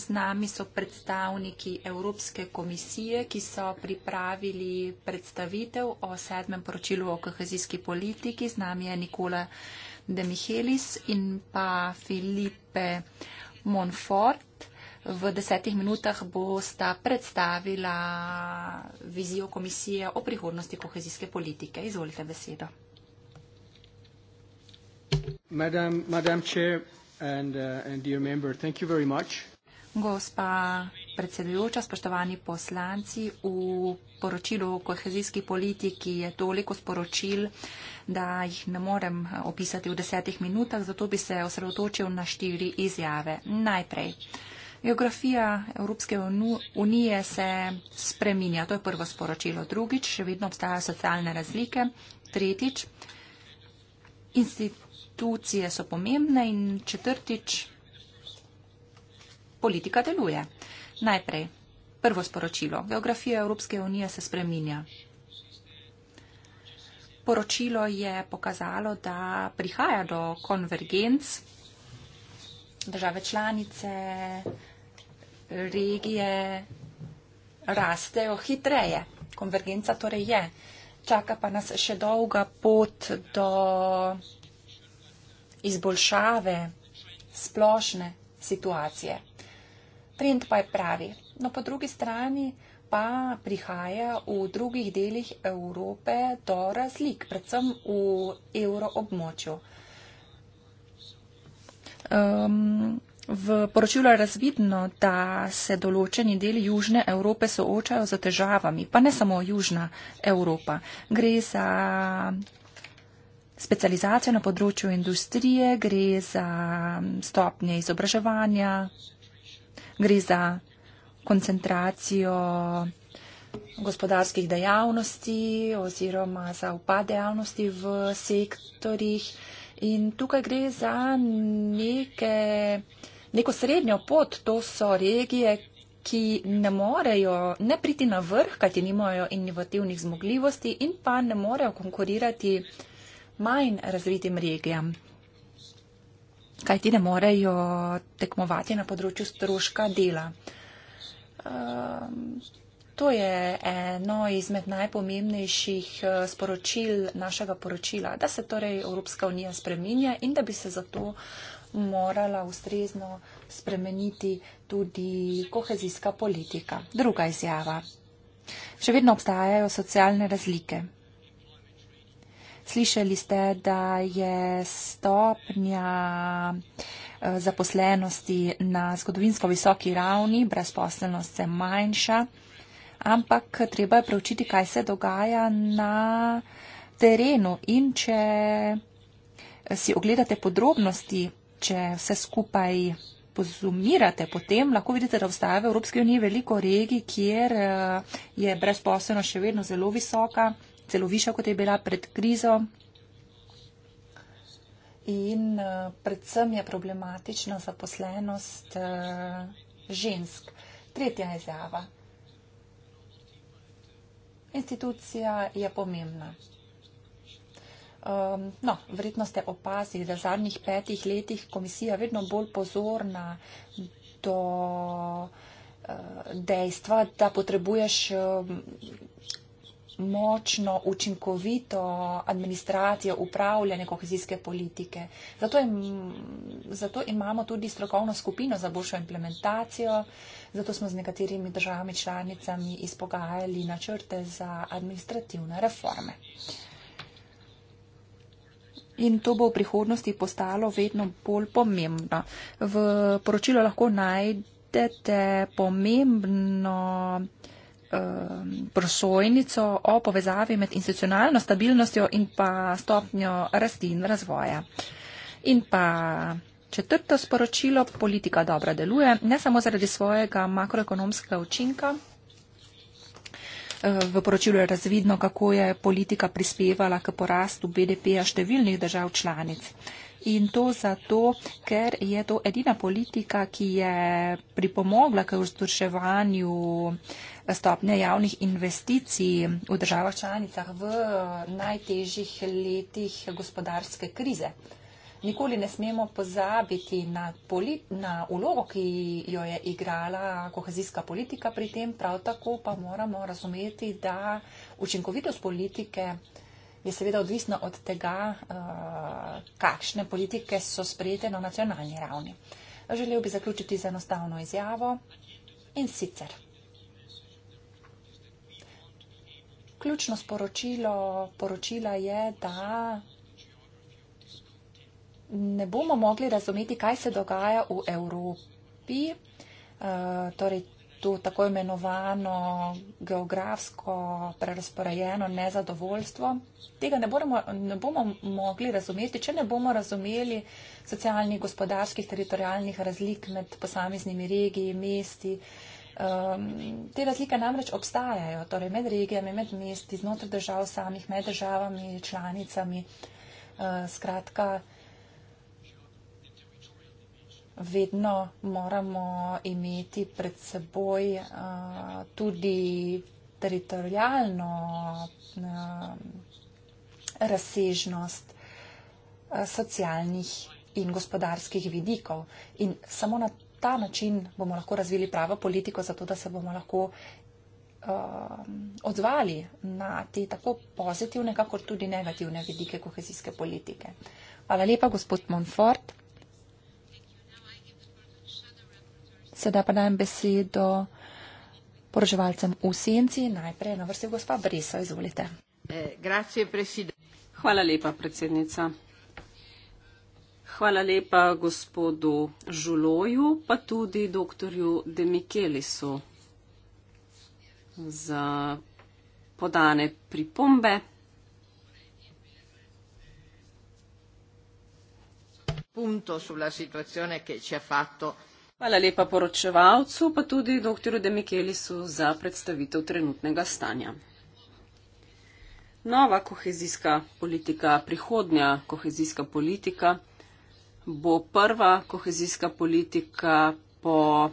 Z nami so predstavniki Evropske komisije, ki so pripravili predstavitev o sedmem poročilu o kohezijski politiki. Z nami je Nikola de Michelis in pa Filipe Monfort. V desetih minutah bosta predstavila vizijo komisije o prihodnosti kohezijske politike. Izvolite besedo. Madam, madam chair and, uh, and dear member, thank you very much. Gospa predsedujoča, spoštovani poslanci, v poročilu o kohezijski politiki je toliko sporočil, da jih ne morem opisati v desetih minutah, zato bi se osredotočil na štiri izjave. Najprej. Geografija Evropske unije se spreminja, to je prvo sporočilo. Drugič, še vedno obstajajo socialne razlike. Tretjič, institucije so pomembne. In četrtič, politika deluje. Uh, Najprej, prvo sporočilo. Geografija Evropske unije se spreminja. Poročilo je pokazalo, da prihaja do konvergenc države članice, regije rastejo hitreje. Konvergenca torej je. Čaka pa nas še dolga pot do izboljšave splošne situacije trend pa je pravi. No, po drugi strani pa prihaja v drugih delih Evrope do razlik, predvsem v evroobmočju. Um, v poročilu je razvidno, da se določeni deli Južne Evrope soočajo z težavami, pa ne samo Južna Evropa. Gre za specializacijo na področju industrije, gre za stopnje izobraževanja, gre za koncentracijo gospodarskih dejavnosti oziroma za upad dejavnosti v sektorjih. In tukaj gre za neke, neko srednjo pot. To so regije, ki ne morejo ne priti na vrh, kajti nimajo inovativnih zmogljivosti in pa ne morejo konkurirati manj razvitim regijam kaj ti ne morejo tekmovati na področju stroška dela. Ehm, to je eno izmed najpomembnejših eh, sporočil našega poročila, da se torej Evropska unija spreminja in da bi se zato morala ustrezno spremeniti tudi kohezijska politika. Druga izjava. Še vedno obstajajo socialne razlike. Slišali ste, da je stopnja eh, zaposlenosti na zgodovinsko visoki ravni, brezposelnost se manjša, ampak treba je preučiti, kaj se dogaja na terenu in če si ogledate podrobnosti, če vse skupaj pozumirate, potem lahko vidite, da obstaja v Evropski uniji veliko regij, kjer eh, je brezposelnost še vedno zelo visoka celo višja, kot je bila pred krizo. In eh, predvsem je problematična zaposlenost eh, žensk. Tretja izjava. Institucija je pomembna. Um, no, verjetno ste opazili, da v zadnjih petih letih komisija vedno bolj pozorna do uh, dejstva, da potrebuješ um, močno, učinkovito administracijo upravljanja kohezijske politike. Zato, je, zato imamo tudi strokovno skupino za boljšo implementacijo, zato smo z nekaterimi državami članicami izpogajali načrte za administrativne reforme. In to bo v prihodnosti postalo vedno bolj pomembno. V poročilu lahko najdete pomembno. Um, prosojnico o povezavi med institucionalno stabilnostjo in pa stopnjo rasti in razvoja. In pa četrto sporočilo, politika dobro deluje, ne samo zaradi svojega makroekonomskega učinka, V poročilu je razvidno, kako je politika prispevala k porastu BDP-ja številnih držav članic. In to zato, ker je to edina politika, ki je pripomogla k vzdrževanju stopnje javnih investicij v državah članicah v najtežjih letih gospodarske krize nikoli ne smemo pozabiti na, na ulogo, ki jo je igrala kohezijska politika pri tem, prav tako pa moramo razumeti, da učinkovitost politike je seveda odvisna od tega, eh, kakšne politike so sprejete na nacionalni ravni. Želel bi zaključiti z enostavno izjavo in sicer. Ključno sporočilo poročila je, da ne bomo mogli razumeti, kaj se dogaja v Evropi, eh, torej to tako imenovano geografsko prerasporejeno nezadovoljstvo. Tega ne, boremo, ne bomo mogli razumeti, če ne bomo razumeli socialnih, gospodarskih, teritorijalnih razlik med posameznimi regiji, mesti. Um, te razlike namreč obstajajo, torej med regijami, med mesti, znotraj držav samih, med državami, članicami. Uh, skratka, uh, vedno moramo imeti pred seboj uh, tudi teritorijalno uh, razsežnost uh, socialnih in gospodarskih vidikov. In samo na ta način bomo lahko razvili pravo politiko, zato da se bomo lahko odzvali na te tako pozitivne, kako tudi negativne vidike kohezijske politike. Hvala lepa, gospod Monfort. Sedaj pa dajem besedo poroževalcem v senci. Najprej na vrsti gospa Briso, izvolite. Eh, Hvala lepa, predsednica. Hvala lepa gospodu Žuloju, pa tudi doktorju Demikelisu za podane pripombe. Punto sulla situazione che ci ha fatto Hvala lepa poročevalcu, pa tudi dr. Demikelisu za predstavitev trenutnega stanja. Nova kohezijska politika, prihodnja kohezijska politika, bo prva kohezijska politika po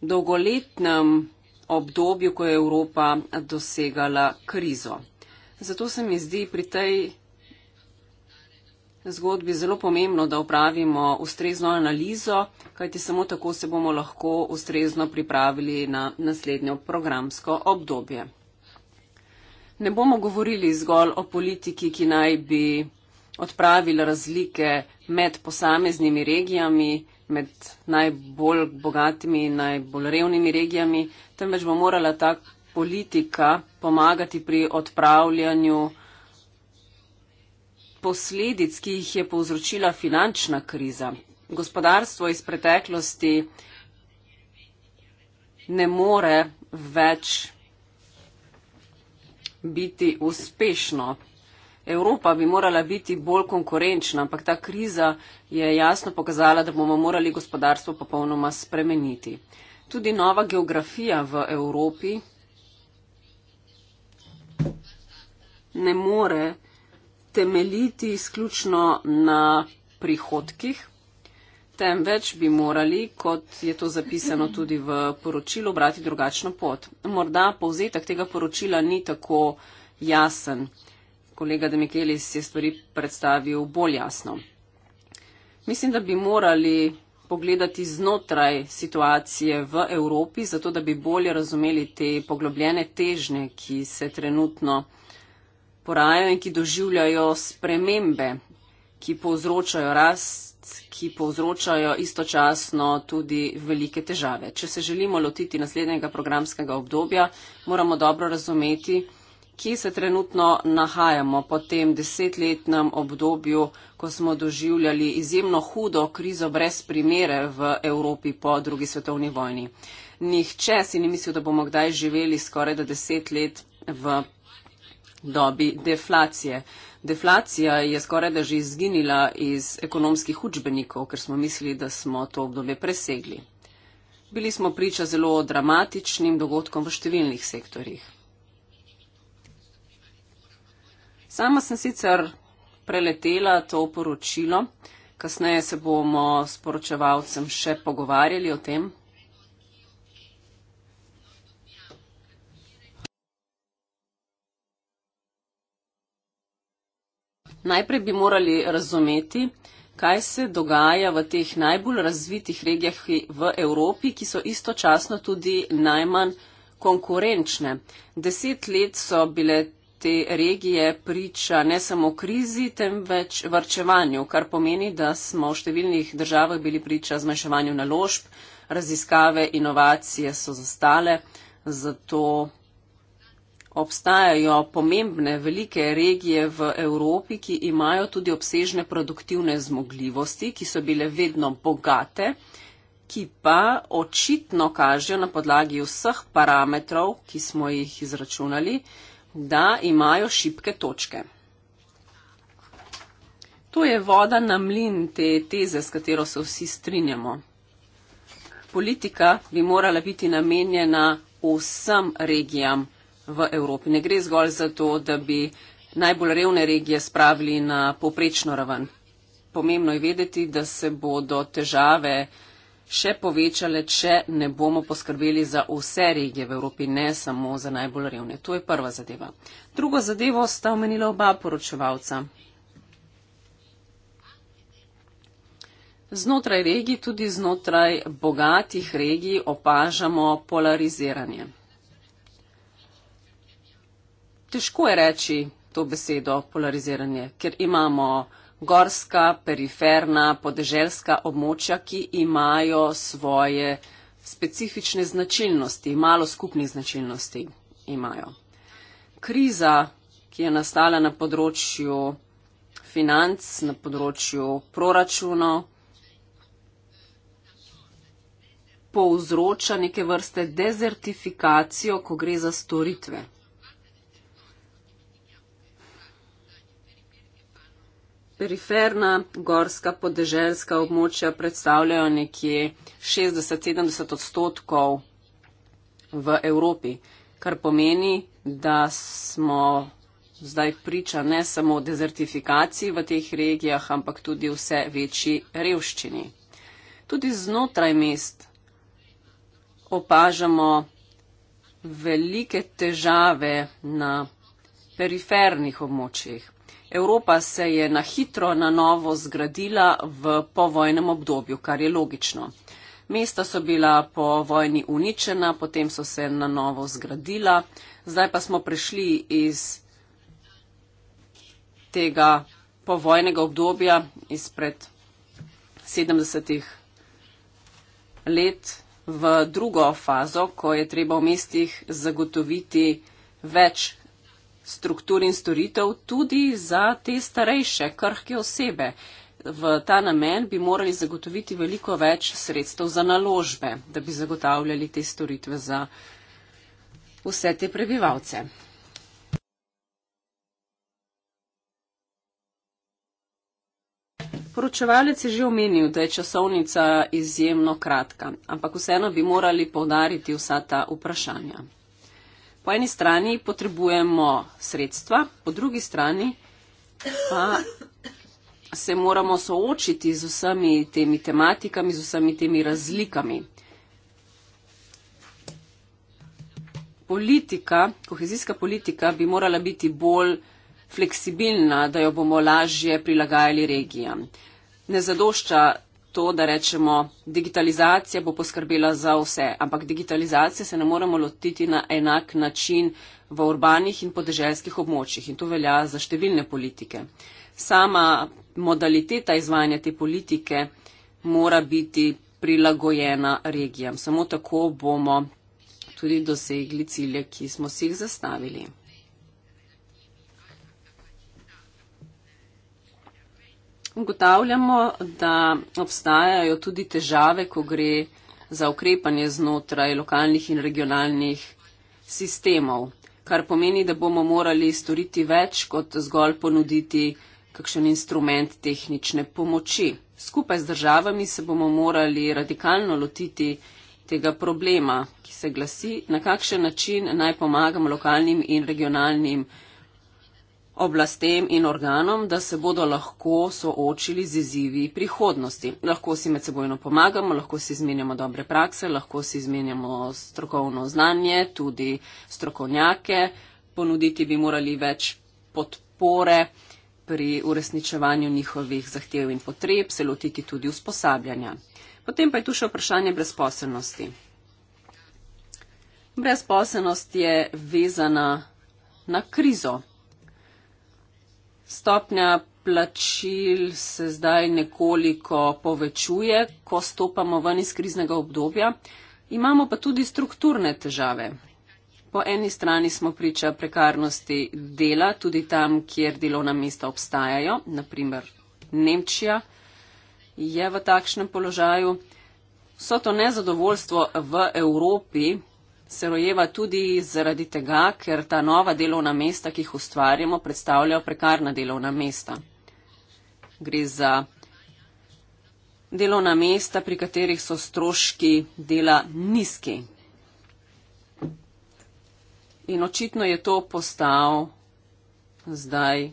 dolgoletnem obdobju, ko je Evropa dosegala krizo. Zato se mi zdi pri tej zgodbi zelo pomembno, da upravimo ustrezno analizo, kajti samo tako se bomo lahko ustrezno pripravili na naslednjo programsko obdobje. Ne bomo govorili zgolj o politiki, ki naj bi odpravila razlike med posameznimi regijami, med najbolj bogatimi in najbolj revnimi regijami, temveč bo morala ta politika pomagati pri odpravljanju posledic, ki jih je povzročila finančna kriza. Gospodarstvo iz preteklosti ne more več biti uspešno. Evropa bi morala biti bolj konkurenčna, ampak ta kriza je jasno pokazala, da bomo morali gospodarstvo popolnoma spremeniti. Tudi nova geografija v Evropi ne more temeljiti izključno na prihodkih temveč bi morali, kot je to zapisano tudi v poročilu, brati drugačno pot. Morda povzetek tega poročila ni tako jasen. Kolega Demikelis je stvari predstavil bolj jasno. Mislim, da bi morali pogledati znotraj situacije v Evropi, zato da bi bolje razumeli te poglobljene težnje, ki se trenutno porajo in ki doživljajo spremembe, ki povzročajo rast, ki povzročajo istočasno tudi velike težave. Če se želimo lotiti naslednjega programskega obdobja, moramo dobro razumeti, kje se trenutno nahajamo po tem desetletnem obdobju, ko smo doživljali izjemno hudo krizo brez primere v Evropi po drugi svetovni vojni. Nihče si ni mislil, da bomo kdaj živeli skoraj da deset let v dobi deflacije. Deflacija je skoraj da že izginila iz ekonomskih učbenikov, ker smo mislili, da smo to obdobje presegli. Bili smo priča zelo dramatičnim dogodkom v številnih sektorjih. Sama sem sicer preletela to poročilo, kasneje se bomo s poročevalcem še pogovarjali o tem, Najprej bi morali razumeti, kaj se dogaja v teh najbolj razvitih regijah v Evropi, ki so istočasno tudi najmanj konkurenčne. Deset let so bile te regije priča ne samo krizi, temveč vrčevanju, kar pomeni, da smo v številnih državah bili priča zmanjševanju naložb, raziskave, inovacije so zastale, zato obstajajo pomembne velike regije v Evropi, ki imajo tudi obsežne produktivne zmogljivosti, ki so bile vedno bogate, ki pa očitno kažejo na podlagi vseh parametrov, ki smo jih izračunali, da imajo šibke točke. To je voda na mlin te teze, s katero se vsi strinjamo. Politika bi morala biti namenjena vsem regijam v Evropi. Ne gre zgolj za to, da bi najbolj revne regije spravili na poprečno raven. Pomembno je vedeti, da se bodo težave še povečale, če ne bomo poskrbeli za vse regije v Evropi, ne samo za najbolj revne. To je prva zadeva. Drugo zadevo sta omenila oba poročevalca. Znotraj regij, tudi znotraj bogatih regij, opažamo polariziranje težko je reči to besedo polariziranje, ker imamo gorska, periferna, podeželska območja, ki imajo svoje specifične značilnosti, malo skupnih značilnosti imajo. Kriza, ki je nastala na področju financ, na področju proračunov, povzroča neke vrste dezertifikacijo, ko gre za storitve. periferna gorska podeželska območja predstavljajo nekje 60-70 odstotkov v Evropi, kar pomeni, da smo zdaj priča ne samo dezertifikaciji v teh regijah, ampak tudi vse večji revščini. Tudi znotraj mest opažamo velike težave na periferni območjih. Evropa se je na hitro na novo zgradila v povojnem obdobju, kar je logično. Mesta so bila po vojni uničena, potem so se na novo zgradila, zdaj pa smo prišli iz tega povojnega obdobja izpred 70. let v drugo fazo, ko je treba v mestih zagotoviti več struktur in storitev tudi za te starejše, krhke osebe. V ta namen bi morali zagotoviti veliko več sredstev za naložbe, da bi zagotavljali te storitve za vse te prebivalce. Poročevalec je že omenil, da je časovnica izjemno kratka, ampak vseeno bi morali povdariti vsa ta vprašanja. Po eni strani potrebujemo sredstva, po drugi strani pa se moramo soočiti z vsemi temi tematikami, z vsemi temi razlikami. Politika, kohezijska politika bi morala biti bolj fleksibilna, da jo bomo lažje prilagajali regijam. Ne zadošča to, da rečemo, digitalizacija bo poskrbela za vse, ampak digitalizacije se ne moremo lotiti na enak način v urbanih in podeželskih območjih in to velja za številne politike. Sama modaliteta izvajanja te politike mora biti prilagojena regijam. Samo tako bomo tudi dosegli cilje, ki smo si jih zastavili. ugotavljamo, da obstajajo tudi težave, ko gre za ukrepanje znotraj lokalnih in regionalnih sistemov, kar pomeni, da bomo morali storiti več kot zgolj ponuditi kakšen instrument tehnične pomoči. Skupaj z državami se bomo morali radikalno lotiti tega problema, ki se glasi, na kakšen način naj pomagamo lokalnim in regionalnim oblastem in organom, da se bodo lahko soočili z izzivi prihodnosti. Lahko si med sebojno pomagamo, lahko si izmenjamo dobre prakse, lahko si izmenjamo strokovno znanje, tudi strokovnjake. Ponuditi bi morali več podpore pri uresničevanju njihovih zahtev in potreb, se lotiti tudi usposabljanja. Potem pa je tu še vprašanje brezposelnosti. Brezposelnost je vezana na krizo. Stopnja plačil se zdaj nekoliko povečuje, ko stopamo ven iz kriznega obdobja, imamo pa tudi strukturne težave. Po eni strani smo priča prekarnosti dela, tudi tam, kjer delovna mesta obstajajo, naprimer Nemčija je v takšnem položaju. So to nezadovoljstvo v Evropi, se rojeva tudi zaradi tega, ker ta nova delovna mesta, ki jih ustvarjamo, predstavljajo prekarna delovna mesta. Gre za delovna mesta, pri katerih so stroški dela nizki. In očitno je to postal zdaj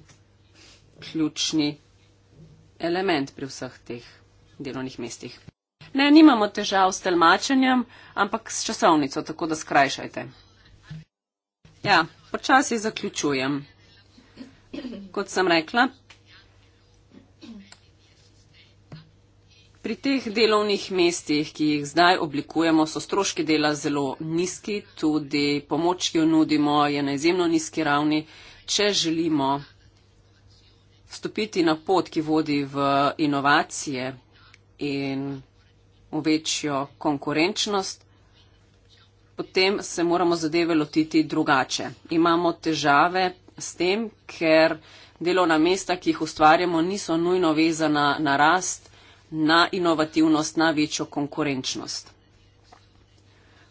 ključni element pri vseh teh delovnih mestih. Ne, nimamo težav s telmačenjem, ampak s časovnico, tako da skrajšajte. Ja, počasi zaključujem. Kot sem rekla, pri teh delovnih mestih, ki jih zdaj oblikujemo, so stroški dela zelo nizki, tudi pomoč, ki jo nudimo, je na izjemno nizki ravni. Če želimo vstopiti na pot, ki vodi v inovacije in v večjo konkurenčnost, potem se moramo zadeve lotiti drugače. Imamo težave s tem, ker delovna mesta, ki jih ustvarjamo, niso nujno vezana na rast, na inovativnost, na večjo konkurenčnost.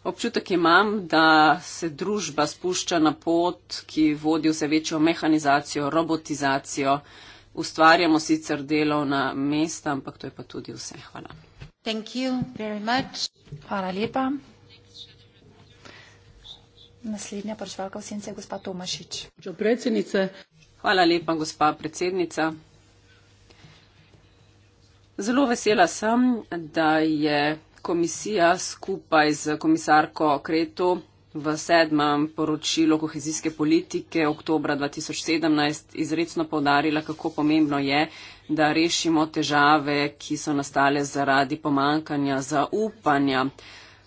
Občutek imam, da se družba spušča na pot, ki vodi vse večjo mehanizacijo, robotizacijo. Ustvarjamo sicer delovna mesta, ampak to je pa tudi vse. Hvala. Thank you very much. Hvala lepa. Naslednja vprašalka v senci je gospa Tomašič. Hvala lepa, gospa predsednica. Zelo vesela sem, da je komisija skupaj z komisarko Kreto v sedmem poročilu kohezijske politike oktobra 2017 izredno povdarila, kako pomembno je, da rešimo težave, ki so nastale zaradi pomankanja zaupanja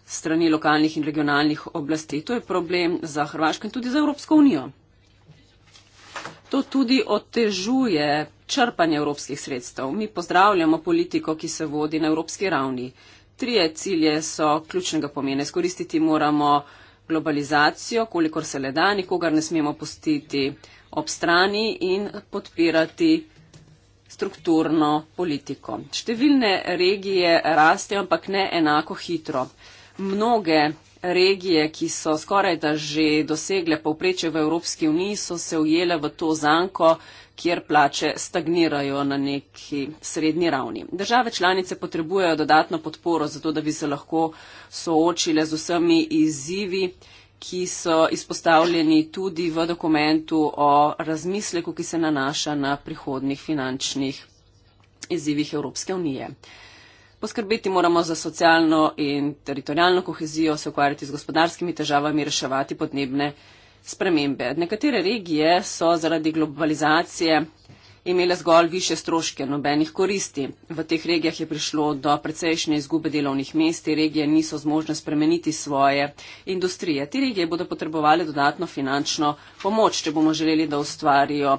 strani lokalnih in regionalnih oblasti. To je problem za Hrvaško in tudi za Evropsko unijo. To tudi otežuje črpanje evropskih sredstev. Mi pozdravljamo politiko, ki se vodi na evropski ravni. Trije cilje so ključnega pomena. Skoristiti moramo globalizacijo, kolikor se le da, nikogar ne smemo pustiti ob strani in podpirati strukturno politiko. Številne regije rastejo, ampak ne enako hitro. Mnoge regije, ki so skoraj da že dosegle povprečje v Evropski uniji, so se ujele v to zanko, kjer plače stagnirajo na neki srednji ravni. Države članice potrebujejo dodatno podporo, zato da bi se lahko soočile z vsemi izzivi, ki so izpostavljeni tudi v dokumentu o razmisleku, ki se nanaša na prihodnih finančnih izzivih Evropske unije. Poskrbeti moramo za socialno in teritorijalno kohezijo, se ukvarjati z gospodarskimi težavami, reševati podnebne spremembe. Nekatere regije so zaradi globalizacije imele zgolj više stroške, nobenih koristi. V teh regijah je prišlo do precejšnje izgube delovnih mest, te regije niso zmožne spremeniti svoje industrije. Te regije bodo potrebovali dodatno finančno pomoč, če bomo želeli, da ustvarijo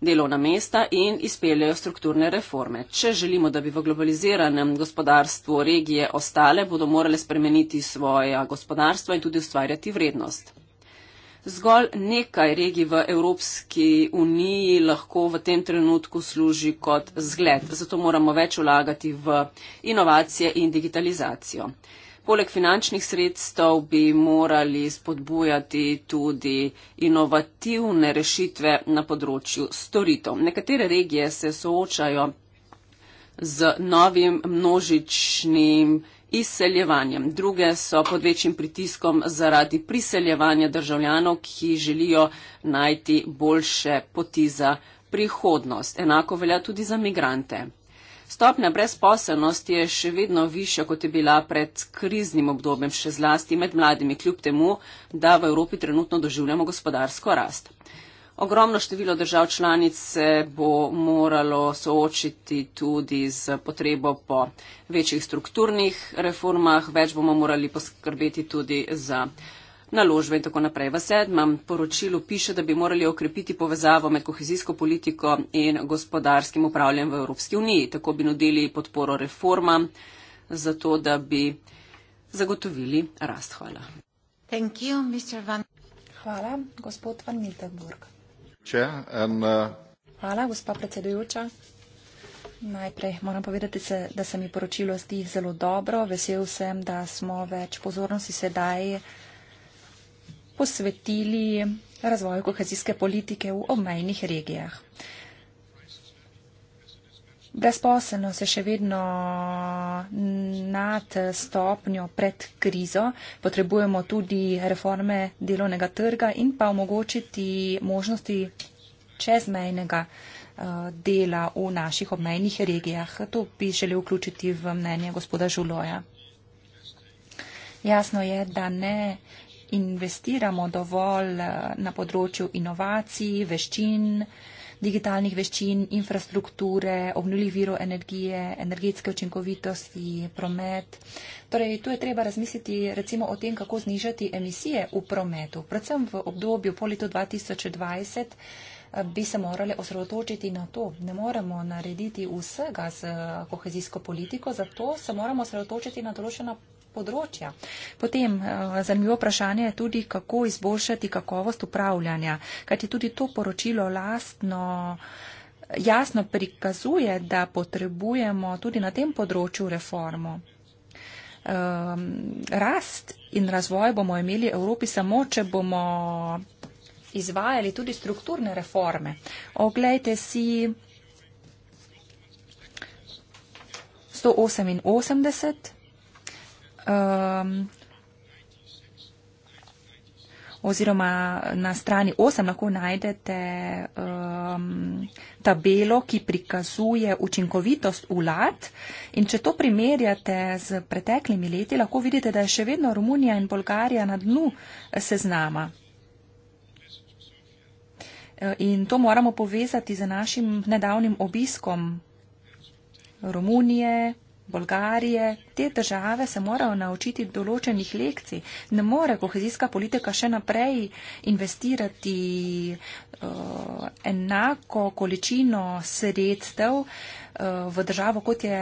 delovna mesta in izpeljajo strukturne reforme. Če želimo, da bi v globaliziranem gospodarstvu regije ostale, bodo morale spremeniti svoje gospodarstvo in tudi ustvarjati vrednost. Zgolj nekaj regij v Evropski uniji lahko v tem trenutku služi kot zgled, zato moramo več vlagati v inovacije in digitalizacijo. Poleg finančnih sredstev bi morali spodbujati tudi inovativne rešitve na področju storitev. Nekatere regije se soočajo z novim množičnim izseljevanjem, druge so pod večjim pritiskom zaradi priseljevanja državljanov, ki želijo najti boljše poti za prihodnost. Enako velja tudi za migrante. Stopnja brezposelnosti je še vedno višja, kot je bila pred kriznim obdobjem, še zlasti med mladimi, kljub temu, da v Evropi trenutno doživljamo gospodarsko rast. Ogromno število držav članic se bo moralo soočiti tudi z potrebo po večjih strukturnih reformah, več bomo morali poskrbeti tudi za naložbe in tako naprej. V sedmem poročilu piše, da bi morali okrepiti povezavo med kohezijsko politiko in gospodarskim upravljanjem v Evropski uniji. Tako bi nudili podporo reformam, zato da bi zagotovili rast. Hvala. Hvala, gospod Van Miltenburg. Uh, Hvala, gospa predsedujoča. Najprej moram povedati, se, da se mi poročilo zdi zelo dobro. Vesel sem, da smo več pozornosti sedaj posvetili razvoju kohezijske politike v obmejnih regijah. Brezposelno se še vedno nad stopnjo pred krizo. Potrebujemo tudi reforme delovnega trga in pa omogočiti možnosti čezmejnega eh, dela v naših obmejnih regijah. To bi želel vključiti v mnenje gospoda Žuloja. Jasno je, da ne investiramo dovolj eh, na področju inovacij, veščin, digitalnih veščin, infrastrukture, obnuljivih virov energije, energetske učinkovitosti, promet. Torej, tu je treba razmisliti recimo o tem, kako znižati emisije v prometu. Predvsem v obdobju po letu 2020 eh, bi se morali osredotočiti na to. Ne moremo narediti vsega z kohezijsko politiko, zato se moramo osredotočiti na določena področja. Potem eh, zanimivo vprašanje je tudi, kako izboljšati kakovost upravljanja, kaj ti tudi to poročilo lastno. Jasno prikazuje, da potrebujemo tudi na tem področju reformo. Um, rast in razvoj bomo imeli v Evropi samo, če bomo izvajali tudi strukturne reforme. Oglejte si 188 um, oziroma na strani 8 lahko najdete um, tabelo, ki prikazuje učinkovitost vlad. In če to primerjate z preteklimi leti, lahko vidite, da je še vedno Romunija in Bolgarija na dnu seznama. In to moramo povezati z našim nedavnim obiskom Romunije, Bolgarije, te države se morajo naučiti določenih lekcij. Ne more kohezijska politika še naprej investirati uh, enako količino sredstev uh, v državo, kot je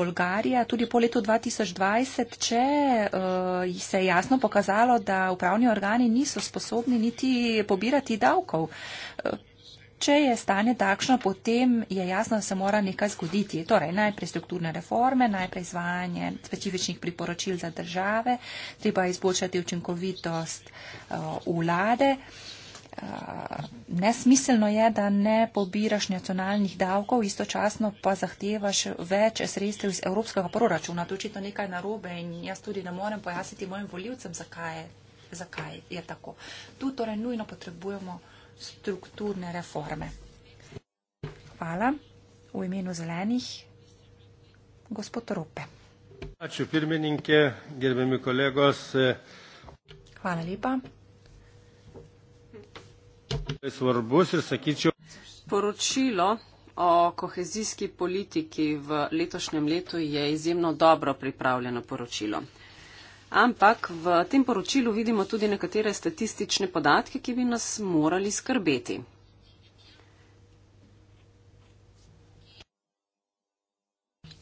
Bolgarija, tudi po letu 2020, če uh, se je jasno pokazalo, da upravni organi niso sposobni niti pobirati davkov. Uh, Če je stanje takšno, potem je jasno, da se mora nekaj zgoditi. Torej, najprej strukturne reforme, najprej izvajanje specifičnih priporočil za države, treba izboljšati učinkovitost uh, vlade. Uh, nesmiselno je, da ne pobiraš nacionalnih davkov, istočasno pa zahtevaš več sredstev iz evropskega proračuna. To je očitno nekaj narobe in jaz tudi ne morem pojasniti mojim voljivcem, zakaj, zakaj je tako. Tu torej nujno potrebujemo strukturne reforme. Hvala. V imenu zelenih, gospod Rope. Hvala lepa. Poročilo o kohezijski politiki v letošnjem letu je izjemno dobro pripravljeno poročilo ampak v tem poročilu vidimo tudi nekatere statistične podatke, ki bi nas morali skrbeti.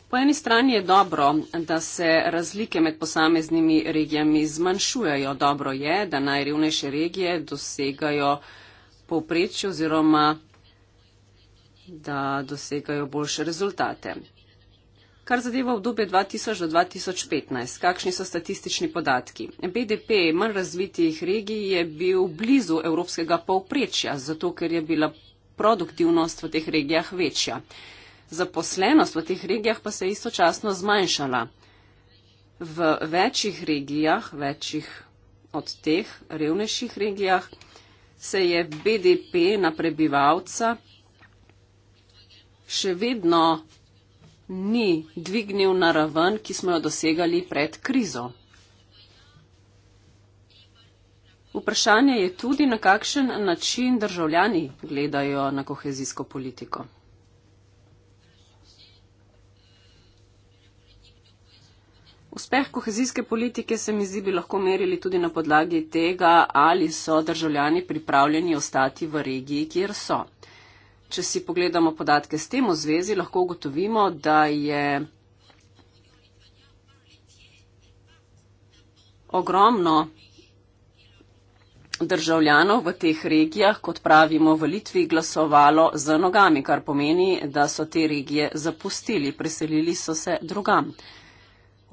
Po eni strani je dobro, da se razlike med posameznimi regijami zmanjšujejo. Dobro je, da najrevnejše regije dosegajo povprečje oziroma da dosegajo boljše rezultate. Kar zadeva obdobje 2000 do 2015, kakšni so statistični podatki? BDP manj razvitih regij je bil blizu evropskega povprečja, zato ker je bila produktivnost v teh regijah večja. Zaposlenost v teh regijah pa se je istočasno zmanjšala. V večjih regijah, večjih od teh revnejših regijah, se je BDP na prebivalca še vedno ni dvignil na raven, ki smo jo dosegali pred krizo. Vprašanje je tudi, na kakšen način državljani gledajo na kohezijsko politiko. Uspeh kohezijske politike se mi zdi bi lahko merili tudi na podlagi tega, ali so državljani pripravljeni ostati v regiji, kjer so če si pogledamo podatke s tem v zvezi, lahko ugotovimo, da je ogromno državljanov v teh regijah, kot pravimo v Litvi, glasovalo z nogami, kar pomeni, da so te regije zapustili, preselili so se drugam.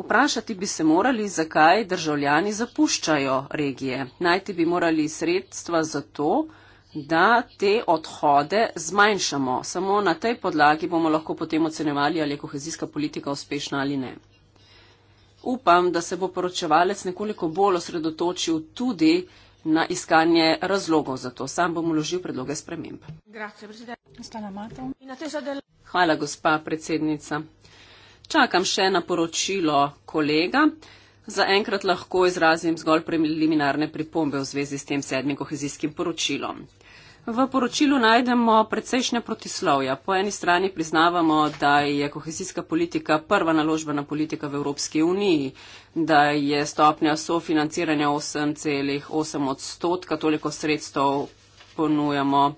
Vprašati bi se morali, zakaj državljani zapuščajo regije. Najti bi morali sredstva za to, da te odhode zmanjšamo. Samo na tej podlagi bomo lahko potem ocenjevali, ali je kohezijska politika uspešna ali ne. Upam, da se bo poročevalec nekoliko bolj osredotočil tudi na iskanje razlogov za to. Sam bom vložil predloge sprememb. Hvala, gospa predsednica. Čakam še na poročilo kolega. Zaenkrat lahko izrazim zgolj preliminarne pripombe v zvezi s tem sedmim kohezijskim poročilom. V poročilu najdemo precejšnja protislovja. Po eni strani priznavamo, da je kohezijska politika prva naložbena politika v Evropski uniji, da je stopnja sofinanciranja 8,8 odstotka, toliko sredstev ponujamo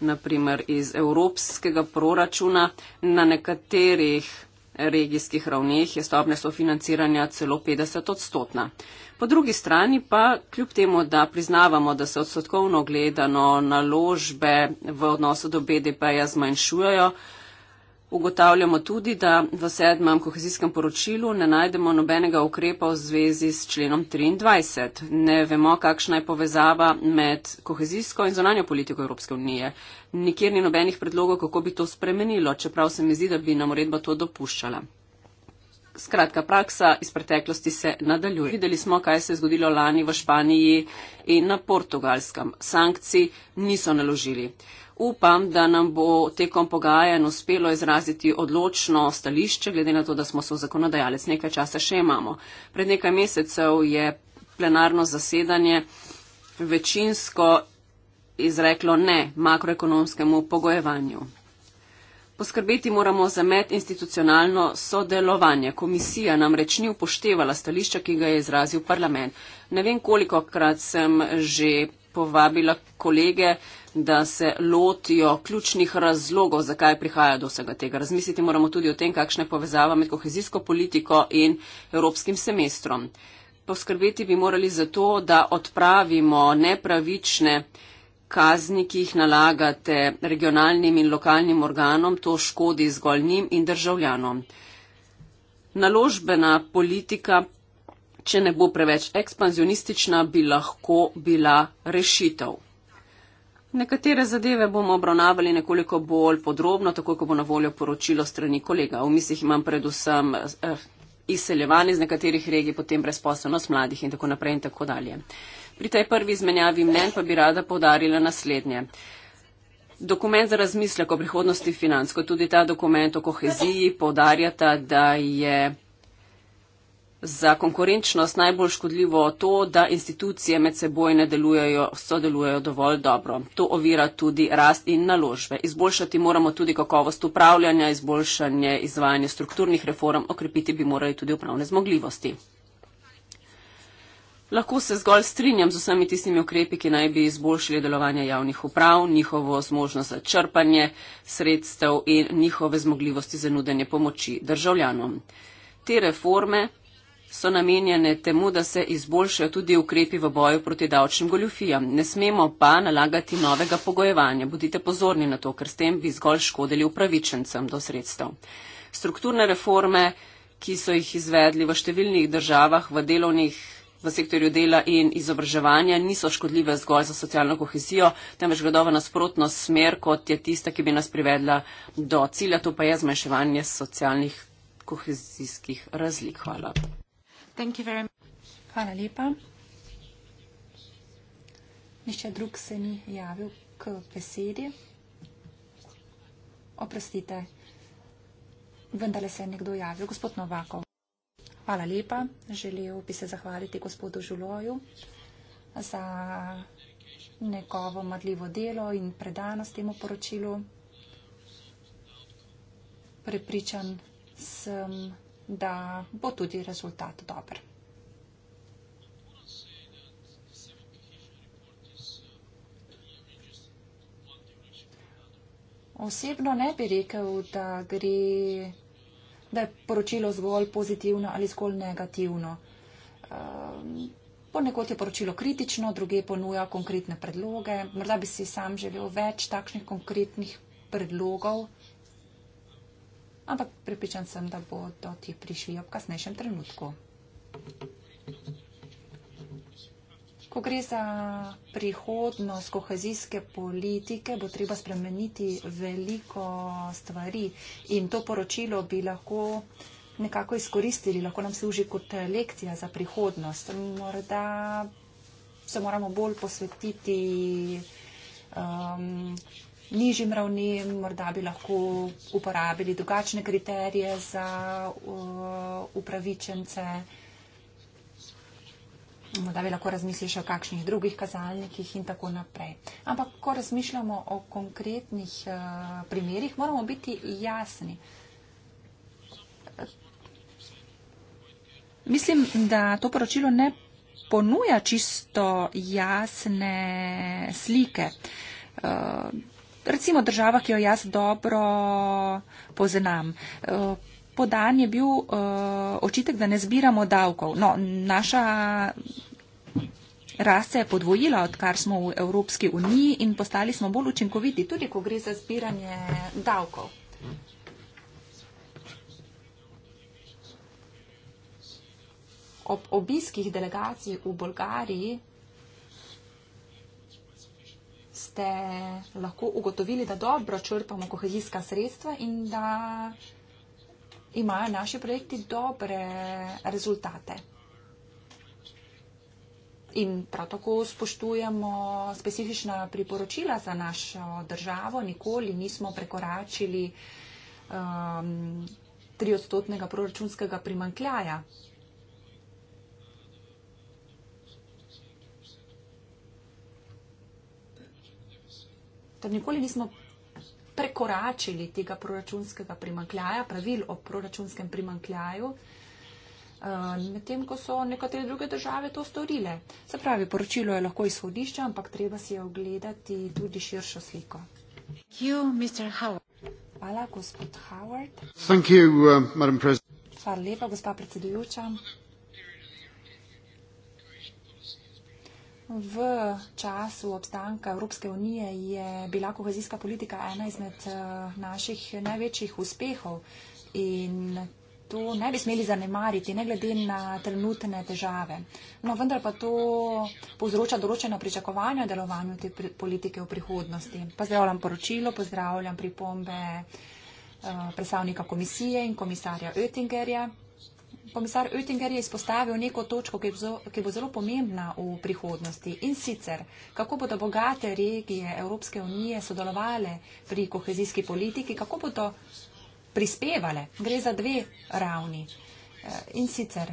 naprimer iz evropskega proračuna. Na nekaterih regijskih ravneh je stopnja sofinanciranja celo 50 odstotna. Po drugi strani pa, kljub temu, da priznavamo, da se odstotkovno gledano naložbe v odnosu do BDP-ja zmanjšujejo, Ugotavljamo tudi, da v sedmem kohezijskem poročilu ne najdemo nobenega ukrepa v zvezi s členom 23. Ne vemo, kakšna je povezava med kohezijsko in zonanjo politiko Evropske unije. Nikjer ni nobenih predlogov, kako bi to spremenilo, čeprav se mi zdi, da bi nam uredba to dopuščala. Skratka, praksa iz preteklosti se nadaljuje. Videli smo, kaj se je zgodilo lani v Španiji in na portugalskem. Sankcij niso naložili upam, da nam bo tekom pogajanj uspelo izraziti odločno stališče, glede na to, da smo se v zakonodajalec nekaj časa še imamo. Pred nekaj mesecev je plenarno zasedanje večinsko izreklo ne makroekonomskemu pogojevanju. Poskrbeti moramo za med institucionalno sodelovanje. Komisija nam reč ni upoštevala stališča, ki ga je izrazil parlament. Ne vem, koliko krat sem že povabila kolege, da se lotijo ključnih razlogov, zakaj prihaja do vsega tega. Razmisliti moramo tudi o tem, kakšna je povezava med kohezijsko politiko in evropskim semestrom. Poskrbeti bi morali za to, da odpravimo nepravične kazni, ki jih nalagate regionalnim in lokalnim organom, to škodi zgolj njim in državljanom. Naložbena politika, če ne bo preveč ekspanzionistična, bi lahko bila rešitev. Nekatere zadeve bomo obravnavali nekoliko bolj podrobno, tako kot bo na voljo poročilo strani kolega. V mislih imam predvsem eh, izseljevanje iz nekaterih regij, potem brezposobnost mladih in tako naprej in tako dalje. Pri tej prvi izmenjavi mnen pa bi rada podarila naslednje. Dokument za razmislek o prihodnosti financ, kot tudi ta dokument o koheziji, podarjata, da je za konkurenčnost najbolj škodljivo to, da institucije med seboj ne delujejo, sodelujejo dovolj dobro. To ovira tudi rast in naložbe. Izboljšati moramo tudi kakovost upravljanja, izboljšanje izvajanja strukturnih reform, okrepiti bi morali tudi upravne zmogljivosti. Lahko se zgolj strinjam z vsemi tistimi ukrepi, ki naj bi izboljšali delovanje javnih uprav, njihovo zmožnost za črpanje sredstev in njihove zmogljivosti za nudenje pomoči državljanom. Te reforme so namenjene temu, da se izboljšajo tudi ukrepi v boju proti davčnim goljufijam. Ne smemo pa nalagati novega pogojevanja. Budite pozorni na to, ker s tem bi zgolj škodili upravičencem do sredstev. Strukturne reforme, ki so jih izvedli v številnih državah, v delovnih v sektorju dela in izobraževanja niso škodljive zgolj za socialno kohezijo, temveč gredo v nasprotno smer, kot je tista, ki bi nas privedla do cilja, to pa je zmanjševanje socialnih kohezijskih razlik. Hvala. Thank you very much. Hvala lepa. Nihče drug se ni javil k besedi. Oprostite, vendarle se je nekdo javil, gospod Novakov. Hvala lepa. Želel bi se zahvaliti gospodu Žuloju za nekovo madljivo delo in predanost temu poročilu. Prepričan sem, da da bo tudi rezultat dober. Osebno ne bi rekel, da, gre, da je poročilo zgolj pozitivno ali zgolj negativno. Ehm, ponekod je poročilo kritično, druge ponuja konkretne predloge. Morda bi si sam želel več takšnih konkretnih predlogov ampak pripričan sem, da bodo ti prišli ob kasnejšem trenutku. Ko gre za prihodnost kohezijske politike, bo treba spremeniti veliko stvari in to poročilo bi lahko nekako izkoristili, lahko nam služi kot lekcija za prihodnost. Morda se moramo bolj posvetiti. Um, nižjim ravnem, morda bi lahko uporabili drugačne kriterije za uh, upravičence. Morda bi lahko razmislili še o kakšnih drugih kazalnikih in tako naprej. Ampak, ko razmišljamo o konkretnih uh, primerjih, moramo biti jasni. Mislim, da to poročilo ne ponuja čisto jasne slike. Uh, recimo država, ki jo jaz dobro poznam. Eh, podan je bil eh, očitek, da ne zbiramo davkov. No, naša rast se je podvojila, odkar smo v Evropski uniji in postali smo bolj učinkoviti, tudi ko gre za zbiranje davkov. Ob obiskih delegacij v Bolgariji ste lahko ugotovili, da dobro črpamo kohezijska sredstva in da imajo naši projekti dobre rezultate. In prav tako spoštujemo specifična priporočila za našo državo. Nikoli nismo prekoračili um, 3-odstotnega proračunskega primankljaja. Torej, nikoli nismo prekoračili tega proračunskega primankljaja, pravil o proračunskem primankljaju, eh, medtem ko so nekatere druge države to storile. Se pravi, poročilo je lahko izhodišče, ampak treba si je ogledati tudi širšo sliko. You, Hvala, gospod Howard. Uh, Hvala lepa, gospa predsedujoča. V času obstanka Evropske unije je bila kohezijska politika ena izmed eh, naših največjih uspehov in to ne bi smeli zanemariti, ne glede na trenutne težave. No, vendar pa to povzroča določena pričakovanja delovanju te politike v prihodnosti. Pozdravljam poročilo, pozdravljam pripombe eh, predstavnika komisije in komisarja Oettingerja. Komisar Oettinger je izpostavil neko točko, ki bo zelo pomembna v prihodnosti in sicer, kako bodo bogate regije Evropske unije sodelovale pri kohezijski politiki, kako bodo prispevale. Gre za dve ravni. Eh, in sicer,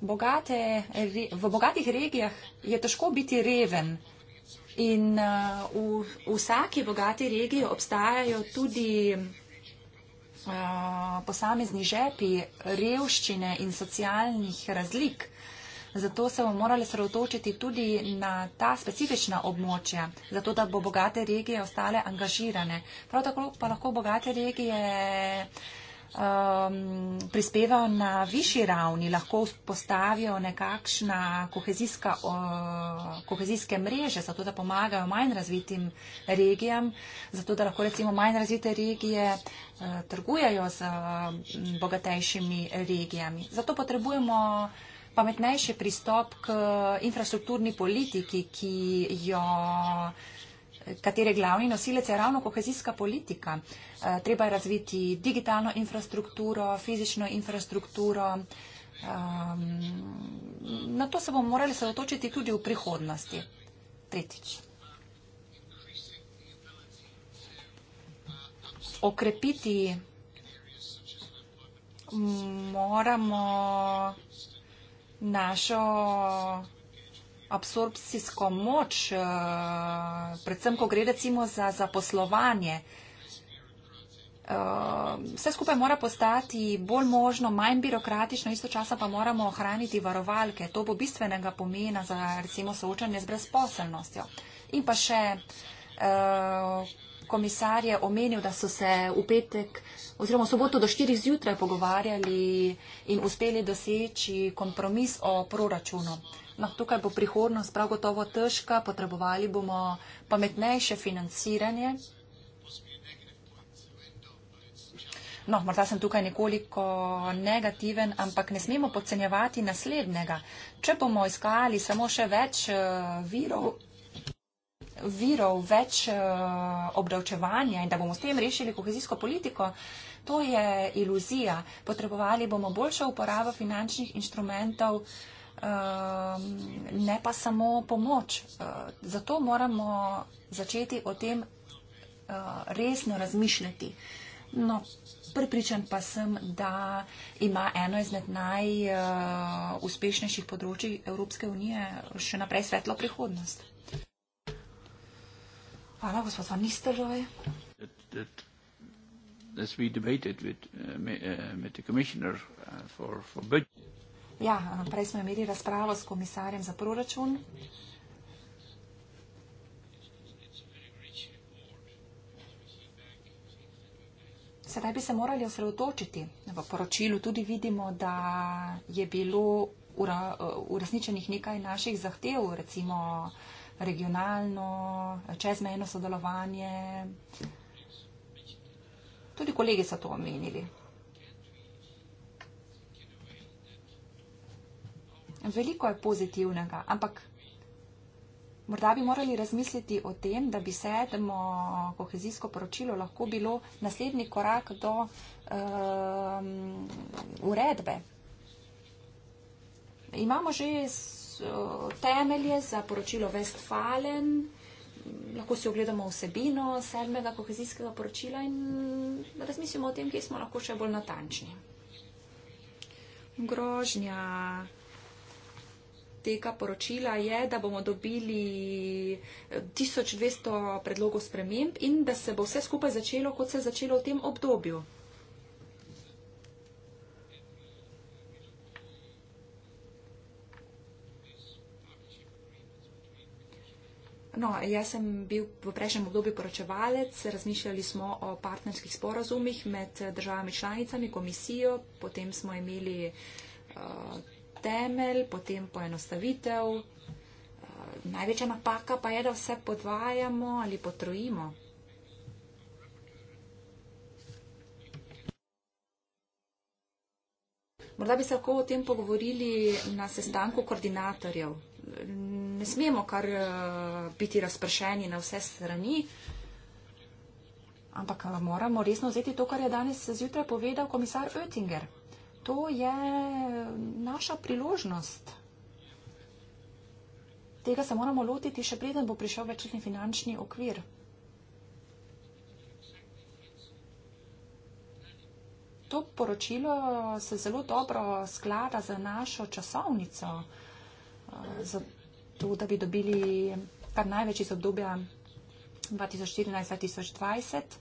bogate, v bogatih regijah je težko biti reven in eh, v vsaki bogati regiji obstajajo tudi Eh, posamezni žepi revščine in socialnih razlik. Zato se bomo morali sredotočiti tudi na ta specifična območja, zato da bo bogate regije ostale angažirane. Prav tako pa lahko bogate regije um, prispevajo na višji ravni, lahko postavijo nekakšna kohezijska, uh, kohezijske mreže, zato da pomagajo manj razvitim regijam, zato da lahko recimo manj razvite regije uh, trgujejo z uh, bogatejšimi regijami. Zato potrebujemo pametnejši pristop k infrastrukturni politiki, ki jo katere glavni nosilec je ravno kohezijska politika. Eh, treba je razviti digitalno infrastrukturo, fizično infrastrukturo. Ehm, na to se bomo morali sredotočiti tudi v prihodnosti. Tretjič. Okrepiti moramo našo absorpcijsko moč, eh, predvsem, ko gre recimo za zaposlovanje. Eh, vse skupaj mora postati bolj možno, manj birokratično, istočasno pa moramo ohraniti varovalke. To bo bistvenega pomena za recimo soočanje z brezposelnostjo. In pa še eh, komisar je omenil, da so se v petek oziroma v soboto do 4 zjutraj pogovarjali in uspeli doseči kompromis o proračunu. No, tukaj bo prihodnost prav gotovo težka, potrebovali bomo pametnejše financiranje. No, morda sem tukaj nekoliko negativen, ampak ne smemo podcenjevati naslednjega. Če bomo iskali samo še več eh, virov, virov več eh, obdavčevanja in da bomo s tem rešili kohezijsko politiko, to je iluzija. Potrebovali bomo boljšo uporabo finančnih inštrumentov. Ehm, ne pa samo pomoč. Ehm, zato moramo začeti o tem ehm, resno razmišljati. No, pripričan pa sem, da ima eno izmed najuspešnejših področji Evropske unije še naprej svetlo prihodnost. Hvala, gospod Van Nistelrooy. As we debated with, uh, me, uh, with the Commissioner uh, for, for Budget. Ja, eh, prej smo imeli razpravo s komisarjem za proračun. Sedaj bi se morali osredotočiti. V poročilu tudi vidimo, da je bilo eh, uresničenih nekaj naših zahtev, recimo regionalno, čezmejno sodelovanje. Tudi kolegi so to omenili. Veliko je pozitivnega, ampak morda bi morali razmisliti o tem, da bi sedmo kohezijsko poročilo lahko bilo naslednji korak do um, uredbe. Imamo že temelje za poročilo Westfalen, lahko si ogledamo vsebino sedmega kohezijskega poročila in razmislimo o tem, kje smo lahko še bolj natančni. Grožnja tega poročila je, da bomo dobili 1200 eh, predlogov sprememb in da se bo vse skupaj začelo, kot se je začelo v tem obdobju. No, jaz sem bil v prejšnjem obdobju poročevalec, razmišljali smo o partnerskih sporazumih med državami članicami, komisijo, potem smo imeli uh, temelj, potem poenostavitev. Eh, največja napaka pa je, da vse podvajamo ali potrojimo. Morda bi se lahko o tem pogovorili na sestanku koordinatorjev. Ne smemo kar eh, biti razpršeni na vse strani, ampak eh, moramo resno vzeti to, kar je danes zjutraj povedal komisar Oettinger to je naša priložnost. Tega se moramo lotiti še preden bo prišel večletni finančni okvir. To poročilo se zelo dobro sklada za našo časovnico, eh, za to, da bi dobili kar največ iz obdobja 2014-2020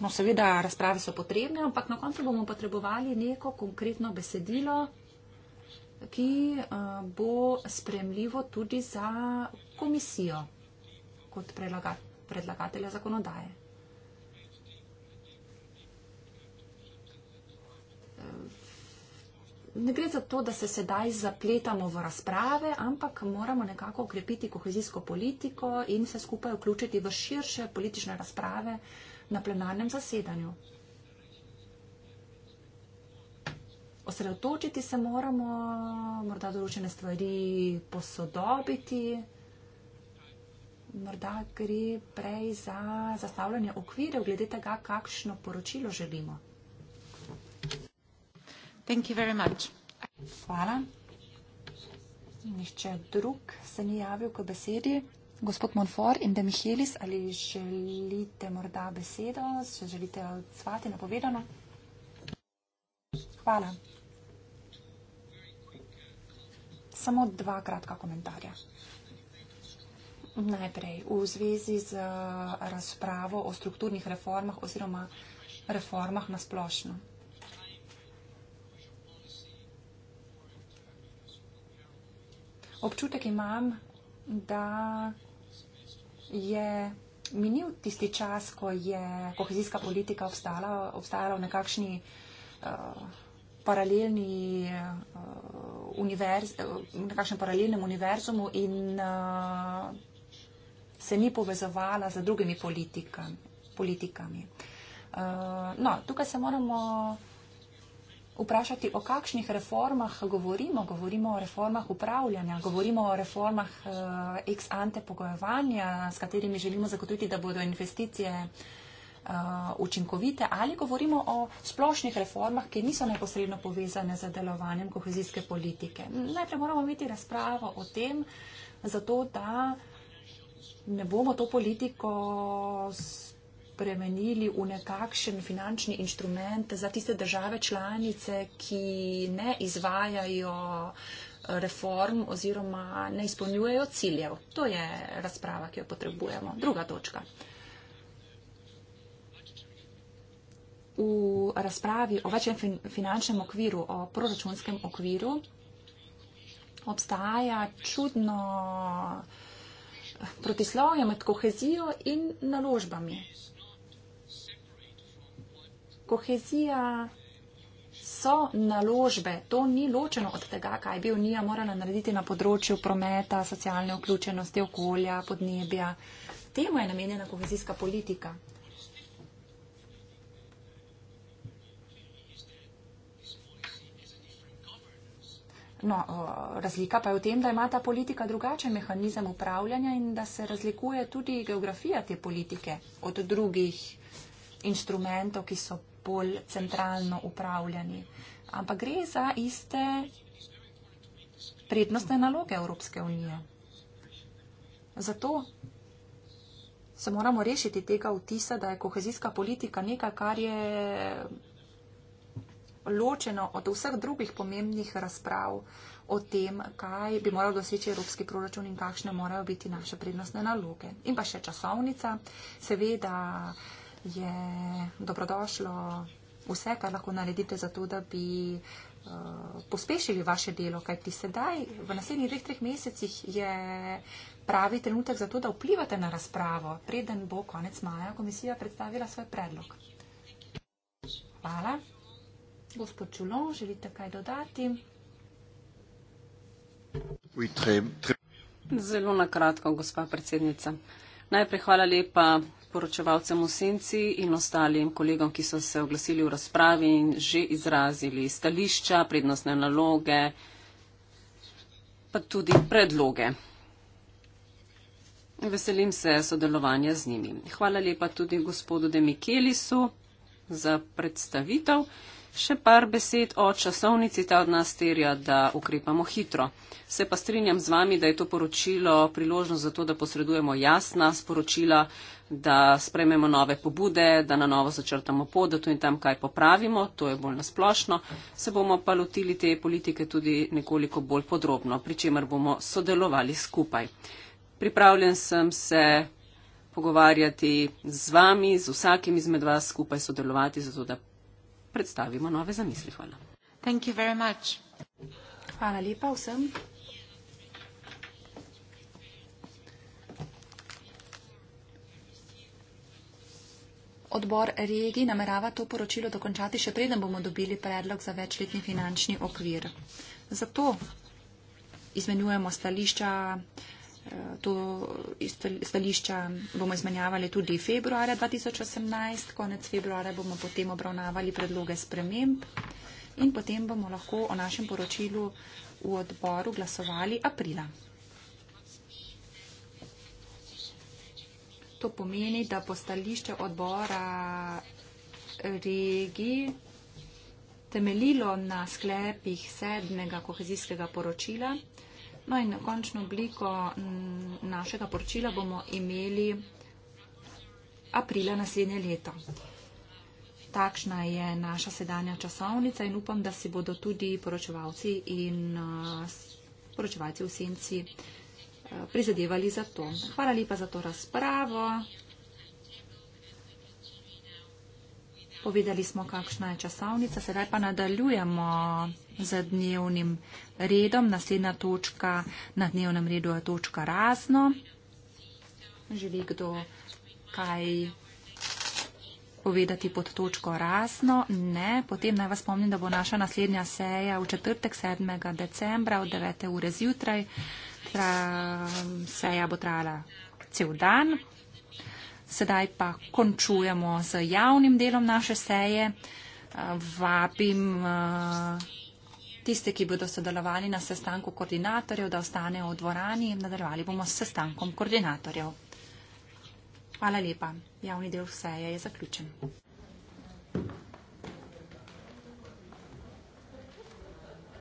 no, seveda, razprave so potrebne, ampak na koncu bomo potrebovali neko konkretno besedilo, ki eh, bo spremljivo tudi za komisijo kot predlagatelja zakonodaje. Eh, ne gre za to, da se sedaj zapletamo v razprave, ampak moramo nekako okrepiti kohezijsko politiko in se skupaj vključiti v širše politične razprave, na plenarnem zasedanju. Osredotočiti se moramo, morda določene stvari posodobiti, morda gre prej za zastavljanje okvirov glede tega, kakšno poročilo želimo. Hvala. Nihče drug se ni javil k besedi. Gospod Monfor in Demichelis, ali želite morda besedo, če želite odzvati napovedano? Hvala. Samo dva kratka komentarja. Najprej v zvezi z eh, razpravo o strukturnih reformah oziroma reformah na splošno. Občutek imam, da je minil tisti čas, ko je kohezijska politika obstala, obstajala v nekakšni uh, paralelni uh, univerz, uh, eh, v nekakšnem paralelnem univerzumu in uh, se ni povezovala z drugimi politikami. politikami. Uh, no, tukaj se moramo vprašati, o kakšnih reformah govorimo. Govorimo o reformah upravljanja, govorimo o reformah uh, ex ante pogojevanja, s katerimi želimo zagotoviti, da bodo investicije uh, učinkovite, ali govorimo o splošnih reformah, ki niso neposredno povezane z delovanjem kohezijske politike. Najprej moramo imeti razpravo o tem, zato da ne bomo to politiko spremenili v nekakšen finančni inštrument za tiste države članice, ki ne izvajajo eh, reform oziroma ne izpolnjujejo ciljev. To je razprava, ki jo potrebujemo. Druga točka. V razpravi o večjem finančnem okviru, o proračunskem okviru, obstaja čudno eh, protislovje med kohezijo in naložbami kohezija so naložbe, to ni ločeno od tega, kaj bi Unija morala narediti na področju prometa, socialne vključenosti, okolja, podnebja. Temu je namenjena kohezijska politika. No, razlika pa je v tem, da ima ta politika drugačen mehanizem upravljanja in da se razlikuje tudi geografija te politike od drugih instrumentov, ki so bolj centralno upravljani. Ampak gre za iste prednostne naloge Evropske unije. Zato se moramo rešiti tega vtisa, da je kohezijska politika nekaj, kar je ločeno od vseh drugih pomembnih razprav o tem, kaj bi moral doseči evropski proračun in kakšne morajo biti naše prednostne naloge. In pa še časovnica. Seveda je dobrodošlo vse, kar lahko naredite za to, da bi eh, pospešili vaše delo, kajti sedaj v naslednjih dveh, treh mesecih je pravi trenutek za to, da vplivate na razpravo, preden bo konec maja komisija predstavila svoj predlog. Hvala. Gospod Čulon, želite kaj dodati? Zelo nakratko, gospa predsednica. Najprej hvala lepa poročevalcem v senci in ostalim kolegom, ki so se oglasili v razpravi in že izrazili stališča, prednostne naloge, pa tudi predloge. Veselim se sodelovanja z njimi. Hvala lepa tudi gospodu Demikelisu za predstavitev. Še par besed o časovnici ta od nas terja, da ukrepamo hitro. Se pa strinjam z vami, da je to poročilo priložnost za to, da posredujemo jasna sporočila, da sprememo nove pobude, da na novo začrtamo pot, da tu in tam kaj popravimo, to je bolj nasplošno. Se bomo pa lotili te politike tudi nekoliko bolj podrobno, pri čemer bomo sodelovali skupaj. Pripravljen sem se pogovarjati z vami, z vsakim izmed vas skupaj sodelovati, zato da predstavimo nove zamisli. Hvala. Thank you very much. Hvala lepa vsem. Odbor regij namerava to poročilo dokončati še preden bomo dobili predlog za večletni finančni okvir. Zato izmenjujemo stališča. Eh, to stališča bomo izmenjavali tudi februarja 2018, konec februarja bomo potem obravnavali predloge sprememb in potem bomo lahko o našem poročilu v odboru glasovali aprila. To pomeni, da po stališče odbora regi temeljilo na sklepih sedmega kohezijskega poročila. No in na končno obliko mm, našega poročila bomo imeli aprila naslednje leto. Takšna je naša sedanja časovnica in upam, da si bodo tudi poročevalci in uh, poročevalci v senci uh, prizadevali za to. Hvala lepa za to razpravo. Povedali smo, kakšna je časovnica, sedaj pa nadaljujemo za dnevnim redom. Naslednja točka na dnevnem redu je točka razno. Želi kdo kaj povedati pod točko razno? Ne. Potem naj vas spomnim, da bo naša naslednja seja v četrtek 7. decembra od 9. ure zjutraj. Tra, seja bo trajala cel dan. Sedaj pa končujemo z javnim delom naše seje. Vabim. Uh, tiste, ki bodo sodelovali na sestanku koordinatorjev, da ostanejo v dvorani in nadaljevali bomo s sestankom koordinatorjev. Hvala lepa. Javni del vseje je zaključen.